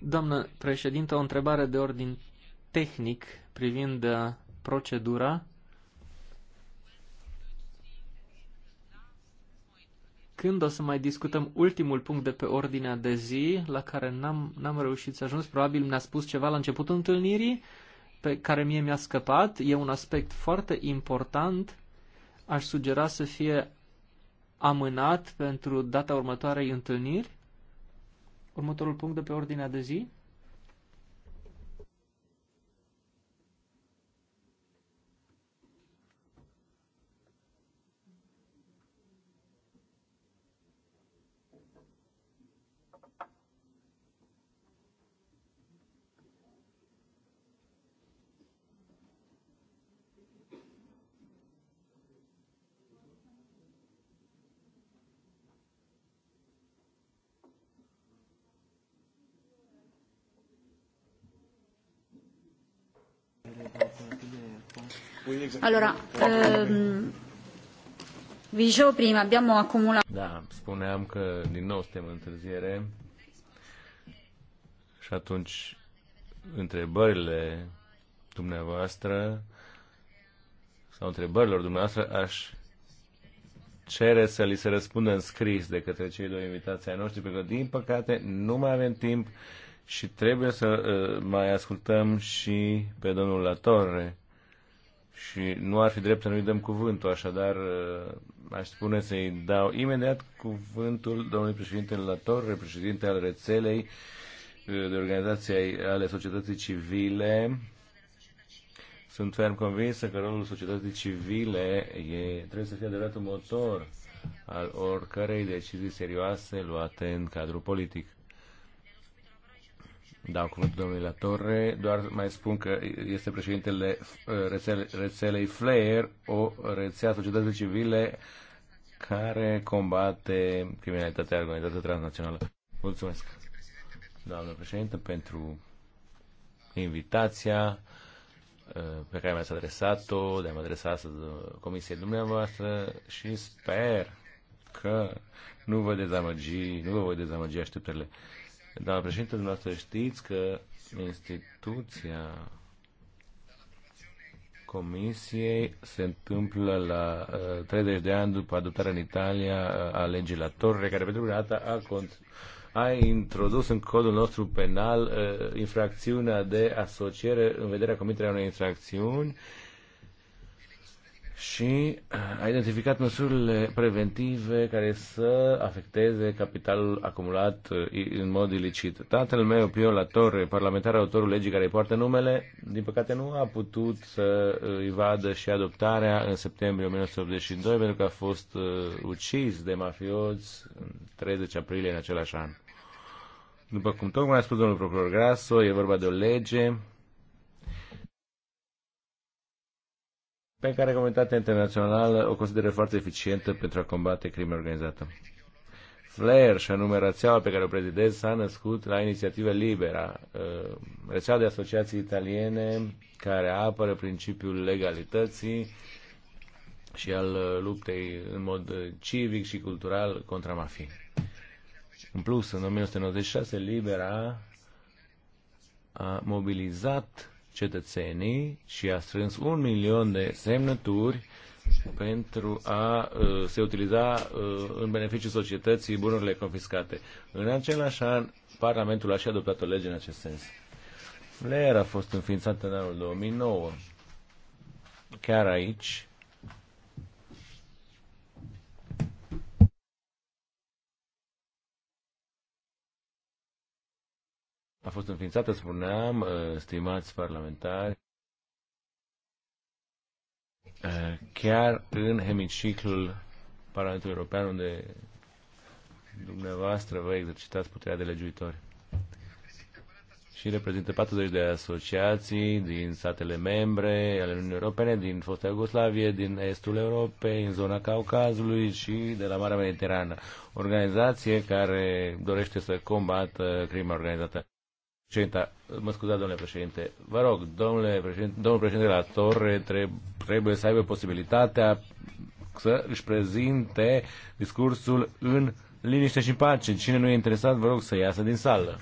Doamnă președintă, o întrebare de ordin tehnic privind uh, procedura. Când o să mai discutăm ultimul punct de pe ordinea de zi, la care n-am, n-am reușit să ajung, probabil mi-a spus ceva la începutul întâlnirii, pe care mie mi-a scăpat, e un aspect foarte important, aș sugera să fie amânat pentru data următoarei întâlniri. Următorul punct de pe ordinea de zi Allora, ehm, vi dicevo prima, abbiamo accumulato... Da, spuneam că din nou suntem în întârziere și atunci întrebările dumneavoastră sau întrebărilor dumneavoastră aș cere să li se răspundă în scris de către cei doi invitații ai noștri, pentru că, din păcate, nu mai avem timp și trebuie să uh, mai ascultăm și pe domnul Latorre și nu ar fi drept să nu-i dăm cuvântul, așadar aș spune să-i dau imediat cuvântul domnului președinte Lator, reprezentant al rețelei de organizații ale societății civile. Sunt ferm convinsă că rolul societății civile e, trebuie să fie adevărat un motor al oricărei decizii serioase luate în cadrul politic. Da, cuvântul domnului la Torre, doar mai spun că este președintele uh, rețele, rețelei FLAIR, o rețea societății civile care combate criminalitatea organizată transnațională. Mulțumesc, doamnă președinte, pentru invitația uh, pe care mi-ați adresat-o, de-am adresat astăzi comisiei dumneavoastră și sper că nu vă dezamăgi, nu vă voi dezamăgi așteptările. Doamna președinte, dumneavoastră știți că instituția Comisiei se întâmplă la uh, 30 de ani după adoptarea în Italia uh, a legii la Torre, care pentru prima dată a, a introdus în codul nostru penal uh, infracțiunea de asociere în vederea comiterea unei infracțiuni uh, și eh, a identificat măsurile preventive care să afecteze capitalul acumulat eh, în mod ilicit. Tatăl meu, Pio La Torre, parlamentar autorul legii care îi poartă numele, din păcate nu a putut să eh, îi vadă și adoptarea în septembrie 1982 pentru că a fost ucis de mafioți în 30 aprilie în același an. După cum tocmai a spus domnul procuror Grasso, e vorba de o lege pe care comunitatea internațională o consideră foarte eficientă pentru a combate crima organizată. Flair, și anume rețeaua pe care o prezidez, s-a născut la inițiativa Libera, uh, rețeaua de asociații italiene care apără principiul legalității și al uh, luptei în mod uh, civic și cultural contra mafiei. În plus, în 1996, Libera a mobilizat cetățenii și a strâns un milion de semnături pentru a uh, se utiliza uh, în beneficiul societății bunurile confiscate. În același an, Parlamentul a și adoptat o lege în acest sens. LER a fost înființată în anul 2009. Chiar aici, a fost înființată, spuneam, uh, stimați parlamentari, uh, chiar în hemiciclul Parlamentului European, unde dumneavoastră vă exercitați puterea de legiuitori. Și reprezintă 40 de asociații din statele membre ale Uniunii Europene, din fosta Iugoslavie, din estul Europei, în zona Caucazului și de la Marea Mediterană. Organizație care dorește să combată crima organizată. Președinte, mă scuzați, domnule președinte, vă rog, domnule președinte, domnul președinte la Torre trebuie să aibă posibilitatea să își prezinte discursul în liniște și pace. Cine nu e interesat, vă rog să iasă din sală.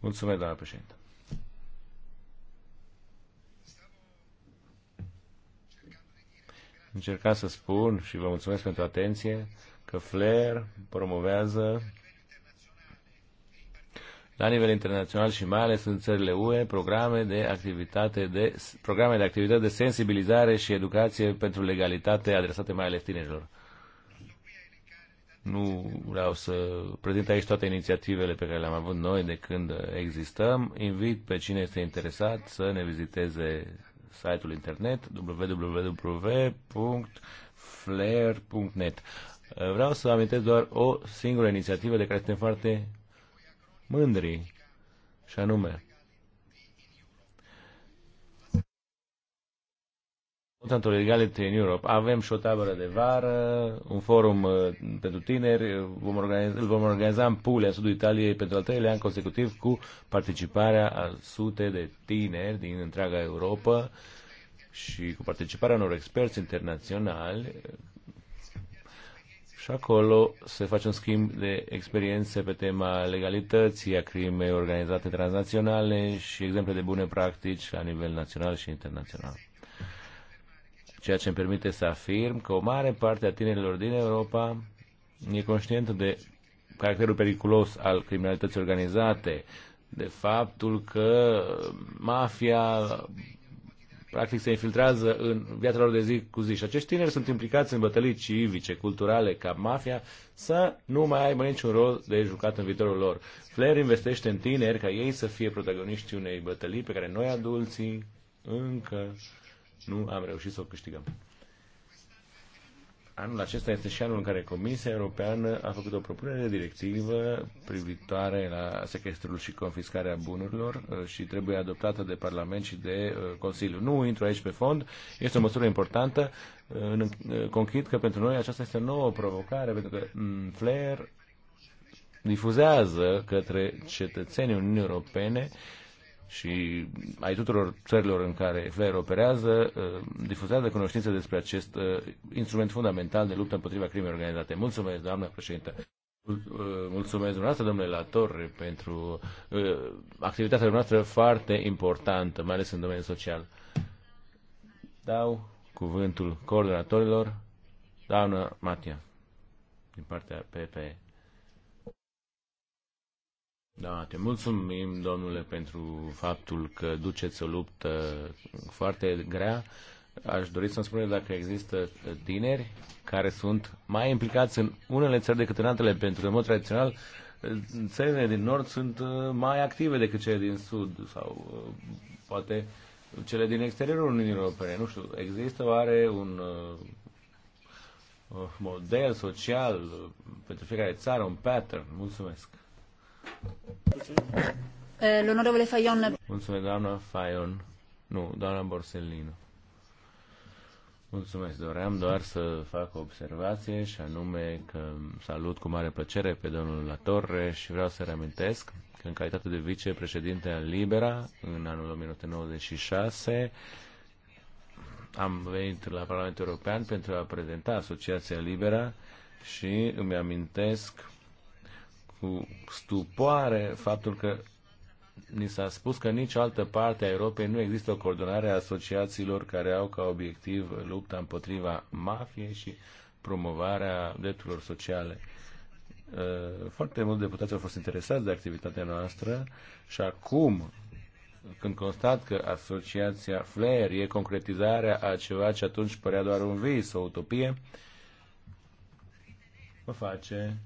Mulțumesc, doamna președinte. Încerca să spun și vă mulțumesc pentru atenție că Flair promovează la nivel internațional și mai ales în țările UE programe de activitate de programe de activitate de sensibilizare și educație pentru legalitate adresate mai ales tinerilor. Nu vreau să prezint aici toate inițiativele pe care le-am avut noi de când existăm. Invit pe cine este interesat să ne viziteze site-ul internet www.flair.net. Vreau să amintesc doar o singură inițiativă de care suntem foarte mândri, și anume Consultantul Legality in Europe. Avem și o tabără de vară, un forum uh, pentru tineri, vom organiza, îl vom organiza în Puglia, în sudul Italiei, pentru al treilea an consecutiv cu participarea a sute de tineri din întreaga Europa și cu participarea unor experți internaționali și acolo se face un schimb de experiențe pe tema legalității, a crimei organizate transnaționale și exemple de bune practici la nivel național și internațional ceea ce îmi permite să afirm că o mare parte a tinerilor din Europa e conștientă de caracterul periculos al criminalității organizate, de faptul că mafia practic se infiltrează în viața lor de zi cu zi și acești tineri sunt implicați în bătălii civice, culturale, ca mafia, să nu mai aibă niciun rol de jucat în viitorul lor. Flair investește în tineri ca ei să fie protagoniștii unei bătălii pe care noi adulții încă nu am reușit să o câștigăm. Anul acesta este și anul în care Comisia Europeană a făcut o propunere de directivă privitoare la sequestrul și confiscarea bunurilor uh, și trebuie adoptată de Parlament și de uh, Consiliu. Nu intru aici pe fond, este o măsură importantă. Uh, conchid că pentru noi aceasta este o nouă provocare, pentru că mm, Flair difuzează către cetățenii Uniunii Europene uh, și ai tuturor țărilor în care FLER operează, uh, difuzează cunoștințe despre acest uh, instrument fundamental de luptă împotriva crimei organizate. Mulțumesc, doamnă președintă! Uh, mulțumesc dumneavoastră, domnule Latorre, pentru activitatea noastră foarte importantă, mai ales în domeniul social. Dau cuvântul coordonatorilor, doamnă Matia, din partea PPE. Da, te mulțumim, domnule, pentru faptul că duceți o luptă foarte grea. Aș dori să-mi spune dacă există tineri care sunt mai implicați în unele țări decât în altele, pentru că, în mod tradițional, țările din nord sunt uh, mai active decât cele din sud sau uh, poate cele din exteriorul Uniunii Europene. Nu știu, există oare un uh, model social pentru fiecare țară, un pattern? Mulțumesc! Eh, l'onorevole Fayon. Mulțumesc, doamna Fayon. Nu, doamna Borsellino. Mulțumesc, doream doar să fac o observație și anume că salut cu mare plăcere pe domnul la Torre și vreau să reamintesc că în calitate de vicepreședinte al Libera în anul 1996 am venit la Parlamentul European pentru a prezenta Asociația Libera și îmi amintesc cu stupoare faptul că ni s-a spus că nici altă parte a Europei nu există o coordonare a asociațiilor care au ca obiectiv lupta împotriva mafiei și promovarea drepturilor sociale. Uh, foarte mulți deputați au fost interesați de activitatea noastră și acum, când constat că asociația Flair e concretizarea a ceva ce atunci părea doar un vis, o utopie, mă face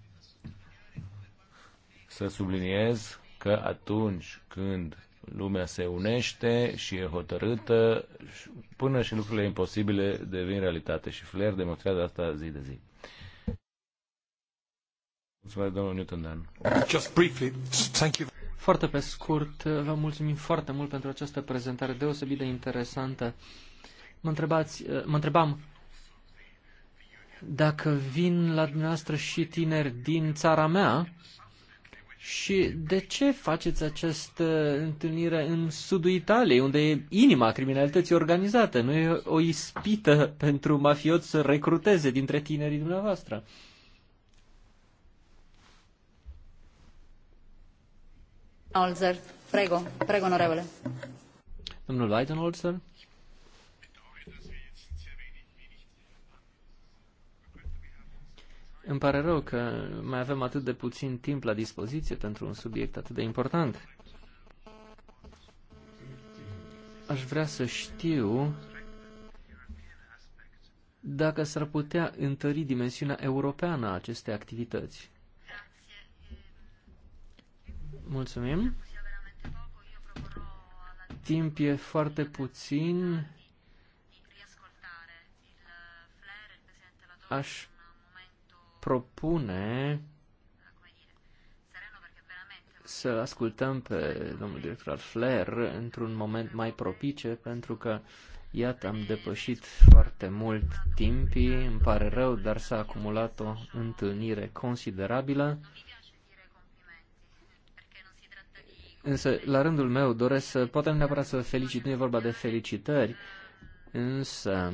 să subliniez că atunci când lumea se unește și e hotărâtă, până și lucrurile imposibile devin realitate și Flair demonstrează asta zi de zi. Mulțumesc, domnul Newton Dan. Just briefly, thank you. Foarte pe scurt, vă mulțumim foarte mult pentru această prezentare deosebit de interesantă. Mă, întrebați, mă întrebam dacă vin la dumneavoastră și tineri din țara mea, și de ce faceți această întâlnire în sudul Italiei, unde e inima criminalității organizate? Nu e o ispită pentru mafioți să recruteze dintre tinerii dumneavoastră? Olzer, prego, prego, onorevole. Domnul Weidenholzer? Îmi pare rău că mai avem atât de puțin timp la dispoziție pentru un subiect atât de important. Aș vrea să știu dacă s-ar putea întări dimensiunea europeană a acestei activități. Mulțumim. Timp e foarte puțin. Aș propune să ascultăm pe domnul director Flair într-un moment mai propice, pentru că, iată, am depășit foarte mult timpii, îmi pare rău, dar s-a acumulat o întâlnire considerabilă. Însă, la rândul meu, doresc să, poate neapărat să felicit, nu e vorba de felicitări, însă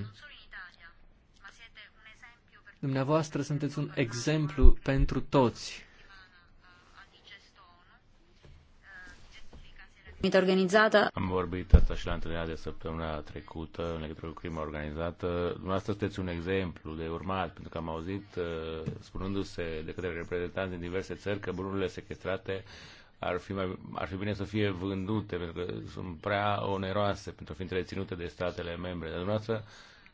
Dumneavoastră sunteți un exemplu pentru toți. organizată. Am vorbit asta și la întâlnirea de săptămâna trecută în legătură cu crima organizată. Dumneavoastră sunteți un exemplu de urmat, pentru că am auzit uh, spunându-se de către reprezentanți din diverse țări că bunurile sequestrate ar fi, mai, ar fi bine să fie vândute, pentru că sunt prea oneroase pentru a fi întreținute de statele membre. Dar dumneavoastră,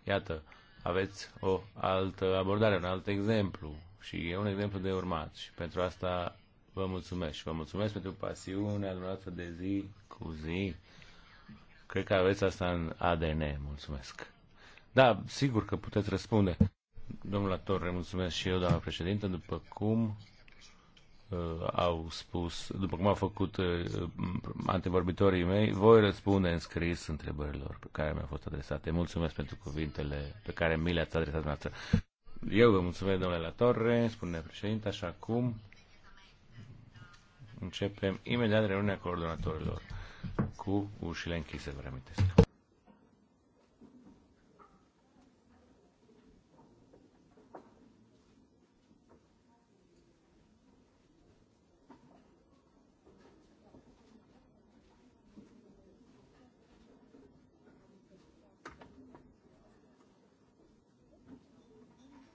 iată, aveți o altă abordare, un alt exemplu și e un exemplu de urmat și pentru asta vă mulțumesc și vă mulțumesc pentru pasiunea dumneavoastră de zi cu zi. Cred că aveți asta în ADN. Mulțumesc. Da, sigur că puteți răspunde. Domnul Atorre, mulțumesc și eu, doamna președintă, după cum Uh, au spus, după cum au făcut uh, antevorbitorii mei, voi răspunde în scris întrebărilor pe care mi-au fost adresate. Mulțumesc pentru cuvintele pe care mi le-ați adresat dumneavoastră. Eu vă mulțumesc, domnule La Torre, spune președinte, așa cum începem imediat reuniunea coordonatorilor cu ușile închise, vă reamintesc.